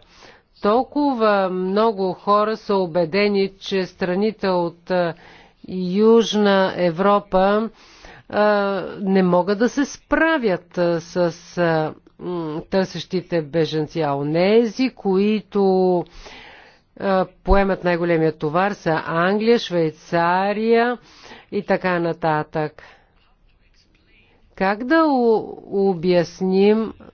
Толкова много хора са убедени, че страните от Южна Европа не могат да се справят с търсещите беженци, а онези, които поемат най-големия товар са Англия, Швейцария и така нататък. Как да обясним е,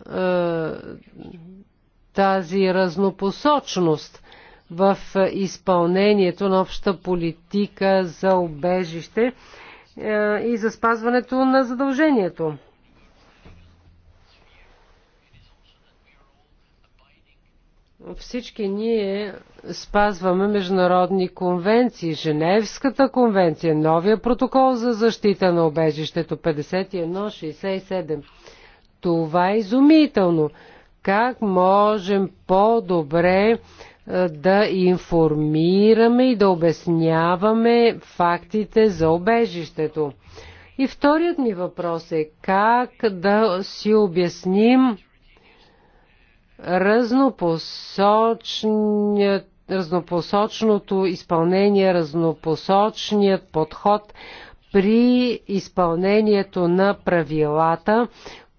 тази разнопосочност в изпълнението на обща политика за обежище е, и за спазването на задължението? Всички ние спазваме международни конвенции. Женевската конвенция, новия протокол за защита на обежището 51-67. Това е изумително. Как можем по-добре е, да информираме и да обясняваме фактите за обежището? И вторият ми въпрос е как да си обясним разнопосочното изпълнение, разнопосочният подход при изпълнението на правилата,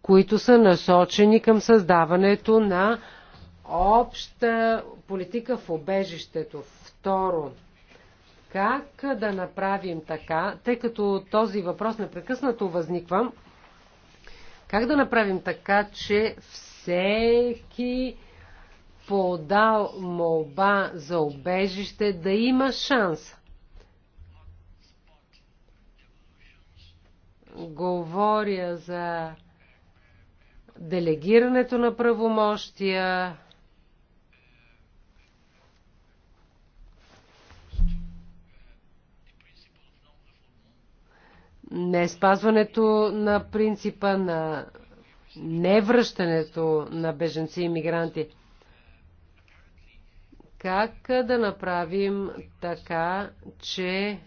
които са насочени към създаването на обща политика в обежището. Второ, как да направим така, тъй като този въпрос непрекъснато възниква, как да направим така, че в всеки подал молба за обежище да има шанс. Говоря за делегирането на правомощия, не спазването на принципа на не връщането на беженци и мигранти. Как да направим така, че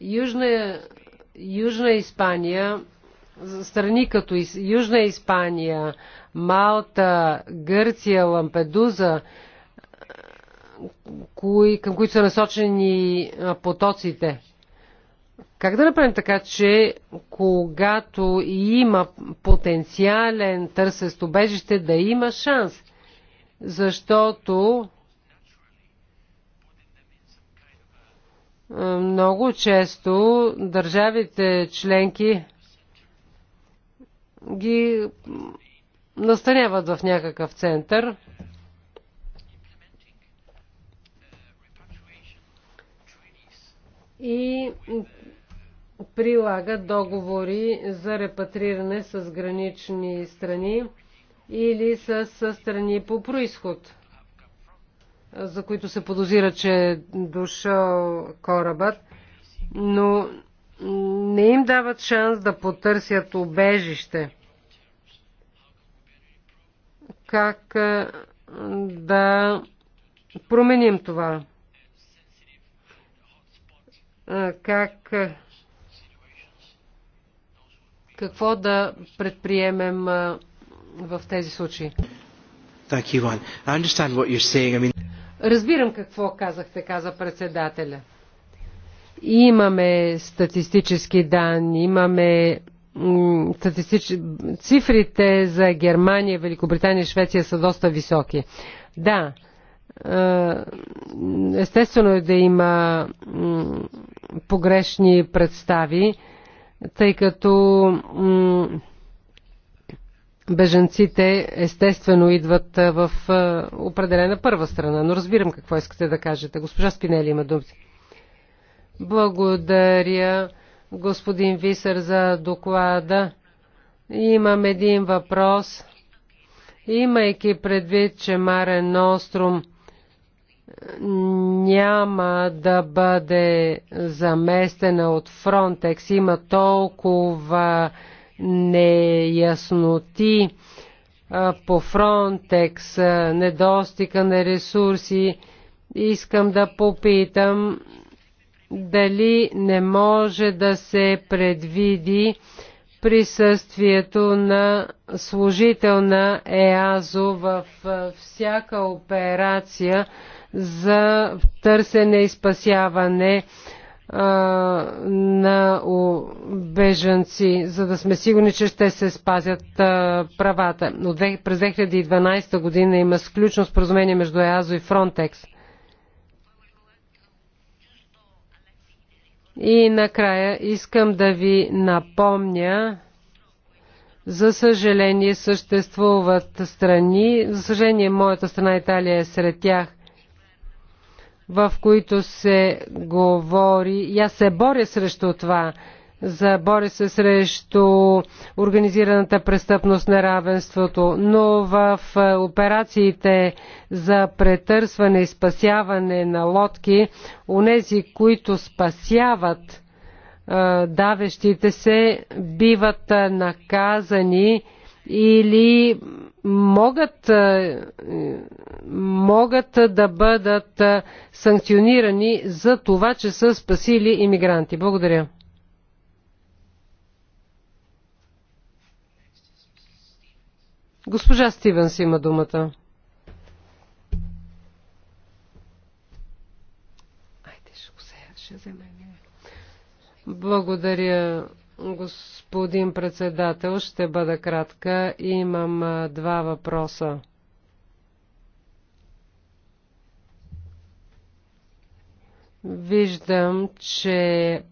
Южна, Южна Испания, страни като Южна Испания, Малта, Гърция, Лампедуза, кои, към които са насочени потоците. Как да направим така, че когато има потенциален търсест обежище, да има шанс? Защото много често държавите членки ги настаняват в някакъв център, и прилага договори за репатриране с гранични страни или с страни по происход, за които се подозира, че е дошъл корабът, но не им дават шанс да потърсят убежище. Как да променим това? как какво да предприемем в тези случаи. Разбирам какво казахте, каза председателя. Имаме статистически данни, имаме статистич... цифрите за Германия, Великобритания и Швеция са доста високи. Да, естествено е да има погрешни представи, тъй като беженците естествено идват в определена първа страна, но разбирам какво искате да кажете. Госпожа Спинели има думата. Благодаря, господин Висър, за доклада. Имам един въпрос. Имайки предвид, че Марен Ностром няма да бъде заместена от Фронтекс. Има толкова неясноти по Фронтекс, недостига на ресурси. Искам да попитам дали не може да се предвиди присъствието на служител на ЕАЗО във всяка операция, за търсене и спасяване на беженци, за да сме сигурни, че ще се спазят правата. Но през 2012 година има сключно споразумение между ЕАЗО и Фронтекс. И накрая искам да ви напомня, за съжаление съществуват страни, за съжаление моята страна Италия е сред тях, в които се говори, и аз се боря срещу това, за боря се срещу организираната престъпност на равенството, но в е, операциите за претърсване и спасяване на лодки, унези, които спасяват е, давещите се, биват е, наказани или могат, е, могат да бъдат е, санкционирани за това, че са спасили иммигранти. Благодаря. Госпожа Стивенс има думата. Благодаря, Господин председател, ще бъда кратка. Имам два въпроса. Виждам, че,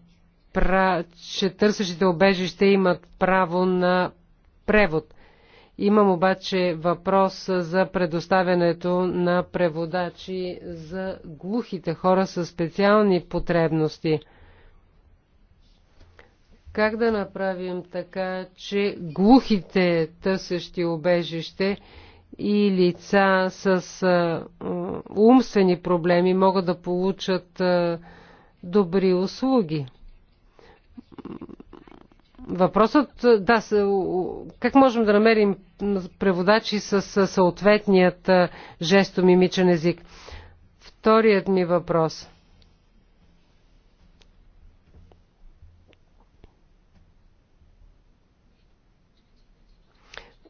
пра... че търсещите обежище имат право на превод. Имам обаче въпрос за предоставянето на преводачи за глухите хора със специални потребности – как да направим така, че глухите търсещи обежище и лица с умствени проблеми могат да получат добри услуги? Въпросът, да, как можем да намерим преводачи с съответният жестомимичен език? Вторият ми въпрос –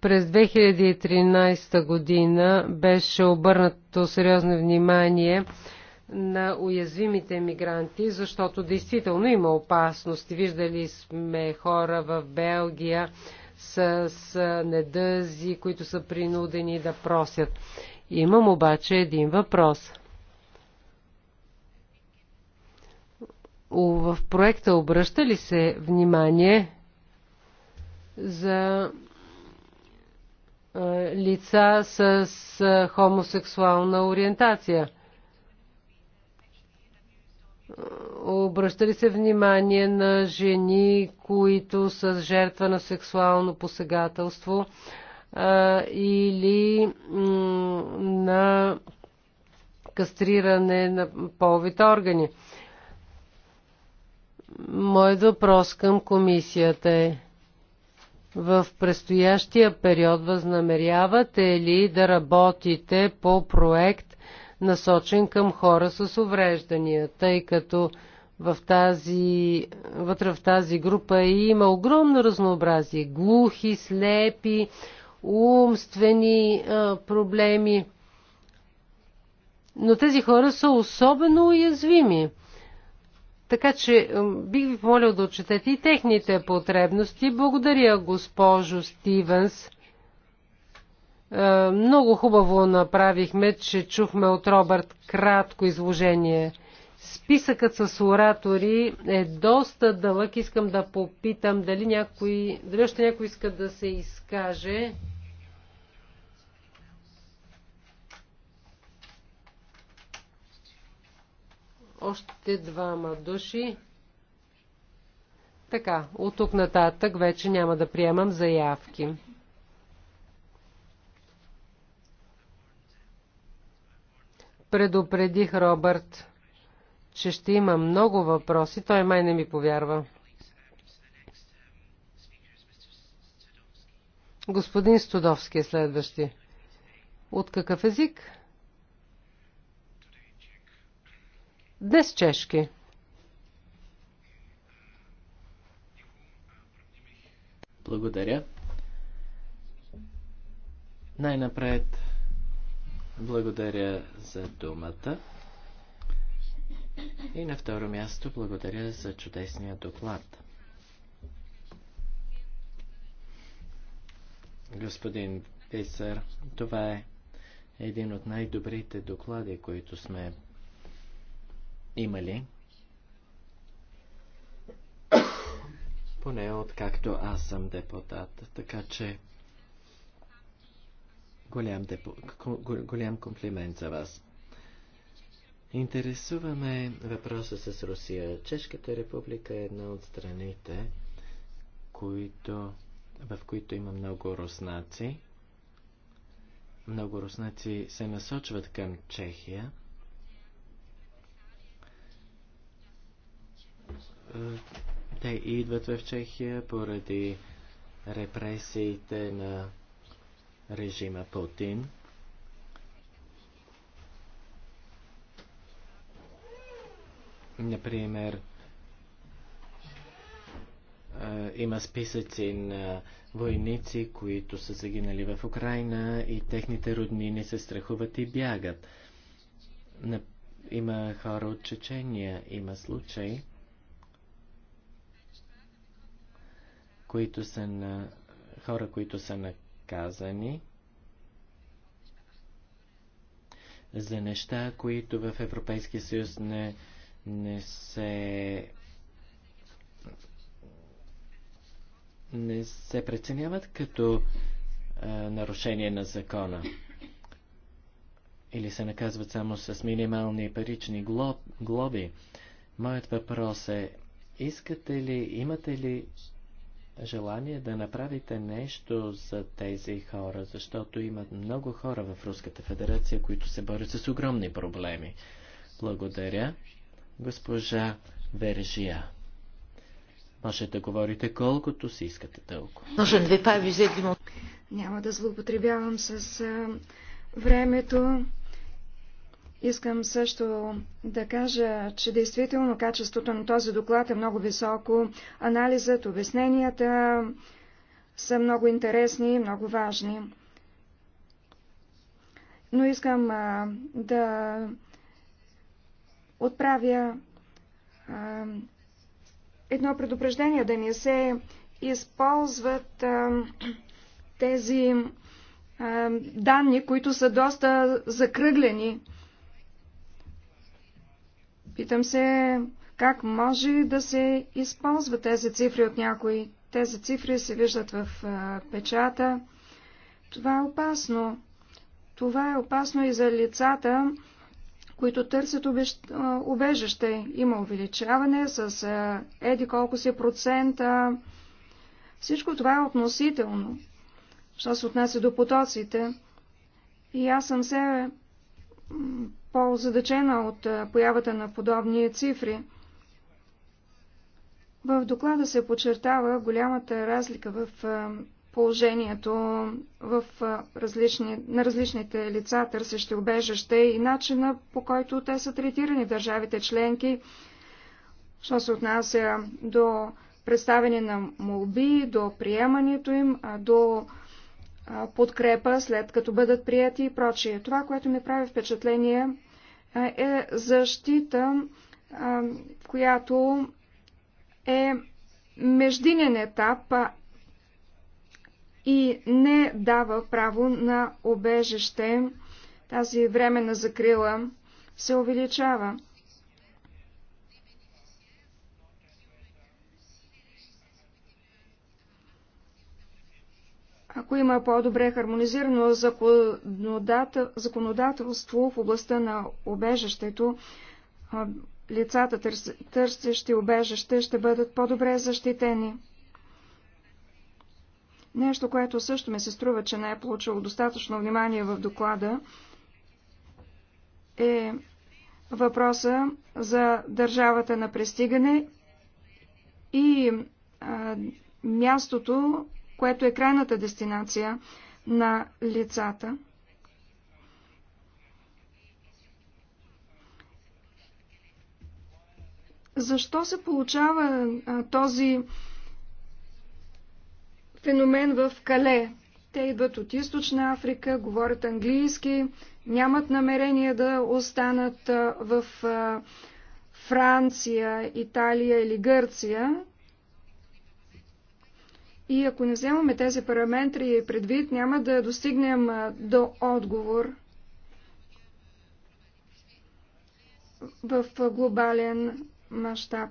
През 2013 година беше обърнато сериозно внимание на уязвимите мигранти, защото действително има опасност. Виждали сме хора в Белгия с недъзи, които са принудени да просят. Имам обаче един въпрос. В проекта обръща ли се внимание за лица с хомосексуална ориентация? Обръща ли се внимание на жени, които са жертва на сексуално посегателство или на кастриране на половите органи? Моят въпрос към комисията е в предстоящия период възнамерявате ли да работите по проект насочен към хора с увреждания, тъй като в тази, вътре в тази група има огромно разнообразие. Глухи, слепи, умствени а, проблеми. Но тези хора са особено уязвими. Така че бих ви помолил да отчетете и техните потребности. Благодаря, госпожо Стивенс. Е, много хубаво направихме, че чухме от Робърт кратко изложение. Списъкът с оратори е доста дълъг. Искам да попитам дали, някой, дали още някой иска да се изкаже. Още двама души. Така, от тук нататък вече няма да приемам заявки. Предупредих Робърт, че ще има много въпроси. Той май не ми повярва. Господин Студовски е следващи. От какъв език? Днес чешки. Благодаря. Най-напред благодаря за думата. И на второ място благодаря за чудесния доклад. Господин Писър, това е един от най-добрите доклади, които сме има ли? Поне откакто аз съм депутат, така че голям, депо... голям комплимент за вас. Интересуваме въпроса с Русия. Чешката република е една от страните, които, в които има много руснаци. Много руснаци се насочват към Чехия те идват в Чехия поради репресиите на режима Путин. Например, има списъци на войници, които са загинали в Украина и техните роднини се страхуват и бягат. Има хора от Чечения, има случаи. които са на хора, които са наказани за неща, които в Европейския съюз не, не се не се преценяват като а, нарушение на закона или се наказват само с минимални парични глоб, глоби. Моят въпрос е, искате ли, имате ли желание да направите нещо за тези хора, защото има много хора в Руската федерация, които се борят с огромни проблеми. Благодаря, госпожа Вержия. Може да говорите колкото си искате дълго. Няма да злоупотребявам с времето. Искам също да кажа, че действително качеството на този доклад е много високо. Анализът, обясненията са много интересни и много важни. Но искам а, да отправя а, едно предупреждение да не се използват а, тези а, данни, които са доста закръглени. Питам се как може да се използва тези цифри от някои. Тези цифри се виждат в печата. Това е опасно. Това е опасно и за лицата, които търсят убежище. Има увеличаване с еди колко си процента. Всичко това е относително, що се отнася до потоците. И аз съм се по-задачена от появата на подобни цифри. В доклада се подчертава голямата разлика в положението в различни, на различните лица, търсещи убежище и начина по който те са третирани в държавите членки, що се отнася до представяне на молби, до приемането им, до подкрепа, след като бъдат прияти и прочие. Това, което ми прави впечатление е защита, която е междинен етап и не дава право на обежище. Тази време на закрила се увеличава. Ако има по-добре хармонизирано законодателство в областта на обежището, лицата търсещи обежище ще бъдат по-добре защитени. Нещо, което също ми се струва, че не е получило достатъчно внимание в доклада, е въпроса за държавата на пристигане и а, мястото което е крайната дестинация на лицата. Защо се получава а, този феномен в Кале? Те идват от Източна Африка, говорят английски, нямат намерение да останат в Франция, Италия или Гърция. И ако не вземаме тези параметри предвид, няма да достигнем до отговор в глобален мащаб.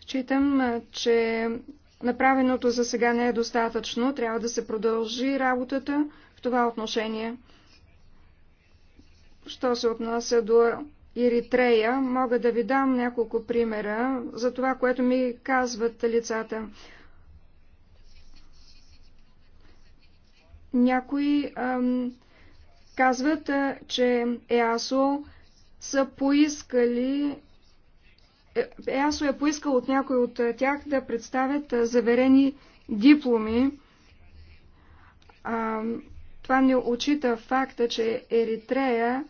Считам, че направеното за сега не е достатъчно. Трябва да се продължи работата в това отношение. Що се отнася до Еритрея, мога да ви дам няколко примера за това, което ми казват лицата. Някои ам, казват, че ЕАСО са поискали е, ЕАСО е поискал от някой от тях да представят заверени дипломи. А, това не очита факта, че Еритрея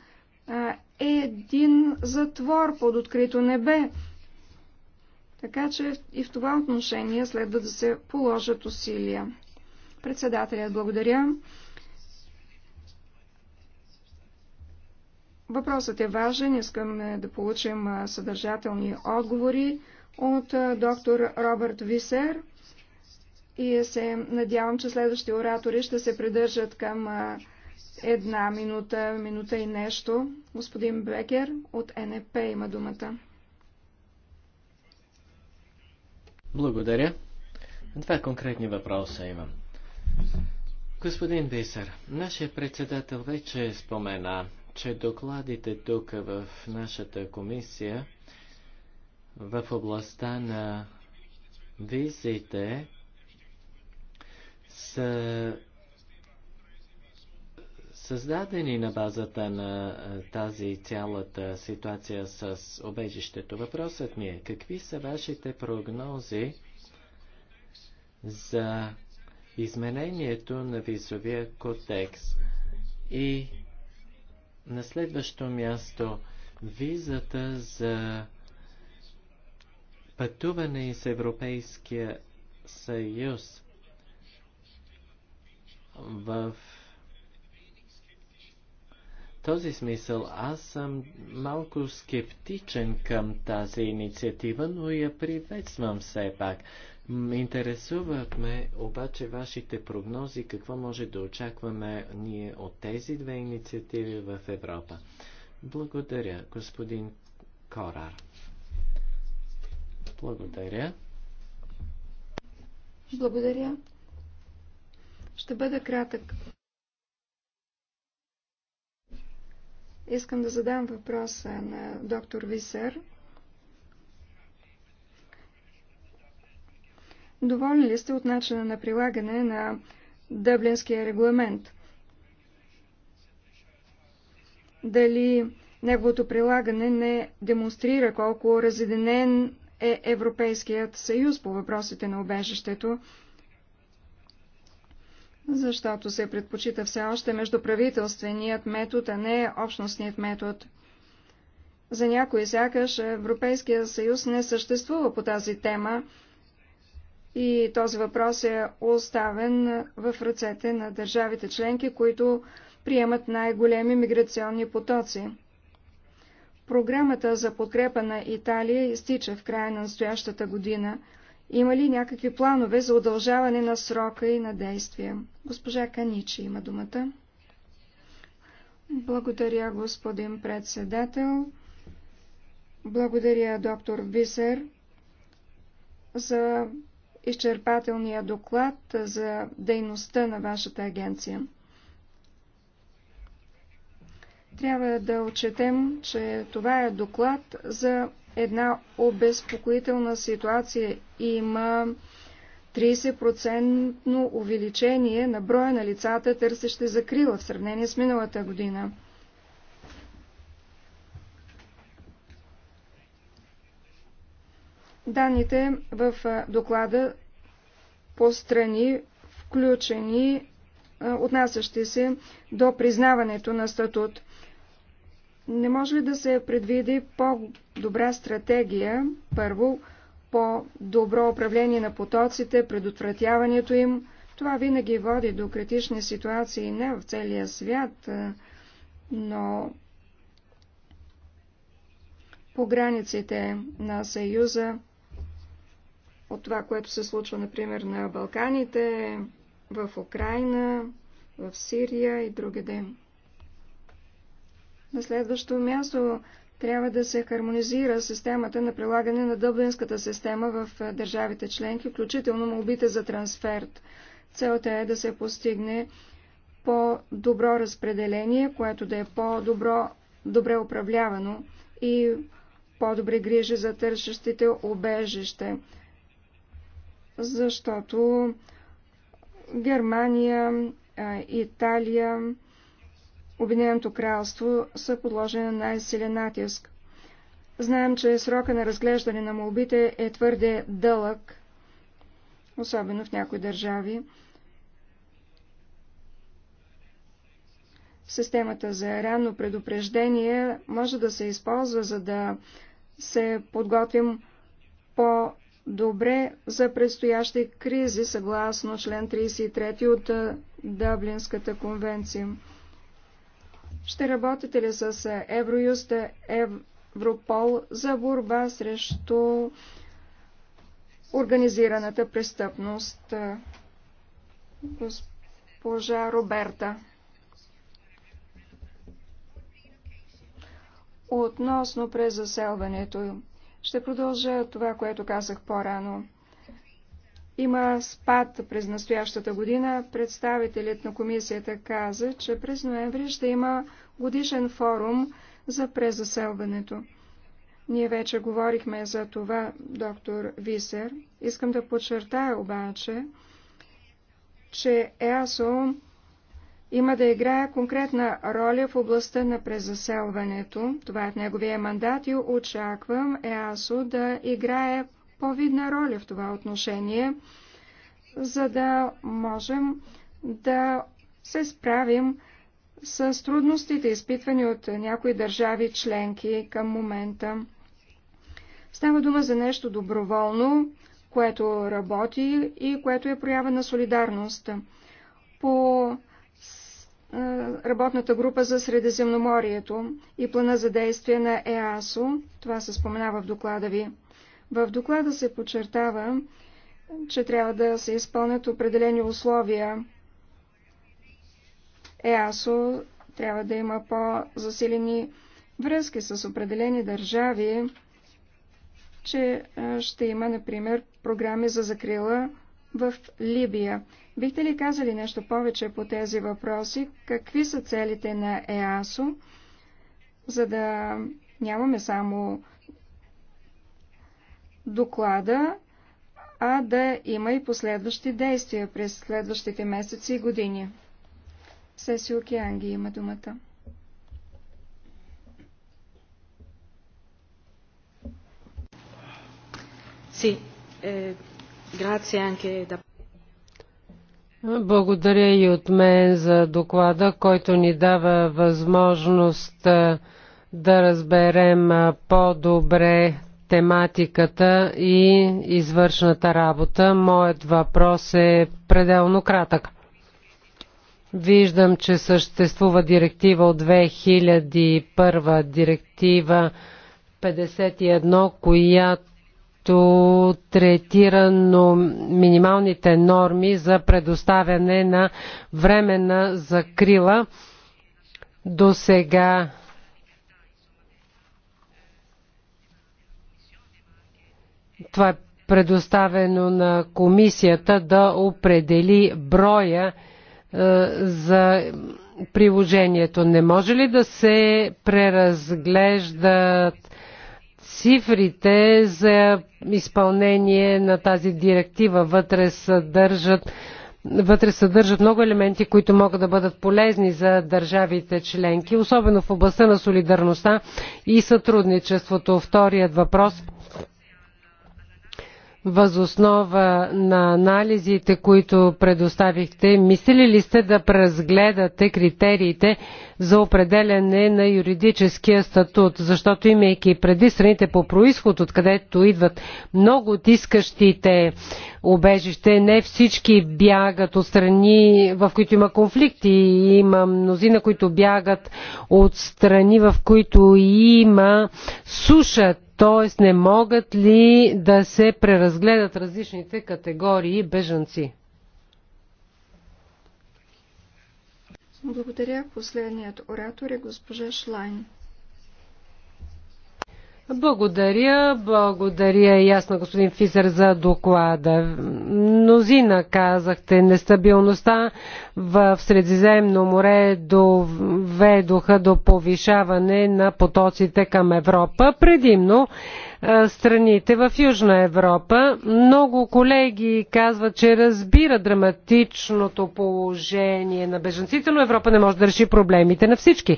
един затвор под открито небе. Така че и в това отношение следва да се положат усилия. Председателят, благодаря. Въпросът е важен. Искам е, да получим е, съдържателни отговори от е, доктор Робърт Висер. И се надявам, че следващите оратори ще се придържат към Една минута, минута и нещо. Господин Бекер от НП има думата. Благодаря. Два конкретни въпроса имам. Господин Бисер, нашия председател вече спомена, че докладите тук в нашата комисия в областта на визите са създадени на базата на тази цялата ситуация с обежището. Въпросът ми е, какви са вашите прогнози за изменението на визовия кодекс и на следващо място визата за пътуване из Европейския съюз в този смисъл аз съм малко скептичен към тази инициатива, но я приветствам все пак. Интересуват ме обаче вашите прогнози, какво може да очакваме ние от тези две инициативи в Европа. Благодаря, господин Корар. Благодаря. Благодаря. Ще бъда кратък. Искам да задам въпроса на доктор Висер. Доволни ли сте от начина на прилагане на Дъблинския регламент? Дали неговото прилагане не демонстрира колко разединен е Европейският съюз по въпросите на убежището? защото се предпочита все още междуправителственият метод, а не общностният метод. За някои сякаш Европейския съюз не съществува по тази тема и този въпрос е оставен в ръцете на държавите членки, които приемат най-големи миграционни потоци. Програмата за подкрепа на Италия изтича в края на настоящата година – има ли някакви планове за удължаване на срока и на действие? Госпожа Каничи има думата. Благодаря, господин председател. Благодаря, доктор Висер, за изчерпателния доклад за дейността на вашата агенция. Трябва да отчетем, че това е доклад за една обезпокоителна ситуация. Има 30% увеличение на броя на лицата, търсещи закрила в сравнение с миналата година. Данните в доклада по страни, включени, отнасящи се до признаването на статут. Не може ли да се предвиди по-добра стратегия, първо, по-добро управление на потоците, предотвратяването им? Това винаги води до критични ситуации не в целия свят, но по границите на Съюза, от това, което се случва, например, на Балканите, в Украина, в Сирия и други ден. На следващо място трябва да се хармонизира системата на прилагане на дъблинската система в държавите членки, включително молбите за трансфер. Целта е да се постигне по-добро разпределение, което да е по-добро, добре управлявано и по-добре грижи за търсещите обежище. Защото Германия, Италия, Обединеното кралство са подложени на най-силен натиск. Знаем, че срока на разглеждане на молбите е твърде дълъг, особено в някои държави. Системата за ранно предупреждение може да се използва, за да се подготвим по-добре за предстоящи кризи, съгласно член 33 от Дъблинската конвенция. Ще работите ли с е, Евроюст, е, Европол за борба срещу организираната престъпност? Е, госпожа Роберта. Относно презаселването, ще продължа това, което казах по-рано. Има спад през настоящата година. Представителят на комисията каза, че през ноември ще има годишен форум за презаселването. Ние вече говорихме за това, доктор Висер. Искам да подчертая обаче, че ЕАСО има да играе конкретна роля в областта на презаселването. Това е неговия мандат и очаквам ЕАСО да играе по-видна роля в това отношение, за да можем да се справим с трудностите, изпитвани от някои държави членки към момента. Става дума за нещо доброволно, което работи и което е проява на солидарност. По работната група за Средиземноморието и плана за действие на ЕАСО, това се споменава в доклада ви, в доклада се подчертава, че трябва да се изпълнят определени условия. ЕАСО трябва да има по-засилени връзки с определени държави, че ще има, например, програми за закрила в Либия. Бихте ли казали нещо повече по тези въпроси? Какви са целите на ЕАСО, за да нямаме само доклада, а да има и последващи действия през следващите месеци и години. Сеси Океанги има думата. Е, Благодаря и от мен за доклада, който ни дава възможност е, да разберем е, по-добре тематиката и извършната работа. Моят въпрос е пределно кратък. Виждам, че съществува директива от 2001, директива 51, която третира но минималните норми за предоставяне на временна закрила. До сега Това е предоставено на комисията да определи броя е, за приложението. Не може ли да се преразглеждат цифрите за изпълнение на тази директива? Вътре съдържат, вътре съдържат много елементи, които могат да бъдат полезни за държавите членки, особено в областта на солидарността и сътрудничеството. Вторият въпрос – Възоснова на анализите, които предоставихте, мислили ли сте да преразгледате критериите за определене на юридическия статут? Защото имайки преди страните по происход, откъдето идват много от искащите обежище, не всички бягат от страни, в които има конфликти. Има мнозина, които бягат от страни, в които има суша. Тоест не могат ли да се преразгледат различните категории бежанци? Благодаря. Последният оратор е госпожа Шлайн. Благодаря, благодаря и аз на господин Фисер за доклада. Мнозина казахте, нестабилността в Средиземно море доведоха до повишаване на потоците към Европа, предимно страните в Южна Европа. Много колеги казват, че разбира драматичното положение на беженците, но Европа не може да реши проблемите на всички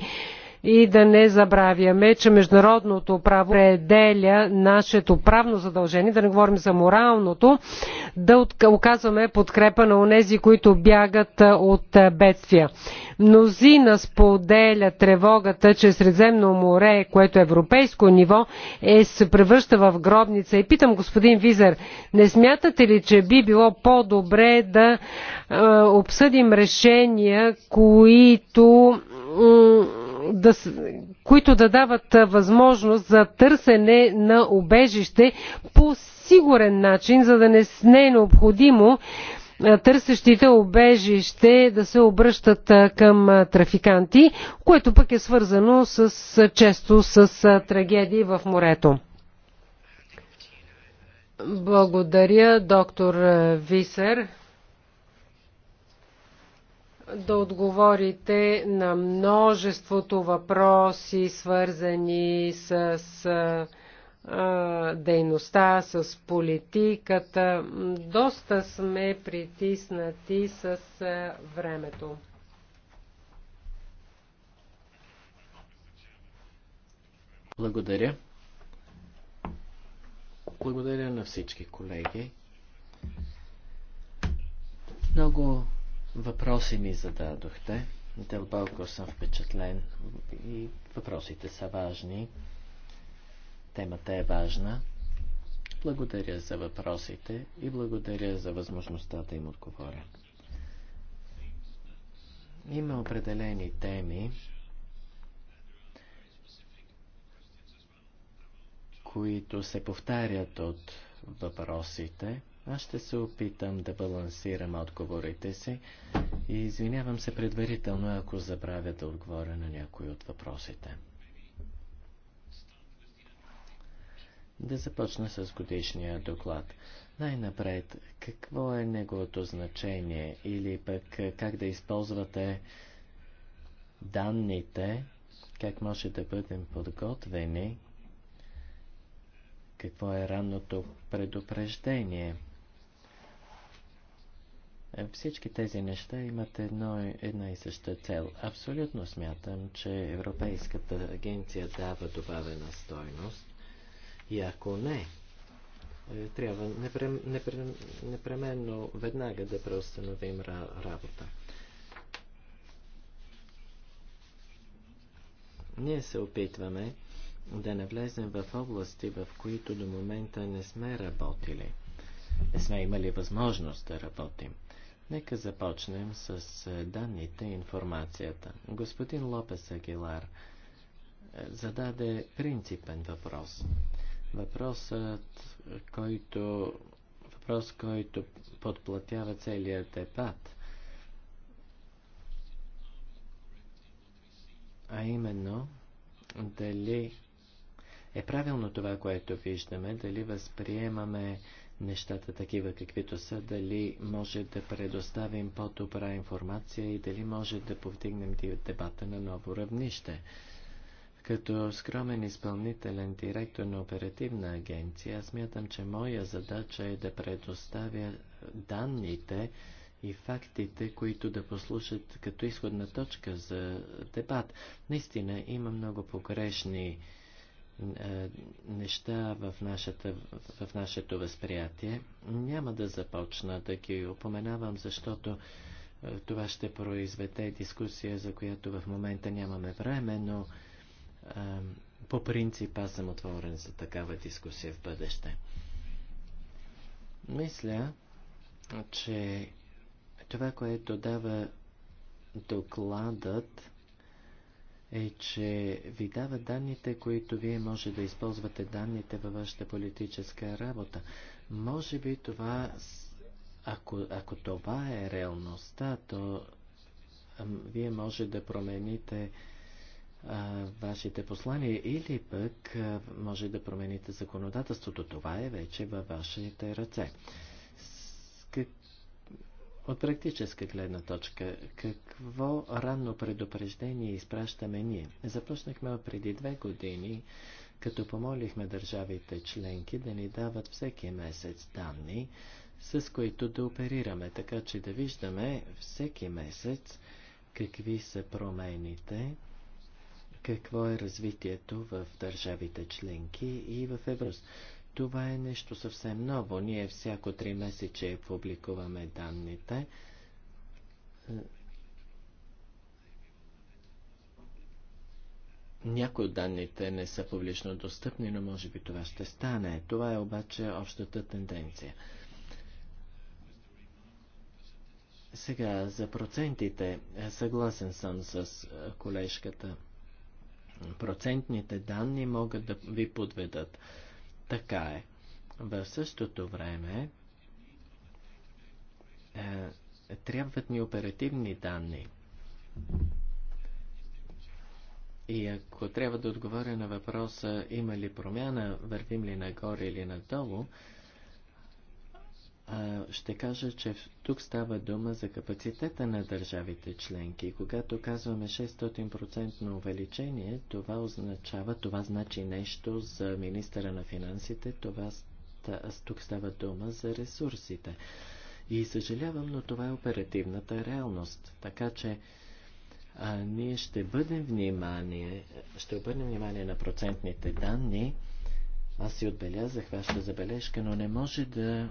и да не забравяме, че международното право пределя нашето правно задължение, да не говорим за моралното, да оказваме подкрепа на онези, които бягат от бедствия. Мнозина споделя тревогата, че Средземно море, което е европейско ниво, е, се превръща в гробница. И питам господин Визер, не смятате ли, че би било по-добре да е, обсъдим решения, които да, които да дават възможност за търсене на убежище по сигурен начин, за да не, не е необходимо търсещите обежище да се обръщат към трафиканти, което пък е свързано с, често с трагедии в морето. Благодаря, доктор Висер да отговорите на множеството въпроси, свързани с дейността, с политиката. Доста сме притиснати с времето. Благодаря. Благодаря на всички колеги. Много Въпроси ми зададохте. Дълбоко съм впечатлен и въпросите са важни. Темата е важна. Благодаря за въпросите и благодаря за възможността да им отговоря. Има определени теми, които се повтарят от въпросите – аз ще се опитам да балансирам отговорите си и извинявам се предварително, ако забравя да отговоря на някои от въпросите. Да започна с годишния доклад. Най-напред, какво е неговото значение или пък как да използвате данните, как може да бъдем подготвени, какво е ранното предупреждение – е, всички тези неща имат едно, една и съща цел. Абсолютно смятам, че Европейската агенция дава добавена стойност и ако не, е, трябва непрем, непрем, непременно веднага да преустановим работа. Ние се опитваме да не влезем в области, в които до момента не сме работили. Не сме имали възможност да работим. Нека започнем с е, данните и информацията. Господин Лопес Агилар е, зададе принципен въпрос. Въпросът, който, въпрос, който подплатява целият дебат, а именно дали е правилно това, което виждаме, дали възприемаме нещата такива каквито са, дали може да предоставим по-добра информация и дали може да повдигнем дебата на ново равнище. Като скромен изпълнителен директор на оперативна агенция, аз мятам, че моя задача е да предоставя данните и фактите, които да послушат като изходна точка за дебат. Наистина има много погрешни е, неща в, нашата, в нашето възприятие. Няма да започна да ги упоменавам, защото е, това ще произведе дискусия, за която в момента нямаме време, но а, е, по принцип аз съм отворен за такава дискусия в бъдеще. Мисля, че това, което дава докладът, е, че ви дава данните, които вие може да използвате данните във вашата политическа работа. Може би това, ако, ако това е реалността, то вие може да промените а, вашите послания или пък а, може да промените законодателството. Това е вече във вашите ръце. С, как, от практическа гледна точка, какво ранно предупреждение изпращаме ние? Започнахме преди две години, като помолихме държавите членки да ни дават всеки месец данни, с които да оперираме, така че да виждаме всеки месец какви са промените, какво е развитието в държавите членки и в Еврос. Това е нещо съвсем ново. Ние всяко три месече публикуваме данните. Някои от данните не са публично достъпни, но може би това ще стане. Това е обаче общата тенденция. Сега за процентите. Съгласен съм с колежката. Процентните данни могат да ви подведат. Така е. В същото време е, трябват ни оперативни данни. И ако трябва да отговоря на въпроса има ли промяна, вървим ли нагоре или надолу, ще кажа, че тук става дума за капацитета на държавите членки. Когато казваме 600% на увеличение, това означава, това значи нещо за министъра на финансите, това тук става дума за ресурсите. И съжалявам, но това е оперативната реалност. Така че а, ние ще бъдем внимание, ще обърнем внимание на процентните данни. Аз си отбелязах вашата забележка, но не може да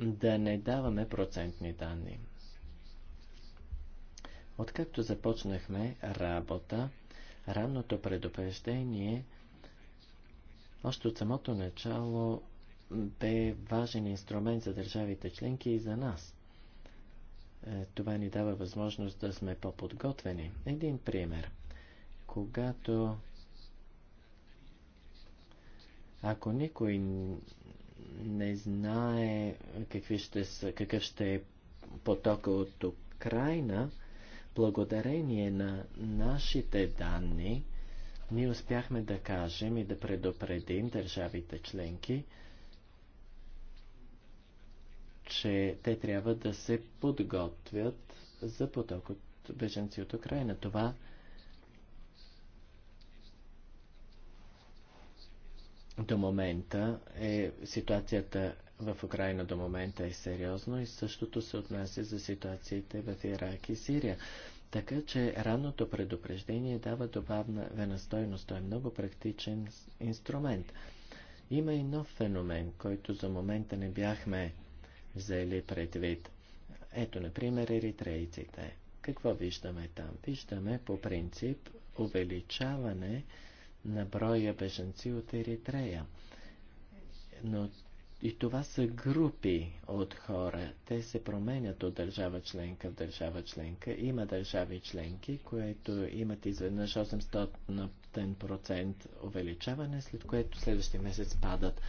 да не даваме процентни данни. Откакто започнахме работа, ранното предупреждение още от самото начало бе важен инструмент за държавите членки и за нас. Е, това ни дава възможност да сме по-подготвени. Един пример. Когато ако никой не знае какви ще са, какъв ще е потока от Украина, благодарение на нашите данни, ние успяхме да кажем и да предупредим държавите членки, че те трябва да се подготвят за поток от беженци от Украина. Това до момента е ситуацията в Украина до момента е сериозно и същото се отнася за ситуациите в Ирак и Сирия. Така че ранното предупреждение дава добавна венастойност. Той е много практичен инструмент. Има и нов феномен, който за момента не бяхме взели предвид. Ето, например, еритрейците. Какво виждаме там? Виждаме по принцип увеличаване на броя беженци от Еритрея. Но и това са групи от хора. Те се променят от държава членка в държава членка. Има държави членки, които имат изведнъж 800% увеличаване, след което следващия месец падат,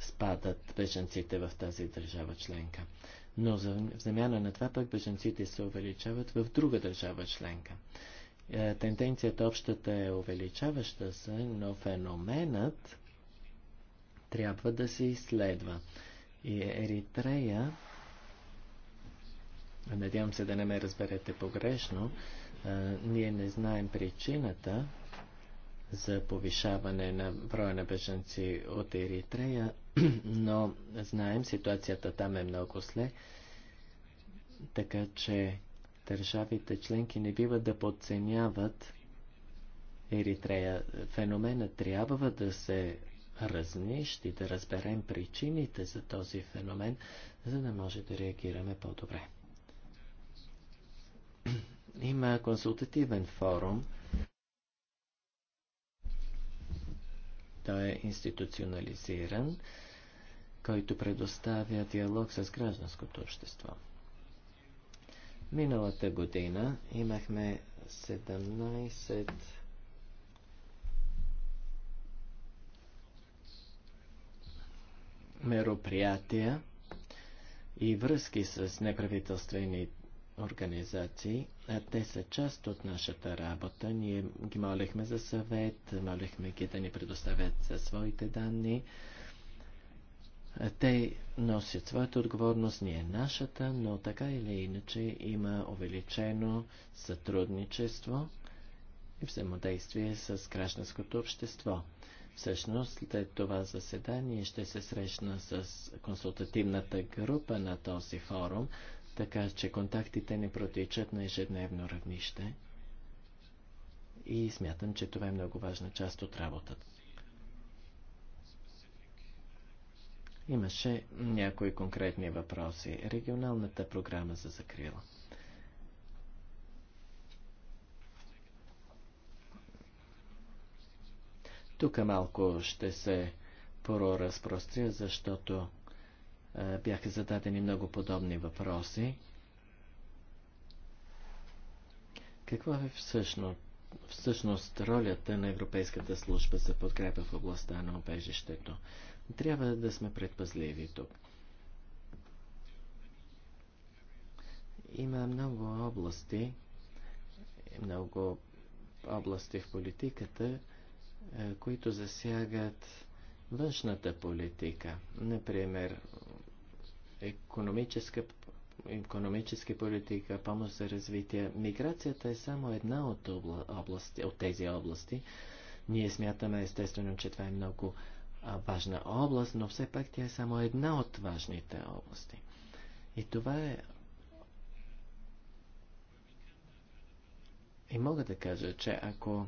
спадат беженците в тази държава членка. Но в замяна на това пък беженците се увеличават в друга държава членка. Е, тенденцията общата е увеличаваща се, но феноменът трябва да се изследва. И Еритрея, надявам се да не ме разберете погрешно, е, ние не знаем причината за повишаване на броя на беженци от Еритрея, [clears throat] но знаем, ситуацията там е много сле, така че Държавите членки не бива да подценяват Еритрея. Феномена трябва да се разнищи, да разберем причините за този феномен, за да може да реагираме по-добре. [clears throat] Има консултативен форум. Той е институционализиран, който предоставя диалог с гражданското общество. Миналата година имахме 17 мероприятия и връзки с неправителствени организации, а те са част от нашата работа. Ние ги молихме за съвет, молихме ги да ни предоставят своите данни. Те носят своята отговорност, ние нашата, но така или иначе има увеличено сътрудничество и взаимодействие с гражданското общество. Всъщност, след това заседание ще се срещна с консултативната група на този форум, така че контактите не протичат на ежедневно равнище. И смятам, че това е много важна част от работата. Имаше някои конкретни въпроси. Регионалната програма за закрила. Тук малко ще се проразпростря, защото а, бяха зададени много подобни въпроси. Каква е всъщност, всъщност ролята на Европейската служба за подкрепа в областта на обежището? Трябва да сме предпазливи тук. Има много области, много области в политиката, е, които засягат външната политика. Например, економическа, економическа политика, помощ за развитие. Миграцията е само една от, обла, области, от тези области. Ние смятаме естествено, че това е много важна област, но все пак тя е само една от важните области. И това е. И мога да кажа, че ако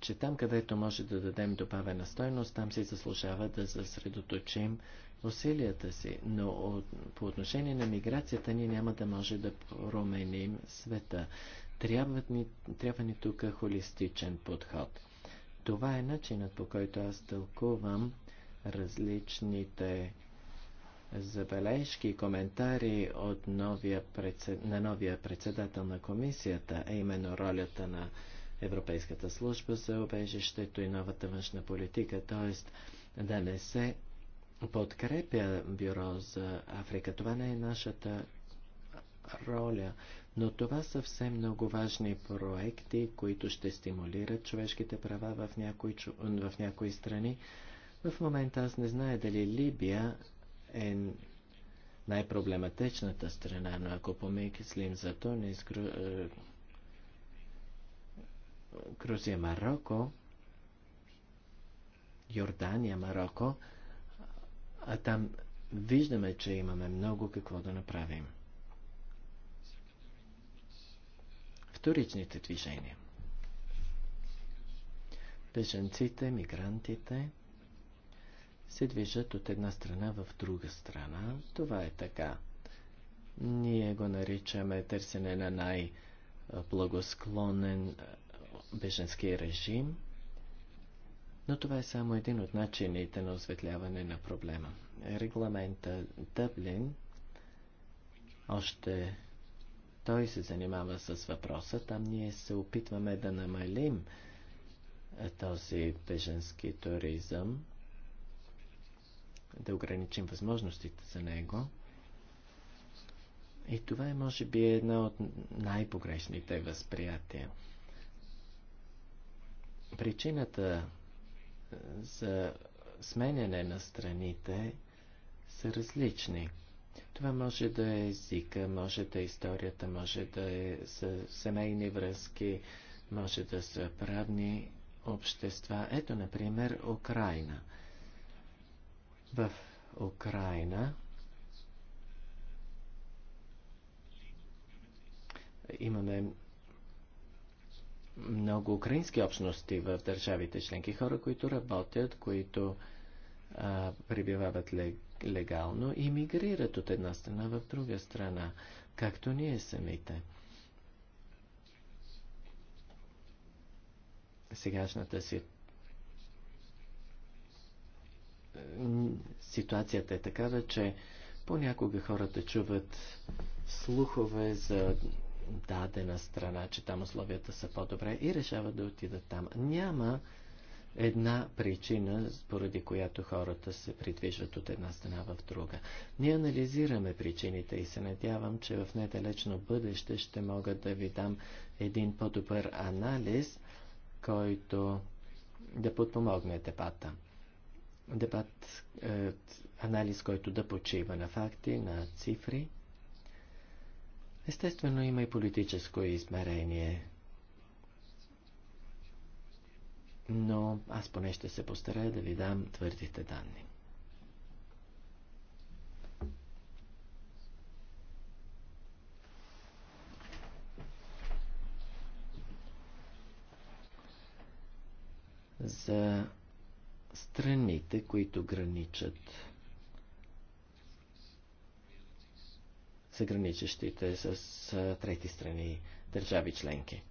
че там, където може да дадем добавена стойност, там си заслужава да съсредоточим усилията си. Но от, по отношение на миграцията ние няма да може да променим света. Трябва ни, трябва ни тук холистичен подход. Това е начинът по който аз тълкувам различните забележки и коментари от новия председ... на новия председател на комисията, а именно ролята на Европейската служба за обежището и новата външна политика, т.е. да не се подкрепя бюро за Африка. Това не е нашата роля. Но това са все много важни проекти, които ще стимулират човешките права в някои, в някои страни. В момента аз не зная дали Либия е най-проблематичната страна, но ако помислим за не изгру... Е, Грузия, Марокко, Йордания, Марокко, а там виждаме, че имаме много какво да направим. вторичните движения. Беженците, мигрантите се движат от една страна в друга страна. Това е така. Ние го наричаме търсене на най-благосклонен беженски режим, но това е само един от начините на осветляване на проблема. Регламента Дъблин още той се занимава с въпроса. Там ние се опитваме да намалим този беженски туризъм, да ограничим възможностите за него. И това е, може би, една от най-погрешните възприятия. Причината за сменяне на страните са различни. Това може да е езика, може да е историята, може да е семейни връзки, може да са правни общества. Ето, например, Украина. В Украина имаме много украински общности в държавите членки, хора, които работят, които а, прибивават лег легално и мигрират от една страна в друга страна, както ние самите. Сегашната си ситуацията е такава, че понякога хората чуват слухове за дадена страна, че там условията са по-добре и решават да отидат там. Няма една причина, поради която хората се придвижват от една страна в друга. Ние анализираме причините и се надявам, че в недалечно бъдеще ще мога да ви дам един по-добър анализ, който да подпомогне дебата. Дебат, е, анализ, който да почива на факти, на цифри. Естествено има и политическо измерение но аз поне ще се постарая да ви дам твърдите данни. За страните, които граничат са граничещите с трети страни държави членки.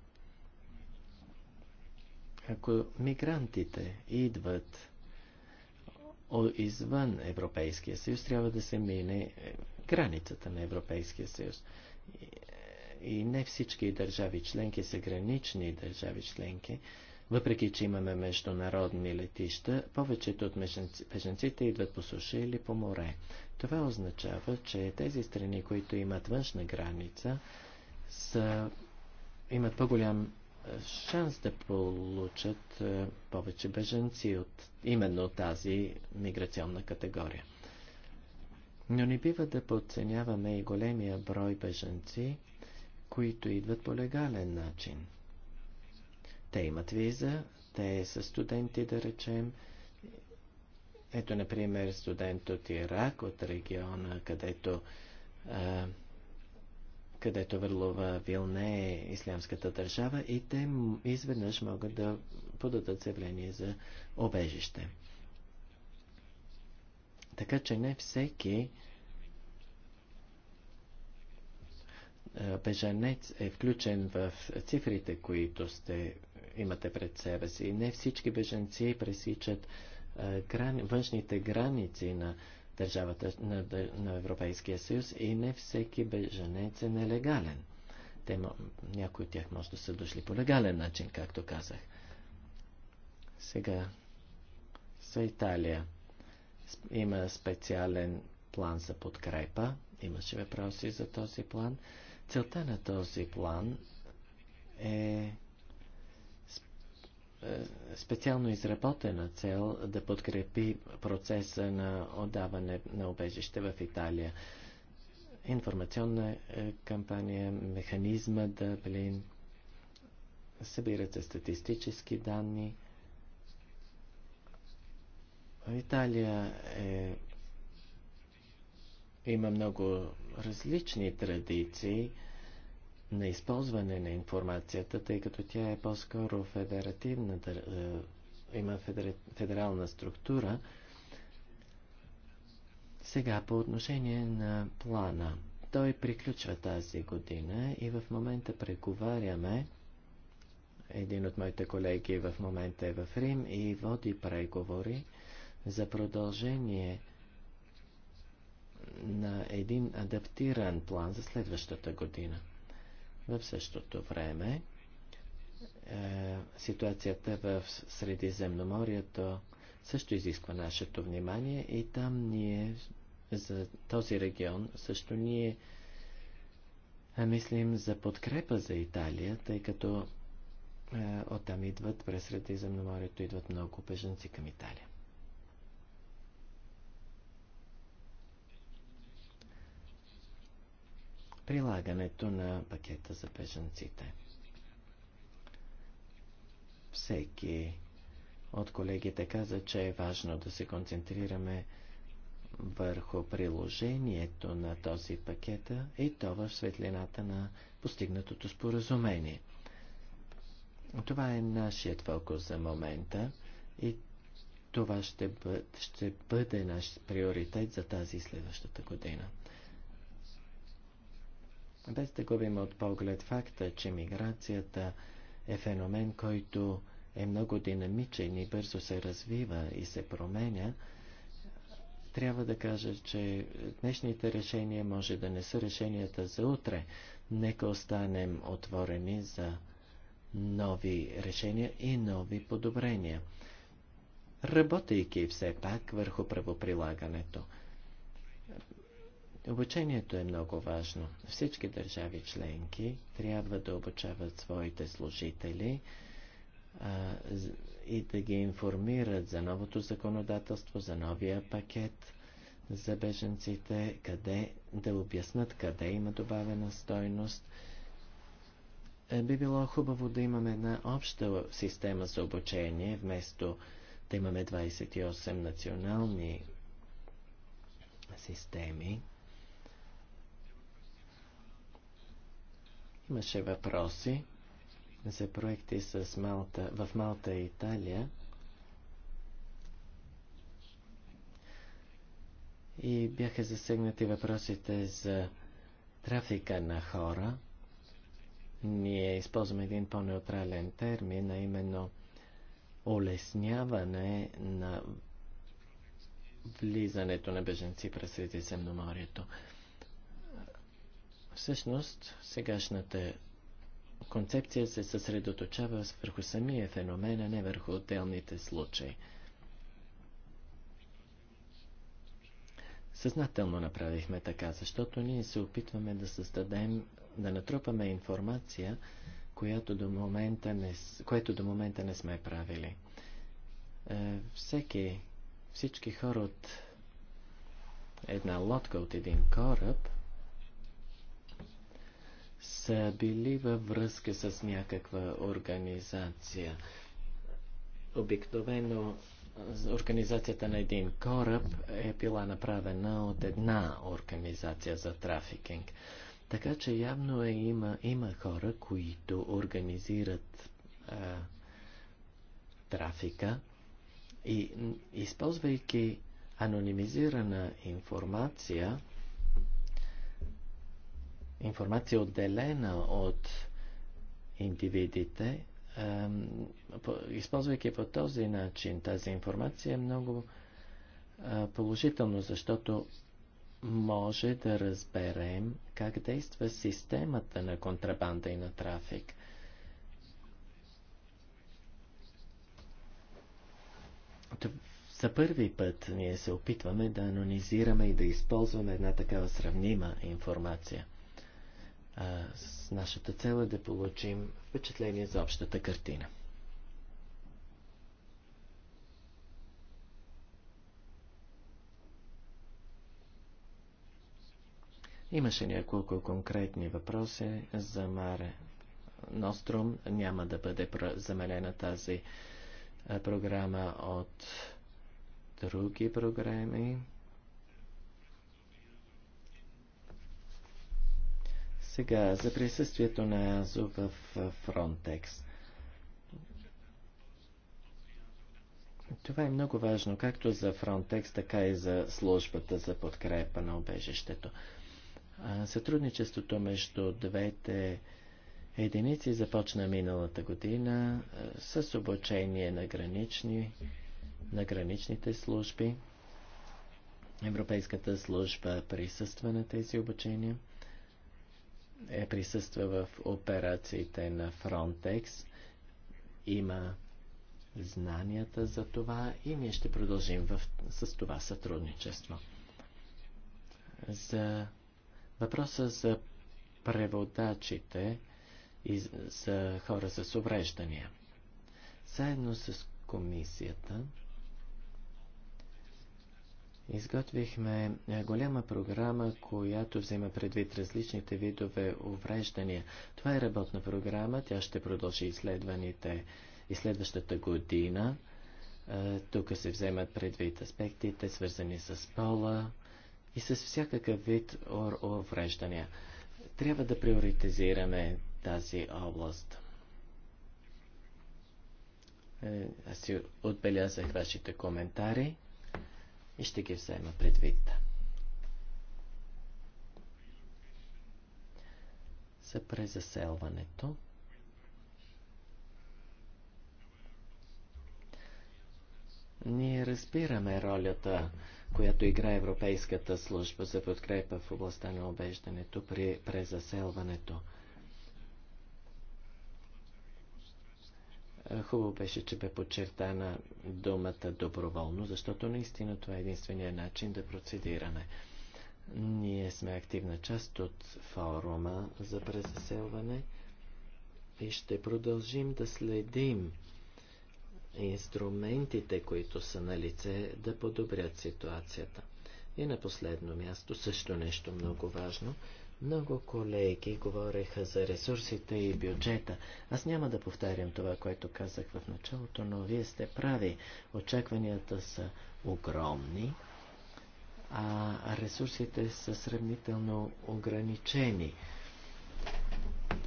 Ако мигрантите идват извън Европейския съюз, трябва да се мине е, границата на Европейския съюз. И не всички държави членки са гранични държави членки. Въпреки, че имаме международни летища, повечето от беженците идват по суша или по море. Това означава, че тези страни, които имат външна граница, са, имат по-голям шанс да получат е, повече беженци от именно тази миграционна категория. Но не бива да подценяваме и големия брой беженци, които идват по легален начин. Те имат виза, те са студенти, да речем. Ето, например, студент от Ирак, от региона, където а, е, където върлова вилне е ислямската държава и те изведнъж могат да подадат заявление за обежище. Така че не всеки е, бежанец е включен в цифрите, които сте, имате пред себе си. Не всички бежанци пресичат е, външните граници на държавата на, на Европейския съюз и не всеки беженец е нелегален. Те, някои от тях може да са дошли по легален начин, както казах. Сега за Италия има специален план за подкрепа. Имаше въпроси за този план. Целта на този план е специално изработена цел да подкрепи процеса на отдаване на обежище в Италия. Информационна е, кампания, механизма да блин, събират се статистически данни. Италия е, има много различни традиции на използване на информацията, тъй като тя е по-скоро федеративна, е, има федерална структура. Сега по отношение на плана. Той приключва тази година и в момента преговаряме. Един от моите колеги в момента е в Рим и води преговори за продължение на един адаптиран план за следващата година. В същото време е, ситуацията в Средиземноморието също изисква нашето внимание и там ние за този регион също ние е, мислим за подкрепа за Италия, тъй като е, оттам идват през Средиземноморието идват много бежанци към Италия. прилагането на пакета за бежанците. Всеки от колегите каза, че е важно да се концентрираме върху приложението на този пакет и то в светлината на постигнатото споразумение. Това е нашият фокус за момента и това ще бъде, ще бъде наш приоритет за тази следващата година без да губим от поглед факта, че миграцията е феномен, който е много динамичен и бързо се развива и се променя, трябва да кажа, че днешните решения може да не са решенията за утре. Нека останем отворени за нови решения и нови подобрения, работейки все пак върху правоприлагането – Обучението е много важно. Всички държави членки трябва да обучават своите служители а, и да ги информират за новото законодателство, за новия пакет за беженците, къде да обяснат къде има добавена стойност. Е, би било хубаво да имаме една обща система за обучение, вместо да имаме 28 национални системи. Имаше въпроси за проекти с Малта, в Малта и Италия. И бяха засегнати въпросите за трафика на хора. Ние използваме един по-неутрален термин, а именно улесняване на влизането на беженци през Средиземноморието. Всъщност, сегашната концепция се съсредоточава върху самия феномен, а не върху отделните случаи. Съзнателно направихме така, защото ние се опитваме да създадем, да натрупаме информация, която до момента не, което до момента не сме правили. Е, всеки, всички хора от една лодка, от един кораб, са били във връзка с някаква организация. Обикновено организацията на един кораб е била направена от една организация за трафикинг. Така че явно е, има, има хора, които организират а, трафика и използвайки анонимизирана информация, информация отделена от индивидите, използвайки по този начин тази информация е много положително, защото може да разберем как действа системата на контрабанда и на трафик. За първи път ние се опитваме да анонизираме и да използваме една такава сравнима информация с нашата цел е да получим впечатление за общата картина. Имаше няколко конкретни въпроси за Маре Ностром. Няма да бъде заменена тази програма от други програми. Сега за присъствието на Азо в Фронтекс. Това е много важно, както за Фронтекс, така и за службата за подкрепа на обежището. Сътрудничеството между двете единици започна миналата година с обучение на, гранични, на граничните служби. Европейската служба присъства на тези обучения е, присъства в операциите на Frontex. Има знанията за това и ние ще продължим в, с това сътрудничество. За въпроса за преводачите и за хора с увреждания. Заедно с комисията Изготвихме е, голяма програма, която взема предвид различните видове увреждания. Това е работна програма, тя ще продължи изследваните и следващата година. Е, тук се вземат предвид аспектите, свързани с пола и с всякакъв вид увреждания. Трябва да приоритизираме тази област. Е, аз си отбелязах вашите коментари и ще ги взема предвид. За презаселването Ние разбираме ролята, която играе Европейската служба за подкрепа в областта на обеждането при презаселването. Е, хубаво беше, че бе подчертана думата доброволно, защото наистина това е единствения начин да процедираме. Ние сме активна част от форума за презаселване и ще продължим да следим инструментите, които са на лице, да подобрят ситуацията. И на последно място, също нещо много важно – много колеги говореха за ресурсите и бюджета. Аз няма да повтарям това, което казах в началото, но вие сте прави. Очакванията са огромни, а ресурсите са сравнително ограничени.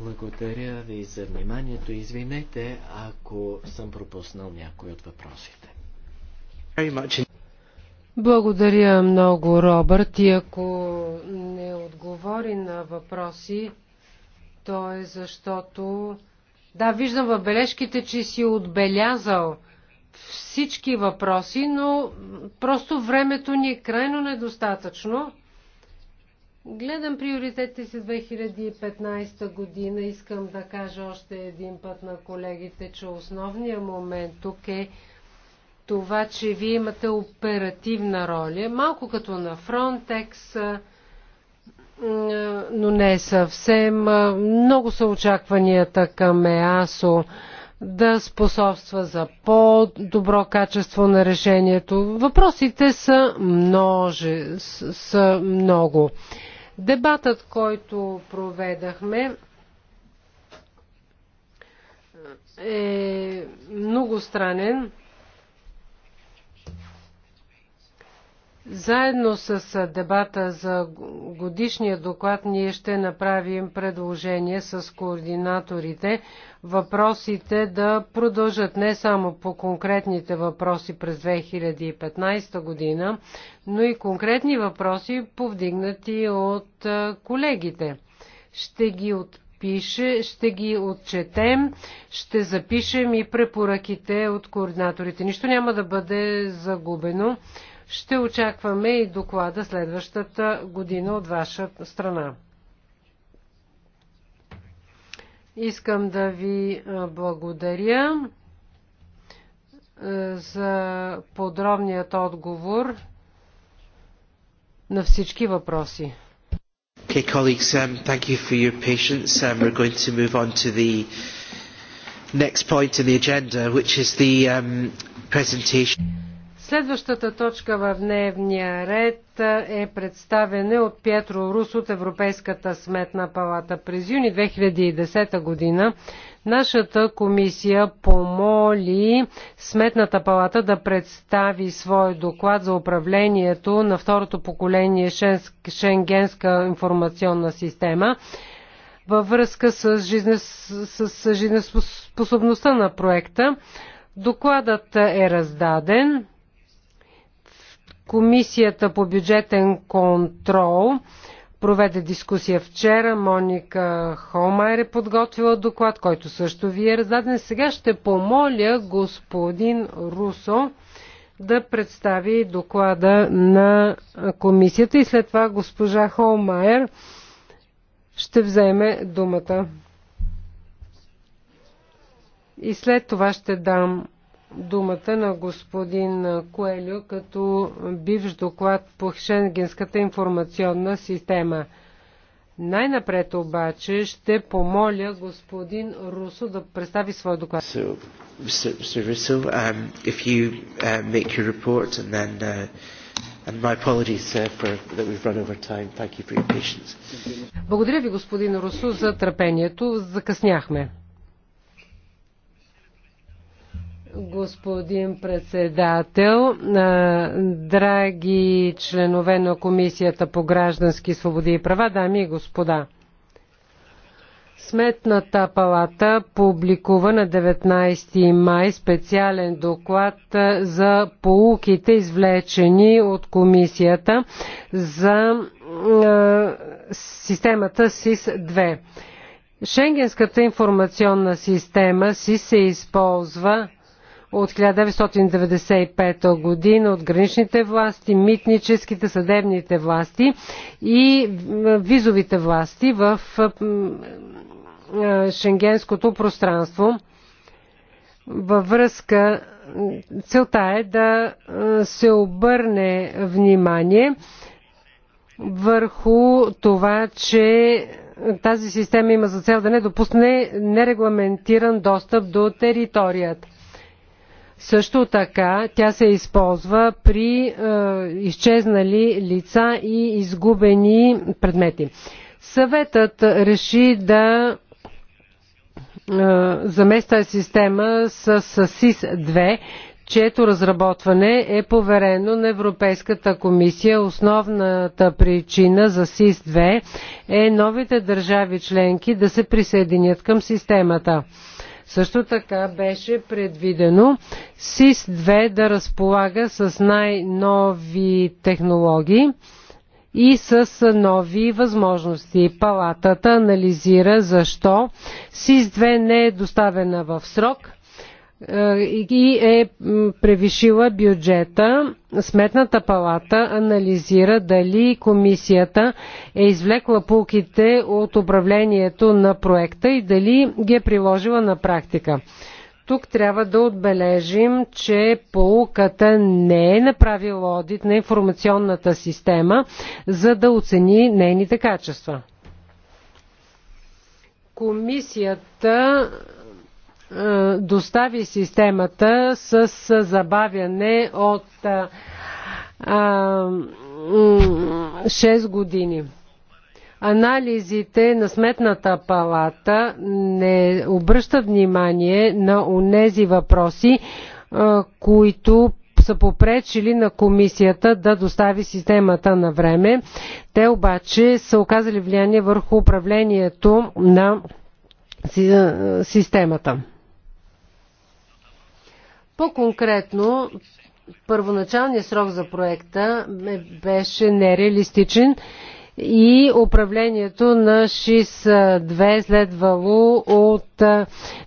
Благодаря ви за вниманието. Извинете, ако съм пропуснал някой от въпросите. Благодаря много, Робърт. И ако не отговори на въпроси, то е защото... Да, виждам в бележките, че си отбелязал всички въпроси, но просто времето ни е крайно недостатъчно. Гледам приоритетите си 2015 година. Искам да кажа още един път на колегите, че основният момент тук е това, че вие имате оперативна роля, малко като на Frontex, но не съвсем. Много са очакванията към ЕАСО да способства за по-добро качество на решението. Въпросите са, множе, са много. Дебатът, който проведахме, е многостранен. Заедно с дебата за годишния доклад ние ще направим предложение с координаторите въпросите да продължат не само по конкретните въпроси през 2015 година, но и конкретни въпроси повдигнати от колегите. Ще ги отпише, ще ги отчетем, ще запишем и препоръките от координаторите. Нищо няма да бъде загубено. Ще очакваме и доклада следващата година от ваша страна. Искам да ви благодаря за подробният отговор на всички въпроси. Okay, colleagues, um, thank you for your patience. Um, we're going to move on to the next point in the agenda, which is the um, presentation. Следващата точка в дневния ред е представене от Петро Рус от Европейската сметна палата. През юни 2010 година нашата комисия помоли Сметната палата да представи свой доклад за управлението на второто поколение Шенгенска информационна система във връзка с, жизнес, с жизнеспособността на проекта. Докладът е раздаден. Комисията по бюджетен контрол проведе дискусия вчера. Моника Холмайер е подготвила доклад, който също ви е раздаден. Сега ще помоля господин Русо да представи доклада на комисията и след това госпожа Холмайер ще вземе думата. И след това ще дам думата на господин Коелю като бивш доклад по Шенгенската информационна система. Най-напред обаче ще помоля господин Русо да представи своя доклад. So, Mr. Russo, um, if you uh, make your report and then uh, and my apologies uh, for that we've run over time. Thank you for your patience. Благодаря ви, господин Русо, за търпението. Закъсняхме господин председател, драги членове на Комисията по граждански свободи и права, дами и господа. Сметната палата публикува на 19 май специален доклад за полуките, извлечени от комисията за системата СИС-2. Шенгенската информационна система СИС се използва от 1995 година от граничните власти, митническите, съдебните власти и визовите власти в е, шенгенското пространство. Във връзка целта е да е, се обърне внимание върху това, че тази система има за цел да не допусне нерегламентиран достъп до територията. Също така тя се използва при е, изчезнали лица и изгубени предмети. Съветът реши да е, замества система с, с СИС-2, чието разработване е поверено на Европейската комисия. Основната причина за СИС-2 е новите държави членки да се присъединят към системата. Също така беше предвидено СИС-2 да разполага с най-нови технологии и с нови възможности. Палатата анализира защо СИС-2 не е доставена в срок – е, и е превишила бюджета. Сметната палата анализира дали комисията е извлекла пулките от управлението на проекта и дали ги е приложила на практика. Тук трябва да отбележим, че полуката не е направила одит на информационната система, за да оцени нейните качества. Комисията е, достави системата с забавяне от 6 е, е, години. Анализите на Сметната палата не обръщат внимание на онези въпроси, които са попречили на комисията да достави системата на време. Те обаче са оказали влияние върху управлението на системата. По-конкретно, първоначалният срок за проекта беше нереалистичен и управлението на ШИС-2 е следвало от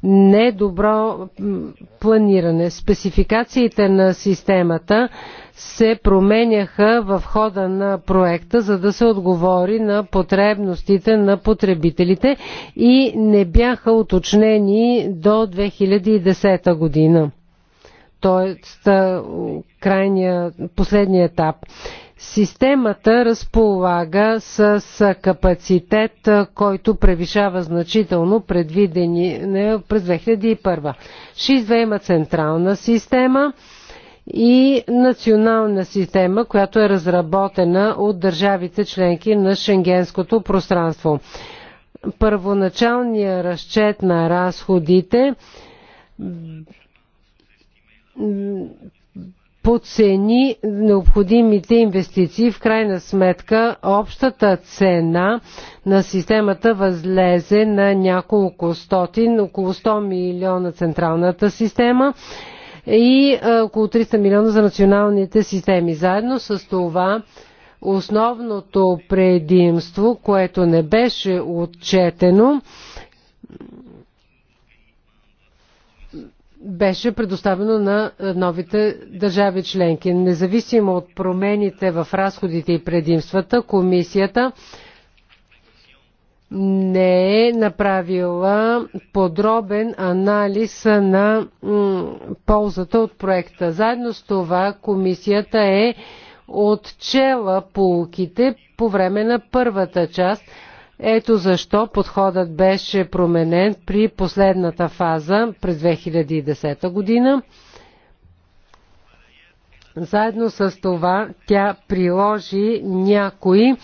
недобро планиране. Спецификациите на системата се променяха в хода на проекта, за да се отговори на потребностите на потребителите и не бяха уточнени до 2010 година т.е. крайния последния етап. Системата разполага с капацитет, който превишава значително предвидени през 2001. шис има централна система и национална система, която е разработена от държавите членки на Шенгенското пространство. Първоначалният разчет на разходите подцени необходимите инвестиции. В крайна сметка общата цена на системата възлезе на няколко стотин, около 100 милиона централната система и около 300 милиона за националните системи. Заедно с това основното предимство, което не беше отчетено, беше предоставено на е, новите държави членки. Независимо от промените в разходите и предимствата, комисията не е направила подробен анализ на ползата от проекта. Заедно с това комисията е отчела полуките по време на първата част – ето защо подходът беше променен при последната фаза през 2010 година. Заедно с това тя приложи някои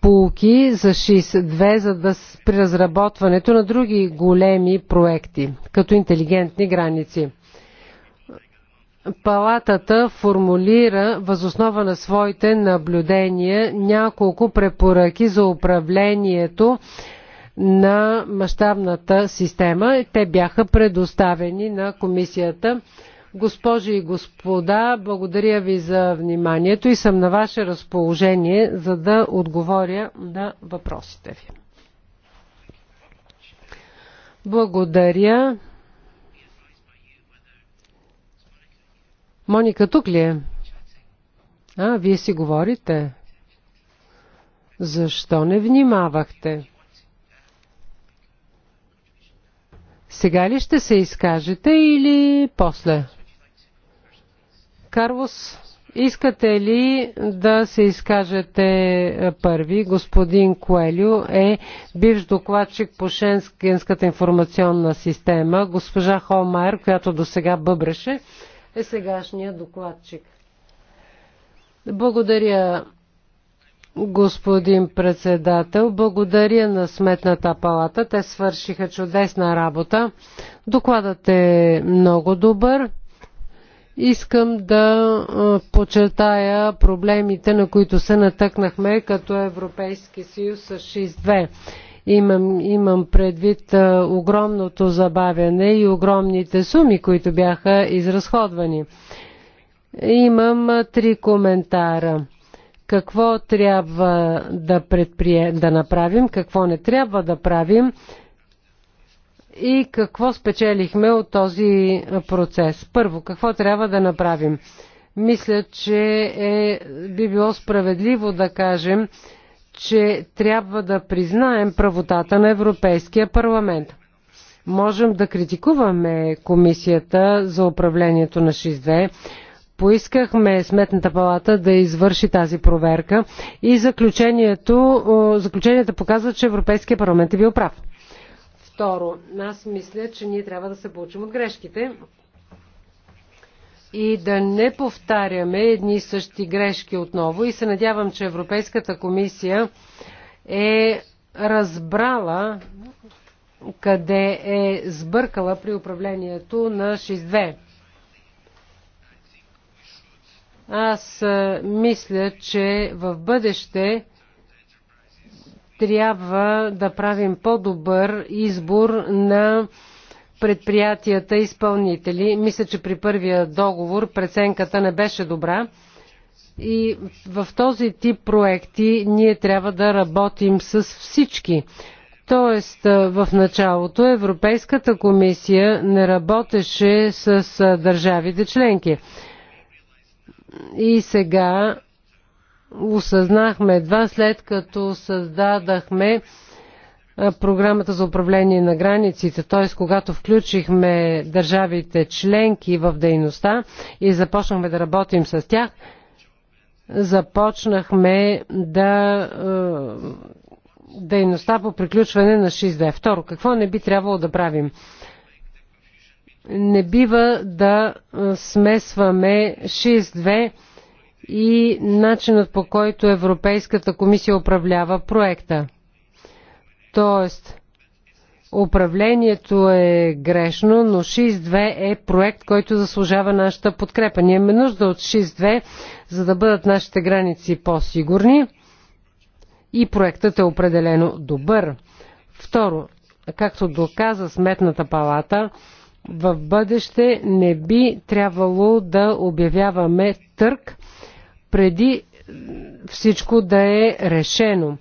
полки за 62 за да при разработването на други големи проекти, като интелигентни граници. Палатата формулира възоснова на своите наблюдения няколко препоръки за управлението на мащабната система. Те бяха предоставени на комисията. Госпожи и господа, благодаря ви за вниманието и съм на ваше разположение, за да отговоря на въпросите ви. Благодаря. Моника тук ли е? А, вие си говорите. Защо не внимавахте? Сега ли ще се изкажете или после? Карлос, искате ли да се изкажете първи? Господин Коелю е бивш докладчик по Шенската информационна система. Госпожа Холмайер, която до сега бъбреше, е сегашният докладчик. Благодаря, господин председател. Благодаря на Сметната палата. Те свършиха чудесна работа. Докладът е много добър. Искам да подчертая проблемите, на които се натъкнахме като Европейски съюз с 6-2. Имам, имам предвид огромното забавяне и огромните суми, които бяха изразходвани. Имам три коментара. Какво трябва да, предприе, да направим, какво не трябва да правим и какво спечелихме от този процес. Първо, какво трябва да направим? Мисля, че е, би било справедливо да кажем, че трябва да признаем правотата на Европейския парламент. Можем да критикуваме комисията за управлението на 6.2. Поискахме Сметната палата да извърши тази проверка и заключението, заключението показва, че Европейския парламент е бил прав. Второ, аз мисля, че ние трябва да се получим от грешките и да не повтаряме едни и същи грешки отново. И се надявам, че Европейската комисия е разбрала къде е сбъркала при управлението на 6-2. Аз мисля, че в бъдеще трябва да правим по-добър избор на предприятията изпълнители. Мисля, че при първия договор преценката не беше добра. И в този тип проекти ние трябва да работим с всички. Тоест, в началото Европейската комисия не работеше с държавите членки. И сега осъзнахме едва след като създадахме програмата за управление на границите, т.е. когато включихме държавите членки в дейността и започнахме да работим с тях, започнахме да дейността по приключване на 6 Второ, какво не би трябвало да правим? Не бива да смесваме 6 и начинът по който Европейската комисия управлява проекта. Тоест, управлението е грешно, но 6.2 2 е проект, който заслужава нашата подкрепа. Ние имаме нужда от 6.2, 2 за да бъдат нашите граници по-сигурни и проектът е определено добър. Второ, както доказа Сметната палата, в бъдеще не би трябвало да обявяваме търг преди всичко да е решено.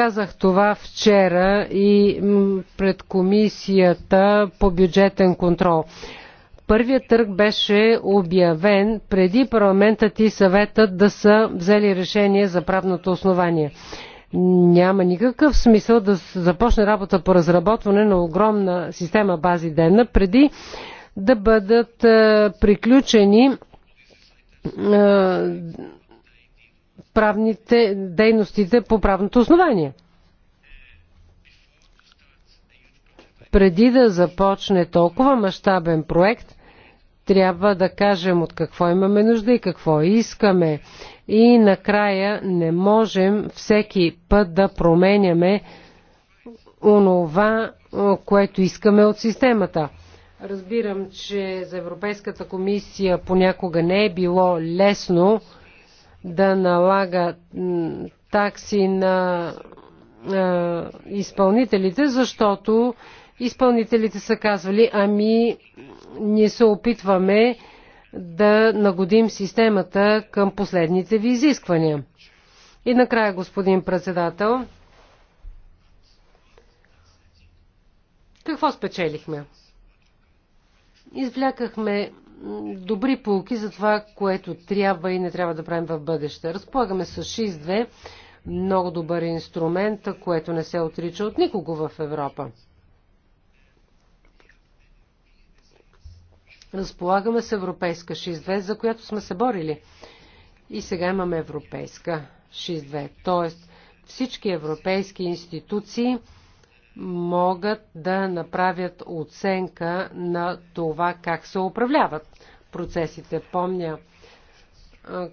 Казах това вчера и пред комисията по бюджетен контрол. Първият търг беше обявен преди парламентът и съветът да са взели решение за правното основание. Няма никакъв смисъл да започне работа по разработване на огромна система бази денна преди да бъдат е, приключени е, правните дейностите по правното основание. Преди да започне толкова мащабен проект, трябва да кажем от какво имаме нужда и какво искаме. И накрая не можем всеки път да променяме онова, което искаме от системата. Разбирам, че за Европейската комисия понякога не е било лесно да налага такси на а, изпълнителите, защото изпълнителите са казвали, ами ние се опитваме да нагодим системата към последните ви изисквания. И накрая, господин председател, какво спечелихме? Извлякахме добри полки за това, което трябва и не трябва да правим в бъдеще. Разполагаме с 6-2 много добър инструмент, което не се отрича от никого в Европа. Разполагаме с европейска 6.2, за която сме се борили. И сега имаме европейска 6.2. Тоест всички европейски институции могат да направят оценка на това как се управляват процесите. Помня,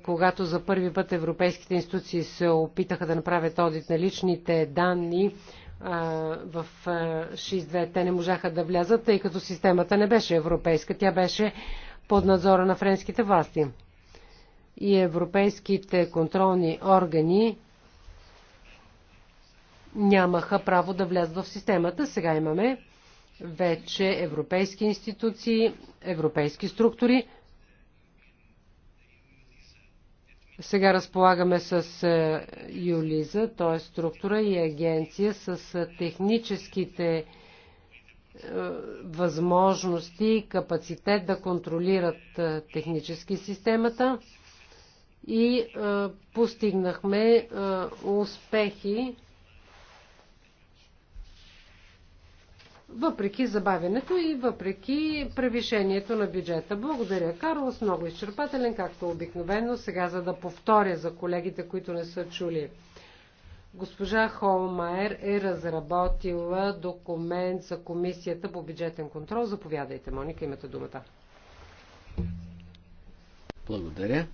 когато за първи път европейските институции се опитаха да направят одит на личните данни в 6.2, те не можаха да влязат, тъй като системата не беше европейска, тя беше под надзора на френските власти. И европейските контролни органи нямаха право да влязат в системата. Сега имаме вече европейски институции, европейски структури. Сега разполагаме с е, Юлиза, т.е. структура и агенция с е, техническите е, възможности и капацитет да контролират технически системата и постигнахме успехи въпреки забавянето и въпреки превишението на бюджета. Благодаря, Карлос. Много изчерпателен, както обикновено. Сега, за да повторя за колегите, които не са чули. Госпожа Холмайер е разработила документ за Комисията по бюджетен контрол. Заповядайте, Моника, имате думата. Благодаря.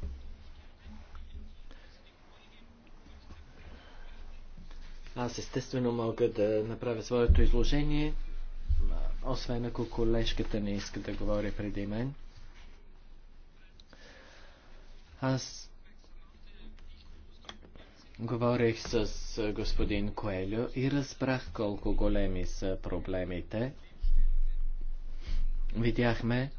Аз естествено мога да направя своето изложение освен ако колежката не иска да говори преди мен. Аз говорих с господин Коелю и разбрах колко големи са проблемите. Видяхме,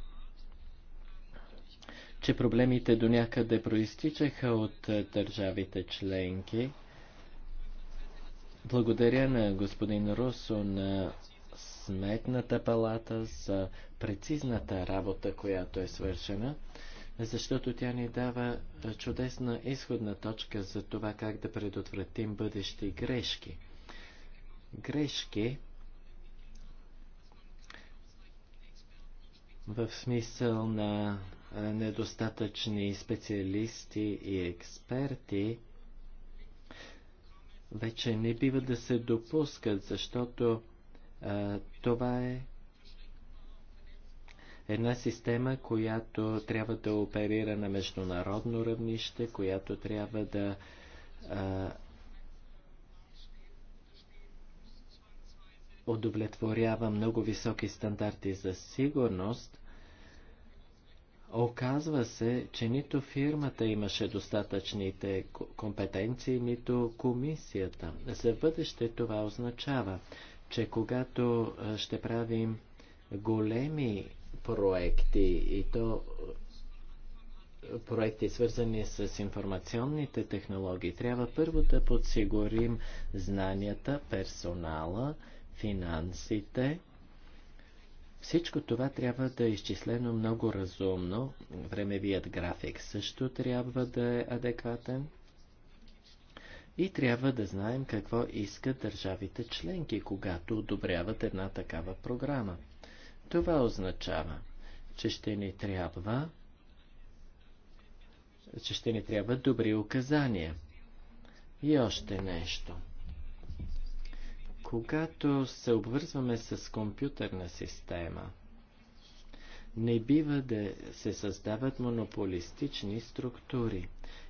че проблемите до някъде проистичаха от е, държавите членки. Благодаря на господин Русо, на Сметната палата за прецизната работа, която е свършена, защото тя ни дава е, чудесна изходна точка за това как да предотвратим бъдещи грешки. Грешки в смисъл на е, недостатъчни специалисти и експерти, вече не бива да се допускат, защото това е една система, която трябва да оперира на международно равнище, която трябва да удовлетворява много високи стандарти за сигурност, оказва се, че нито фирмата имаше достатъчните компетенции, нито комисията. За бъдеще това означава, че когато ще правим големи проекти и то проекти, свързани с информационните технологии, трябва първо да подсигурим знанията, персонала, финансите. Всичко това трябва да е изчислено много разумно. Времевият график също трябва да е адекватен и трябва да знаем какво искат държавите членки, когато одобряват една такава програма. Това означава, че ще ни трябва че ще ни трябва добри указания. И още нещо. Когато се обвързваме с компютърна система, не бива да се създават монополистични структури.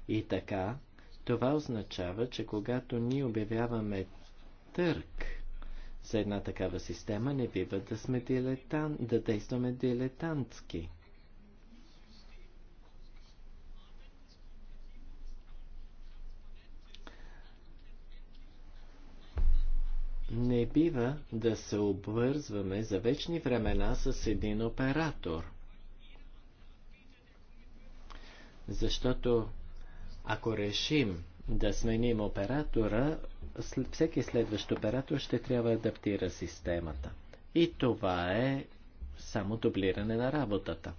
И така, това означава, че когато ние обявяваме търк за една такава система, не бива да, сме дилетан, да действаме дилетантски. Не бива да се обвързваме за вечни времена с един оператор. Защото ако решим да сменим оператора, всеки следващ оператор ще трябва да адаптира системата. И това е само дублиране на работата.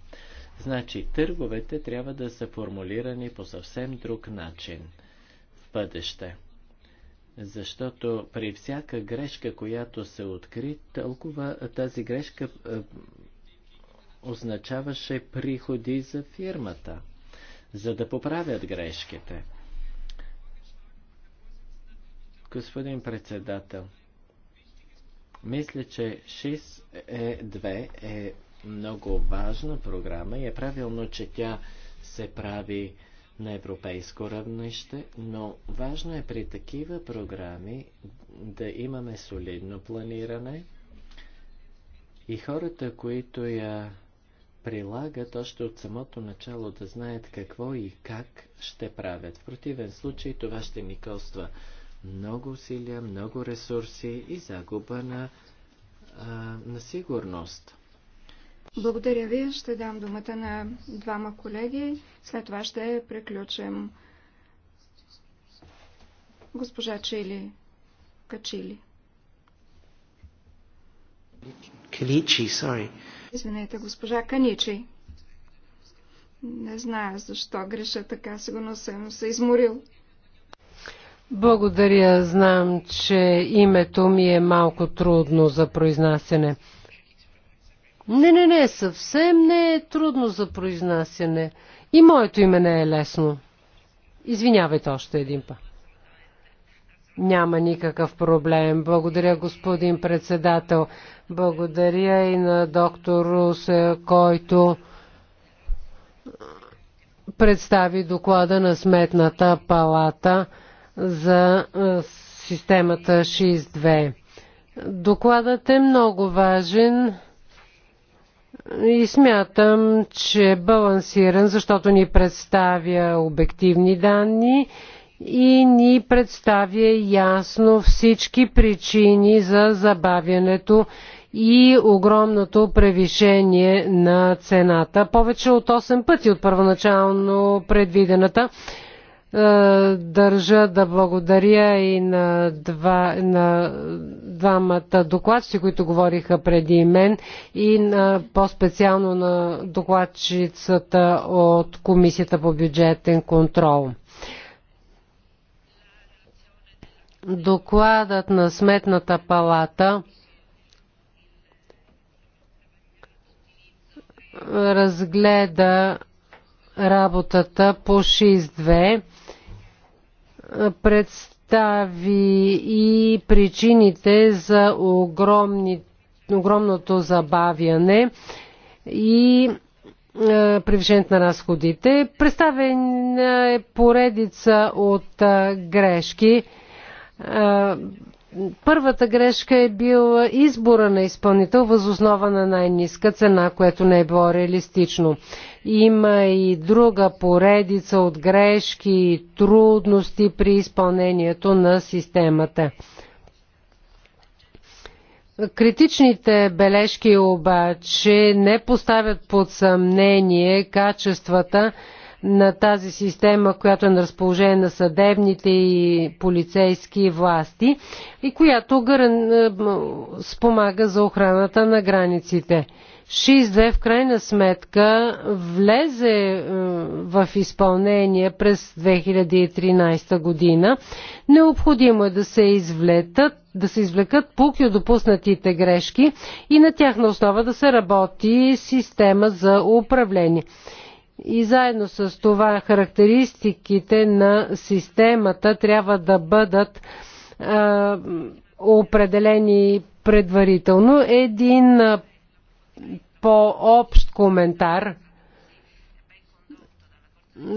Значи, търговете трябва да са формулирани по съвсем друг начин в бъдеще. Защото при всяка грешка, която се откри, толкова тази грешка е, означаваше приходи за фирмата за да поправят грешките. Господин председател, мисля, че 6-2 е, е много важна програма и е правилно, че тя се прави на европейско равнище, но важно е при такива програми да имаме солидно планиране и хората, които я прилагат още от самото начало, да знаят какво и как ще правят. В противен случай това ще ни коства много усилия, много ресурси и загуба на, а, на сигурност. Благодаря ви. Ще дам думата на двама колеги. След това ще приключим. Госпожа Чили. Качили. Каличи, sorry. Извинете, госпожа Каничи. Не зная защо греша така, сигурно съм се изморил. Благодаря, знам, че името ми е малко трудно за произнасяне. Не, не, не, съвсем не е трудно за произнасяне. И моето име не е лесно. Извинявайте още един път. Няма никакъв проблем. Благодаря, господин председател. Благодаря и на доктор Рус, който представи доклада на Сметната палата за системата 6.2. Докладът е много важен и смятам, че е балансиран, защото ни представя обективни данни и ни представи ясно всички причини за забавянето и огромното превишение на цената. Повече от 8 пъти от първоначално предвидената. Е, държа да благодаря и на, два, на двамата докладчици, които говориха преди мен и на, по-специално на докладчицата от Комисията по бюджетен контрол. Докладът на Сметната палата разгледа работата по 6.2, представи и причините за огромни, огромното забавяне и е, превишението на разходите. Представена е поредица от е, грешки. Първата грешка е била избора на изпълнител възоснова на най-ниска цена, което не е било реалистично. Има и друга поредица от грешки и трудности при изпълнението на системата. Критичните бележки обаче не поставят под съмнение качествата на тази система, която е на разположение на съдебните и полицейски власти и която гаран... Е, спомага за охраната на границите. ШИС-2 в крайна сметка влезе е, в изпълнение през 2013 година. Необходимо е да се извлетат да се извлекат пуки от допуснатите грешки и на тяхна основа да се работи система за управление. И заедно с това характеристиките на системата трябва да бъдат а, определени предварително. Един по-общ коментар.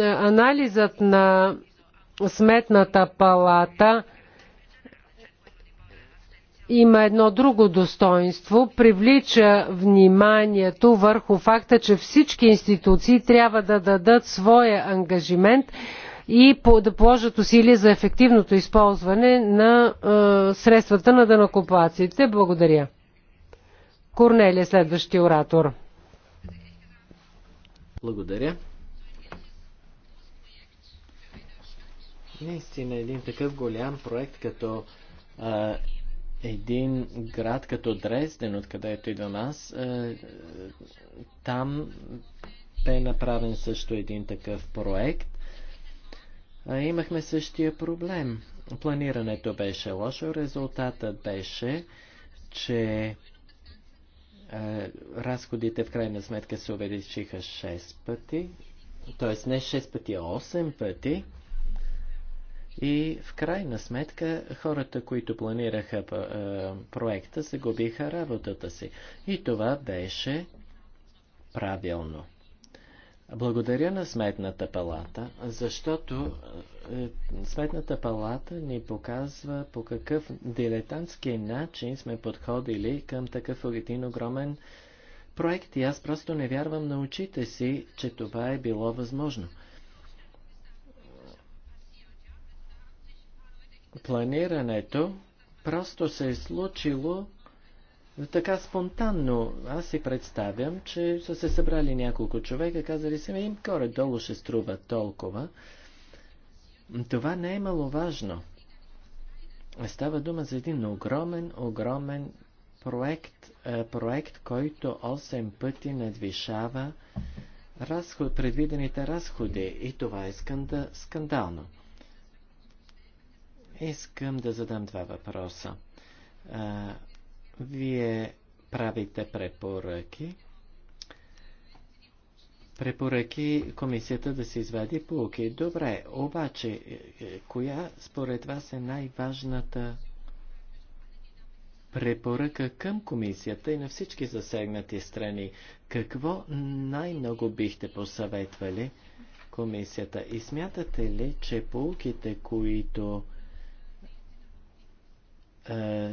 Анализът на Сметната палата – има едно друго достоинство привлича вниманието върху факта, че всички институции трябва да дадат своя ангажимент и да положат усилия за ефективното използване на е, средствата на дънакоплаците. Благодаря. Корнелия, следващия оратор. Благодаря. Наистина един такъв голям проект като един град като Дрезден, откъдето идвам аз, е, там бе направен също един такъв проект. Имахме същия проблем. Планирането беше лошо, резултатът беше, че е, разходите в крайна сметка се увеличиха 6 пъти, т.е. не 6 пъти, а 8 пъти. И в крайна сметка хората, които планираха проекта, загубиха работата си. И това беше правилно. Благодаря на Сметната палата, защото е, Сметната палата ни показва по какъв дилетантски начин сме подходили към такъв един огромен проект и аз просто не вярвам на очите си, че това е било възможно. планирането просто се е случило така спонтанно. Аз си представям, че са се събрали няколко човека, казали се, им горе-долу ще струва толкова. Това не е маловажно. Става дума за един огромен, огромен проект, е, проект, който 8 пъти надвишава разход, предвидените разходи и това е скандал, скандално. Искам да задам два въпроса. А, вие правите препоръки. Препоръки комисията да се извади полуки. Добре, обаче, е, е, коя според вас е най-важната препоръка към комисията и на всички засегнати страни? Какво най-много бихте посъветвали комисията? И смятате ли, че полуките, които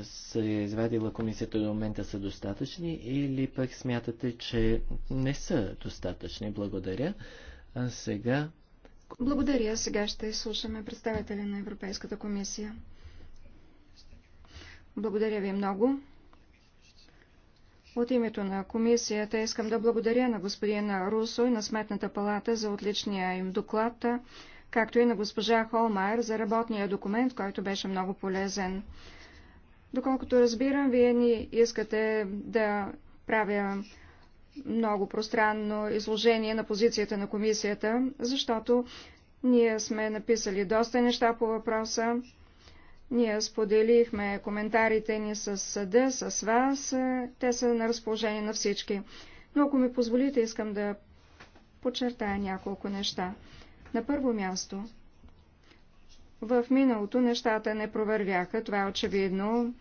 се е извадила комисията до момента са достатъчни или пък смятате, че не са достатъчни? Благодаря. А сега... Благодаря. Сега ще слушаме представители на Европейската комисия. Благодаря ви много. От името на комисията искам да благодаря на господина Русо и на Сметната палата за отличния им доклад, както и на госпожа Холмайер за работния документ, който беше много полезен. Доколкото разбирам, вие ни искате да правя много пространно изложение на позицията на комисията, защото ние сме написали доста неща по въпроса. Ние споделихме коментарите ни с съда, с вас. Те са на разположение на всички. Но ако ми позволите, искам да подчертая няколко неща. На първо място, в миналото нещата не провървяха, това е очевидно.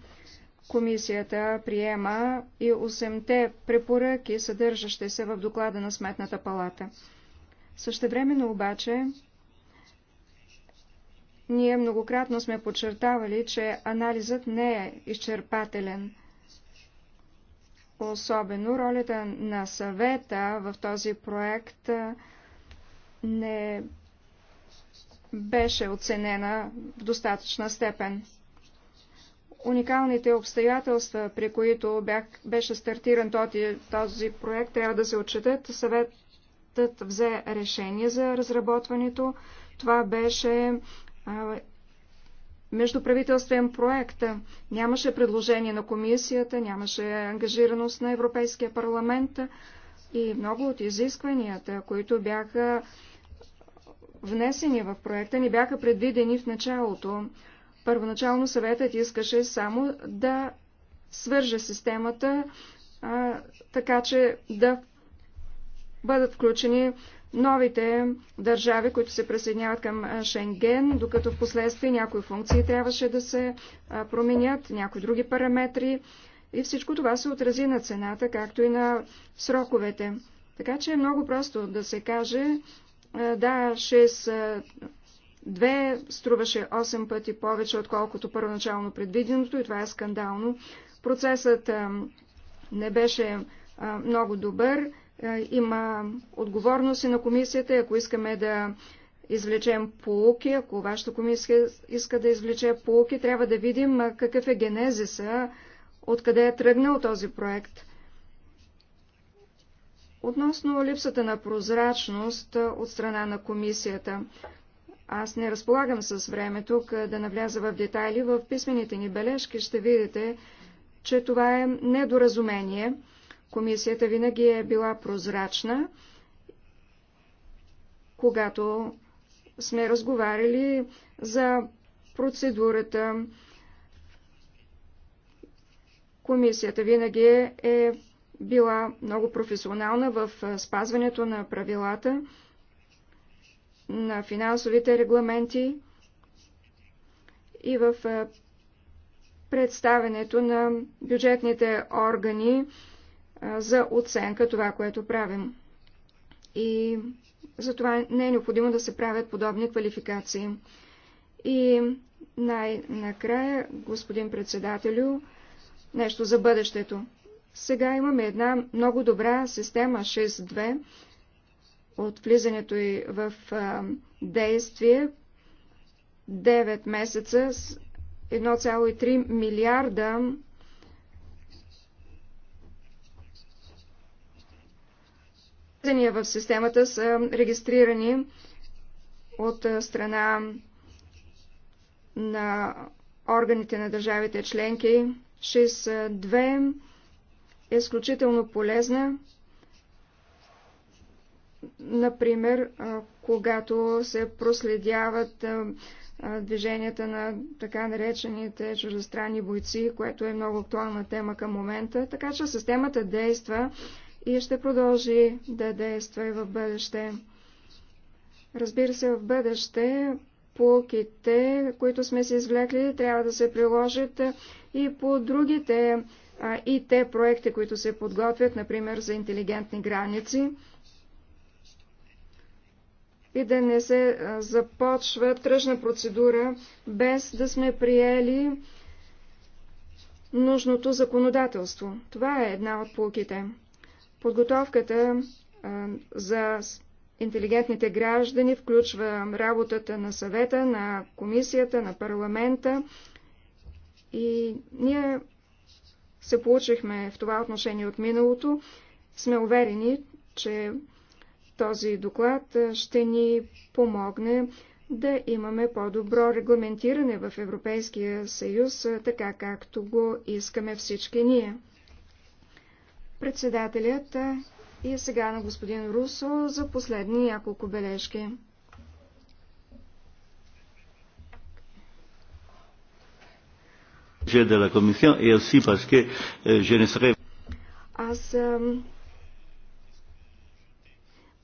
Комисията приема и 8-те препоръки, съдържащи се в доклада на Сметната палата. Същевременно обаче, ние многократно сме подчертавали, че анализът не е изчерпателен. Особено ролята на съвета в този проект не беше оценена в достатъчна степен. Уникалните обстоятелства, при които бях, беше стартиран този, този проект, трябва да се отчетат. Съветът взе решение за разработването. Това беше а, междуправителствен проект. Нямаше предложение на комисията, нямаше ангажираност на Европейския парламент и много от изискванията, които бяха внесени в проекта, не бяха предвидени в началото. Първоначално съветът искаше само да свърже системата, а, така че да бъдат включени новите държави, които се присъединяват към Шенген, докато в последствие някои функции трябваше да се променят, някои други параметри. И всичко това се отрази на цената, както и на сроковете. Така че е много просто да се каже, е, да, 6-2, е, струваше 8 пъти повече, отколкото първоначално предвиденото и това е скандално. Процесът е, не беше много добър. Има отговорност и на комисията, ако искаме да извлечем полуки, ако вашата комисия иска да извлече полуки, трябва да видим какъв е генезиса, откъде е тръгнал този проект. Относно липсата на прозрачност от страна на комисията, аз не разполагам с време тук да навляза в детайли. В писмените ни бележки ще видите, че това е недоразумение. Комисията винаги е била прозрачна, когато сме разговаряли за процедурата. Комисията винаги е била много професионална в спазването на правилата, на финансовите регламенти и в представенето на бюджетните органи за оценка това, което правим. И затова не е необходимо да се правят подобни квалификации. И най-накрая, господин председателю, нещо за бъдещето. Сега имаме една много добра система 6.2 от влизането и в а, действие 9 месеца с 1,3 милиарда Влизания в системата са регистрирани от страна на органите на държавите членки 6.2 е изключително полезна, например, когато се проследяват движенията на така наречените чуждестранни бойци, което е много актуална тема към момента. Така че системата действа и ще продължи да действа и в бъдеще. Разбира се, в бъдеще полките, които сме си извлекли, трябва да се приложат и по другите и те проекти, които се подготвят, например, за интелигентни граници и да не се започва тръжна процедура, без да сме приели нужното законодателство. Това е една от полките. Подготовката за интелигентните граждани включва работата на съвета, на комисията, на парламента и ние се получихме в това отношение от миналото, сме уверени, че този доклад ще ни помогне да имаме по-добро регламентиране в Европейския съюз, така както го искаме всички ние. Председателят и сега на господин Русо за последни няколко бележки. Аз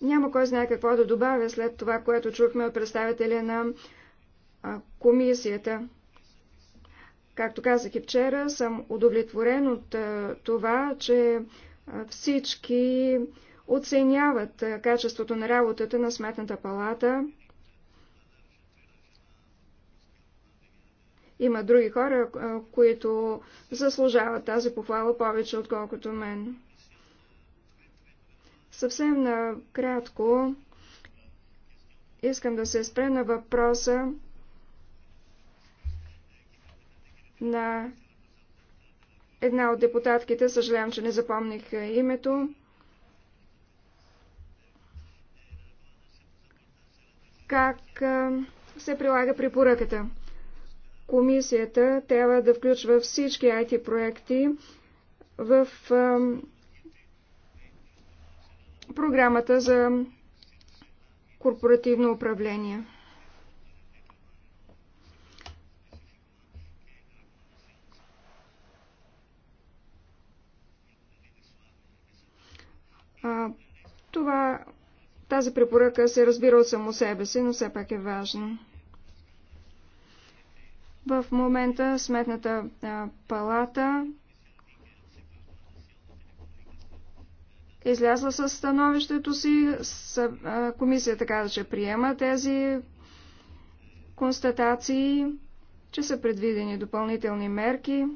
няма кой знае какво да добавя след това, което чухме от представителя на комисията. Както казах и вчера, съм удовлетворен от това, че всички оценяват качеството на работата на Сметната палата. Има други хора, които заслужават тази похвала повече, отколкото мен. Съвсем накратко искам да се спре на въпроса на една от депутатките, съжалявам, че не запомних името. Как се прилага препоръката? Комисията трябва да включва всички IT проекти в програмата за корпоративно управление. А, това, тази препоръка се разбира от само себе си, но все пак е важна. В момента Сметната палата излязла с становището си, с, а, комисията каза, че приема тези констатации, че са предвидени допълнителни мерки.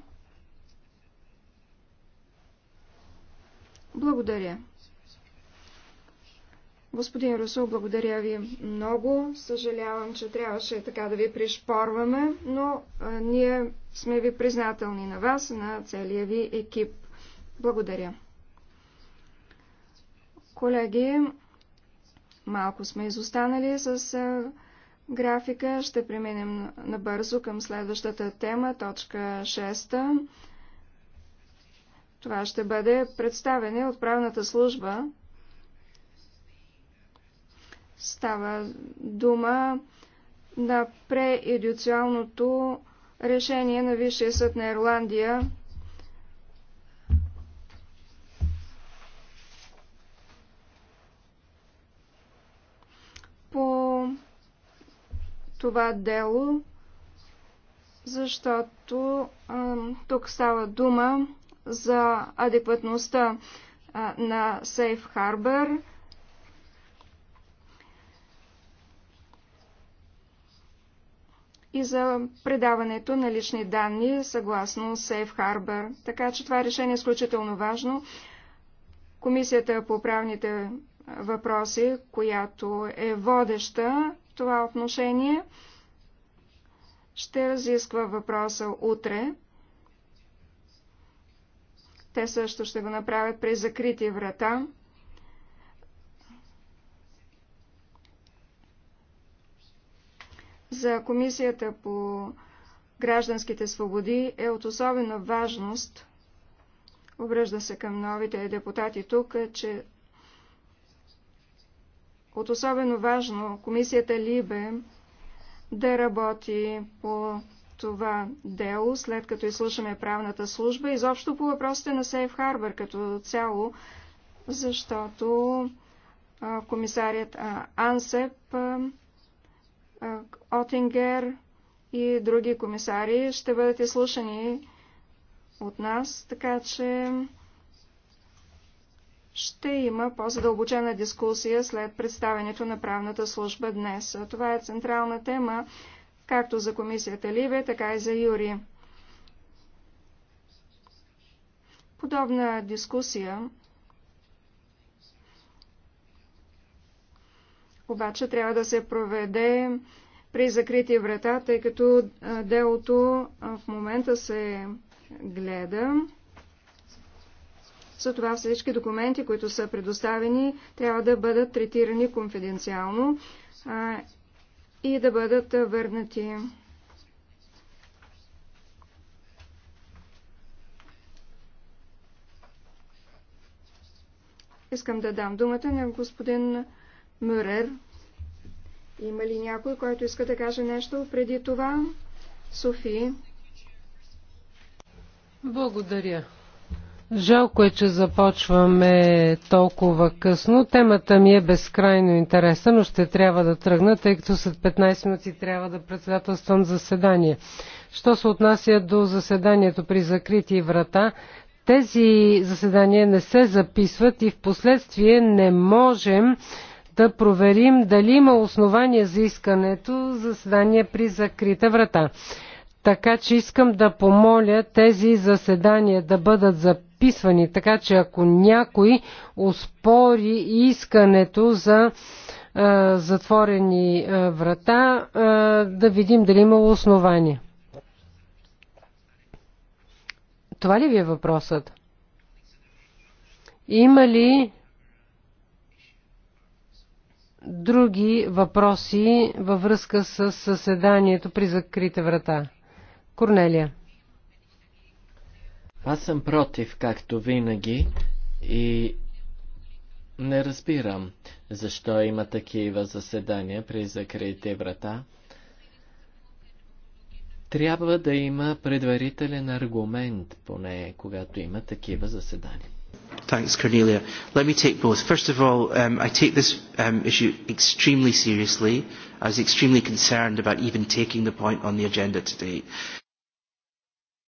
Благодаря. Господин Русо, благодаря ви много. Съжалявам, че трябваше така да ви пришпорваме, но а, ние сме ви признателни на вас, на целия ви екип. Благодаря. Колеги, малко сме изостанали с а, графика. Ще преминем набързо към следващата тема, точка 6. Това ще бъде представене от правната служба Става дума на преюдициалното решение на Висшия съд на Ирландия по това дело, защото а, тук става дума за адекватността а, на Сейф Harbor. и за предаването на лични данни съгласно Safe Harbor. Така че това решение е изключително важно. Комисията по правните въпроси, която е водеща в това отношение, ще разисква въпроса утре. Те също ще го направят при закрити врата. за Комисията по гражданските свободи е от особена важност. Обръжда се към новите депутати тук, че от особено важно комисията Либе да работи по това дело, след като изслушаме правната служба, изобщо по въпросите на Сейф Харбър като цяло, защото комисарият Ансеп Отингер и други комисари ще бъдат изслушани от нас, така че ще има по-задълбочена дискусия след представенето на правната служба днес. Това е централна тема както за комисията Ливе, така и за Юри. Подобна дискусия обаче трябва да се проведе при закрити врата, тъй като делото в момента се гледа. Затова всички документи, които са предоставени, трябва да бъдат третирани конфиденциално а, и да бъдат върнати. Искам да дам думата на господин Мюрер. Има ли някой, който иска да каже нещо преди това? Софи. Благодаря. Жалко е, че започваме толкова късно. Темата ми е безкрайно интересна, но ще трябва да тръгна, тъй като след 15 минути трябва да председателствам заседание. Що се отнася до заседанието при закрити врата, тези заседания не се записват и в последствие не можем да проверим дали има основание за искането за заседание при закрита врата. Така че искам да помоля тези заседания да бъдат записвани, така че ако някой успори искането за а, затворени а, врата, а, да видим дали има основание. Това ли ви е въпросът? Има ли други въпроси във връзка с съседанието при закрита врата? Корнелия. Аз съм против, както винаги, и не разбирам защо има такива заседания при закрити врата. Трябва да има предварителен аргумент, поне когато има такива заседания. Thanks, Cornelia. Let me take both. First of all, um, I take this um, issue extremely seriously. I was extremely concerned about even taking the point on the agenda today.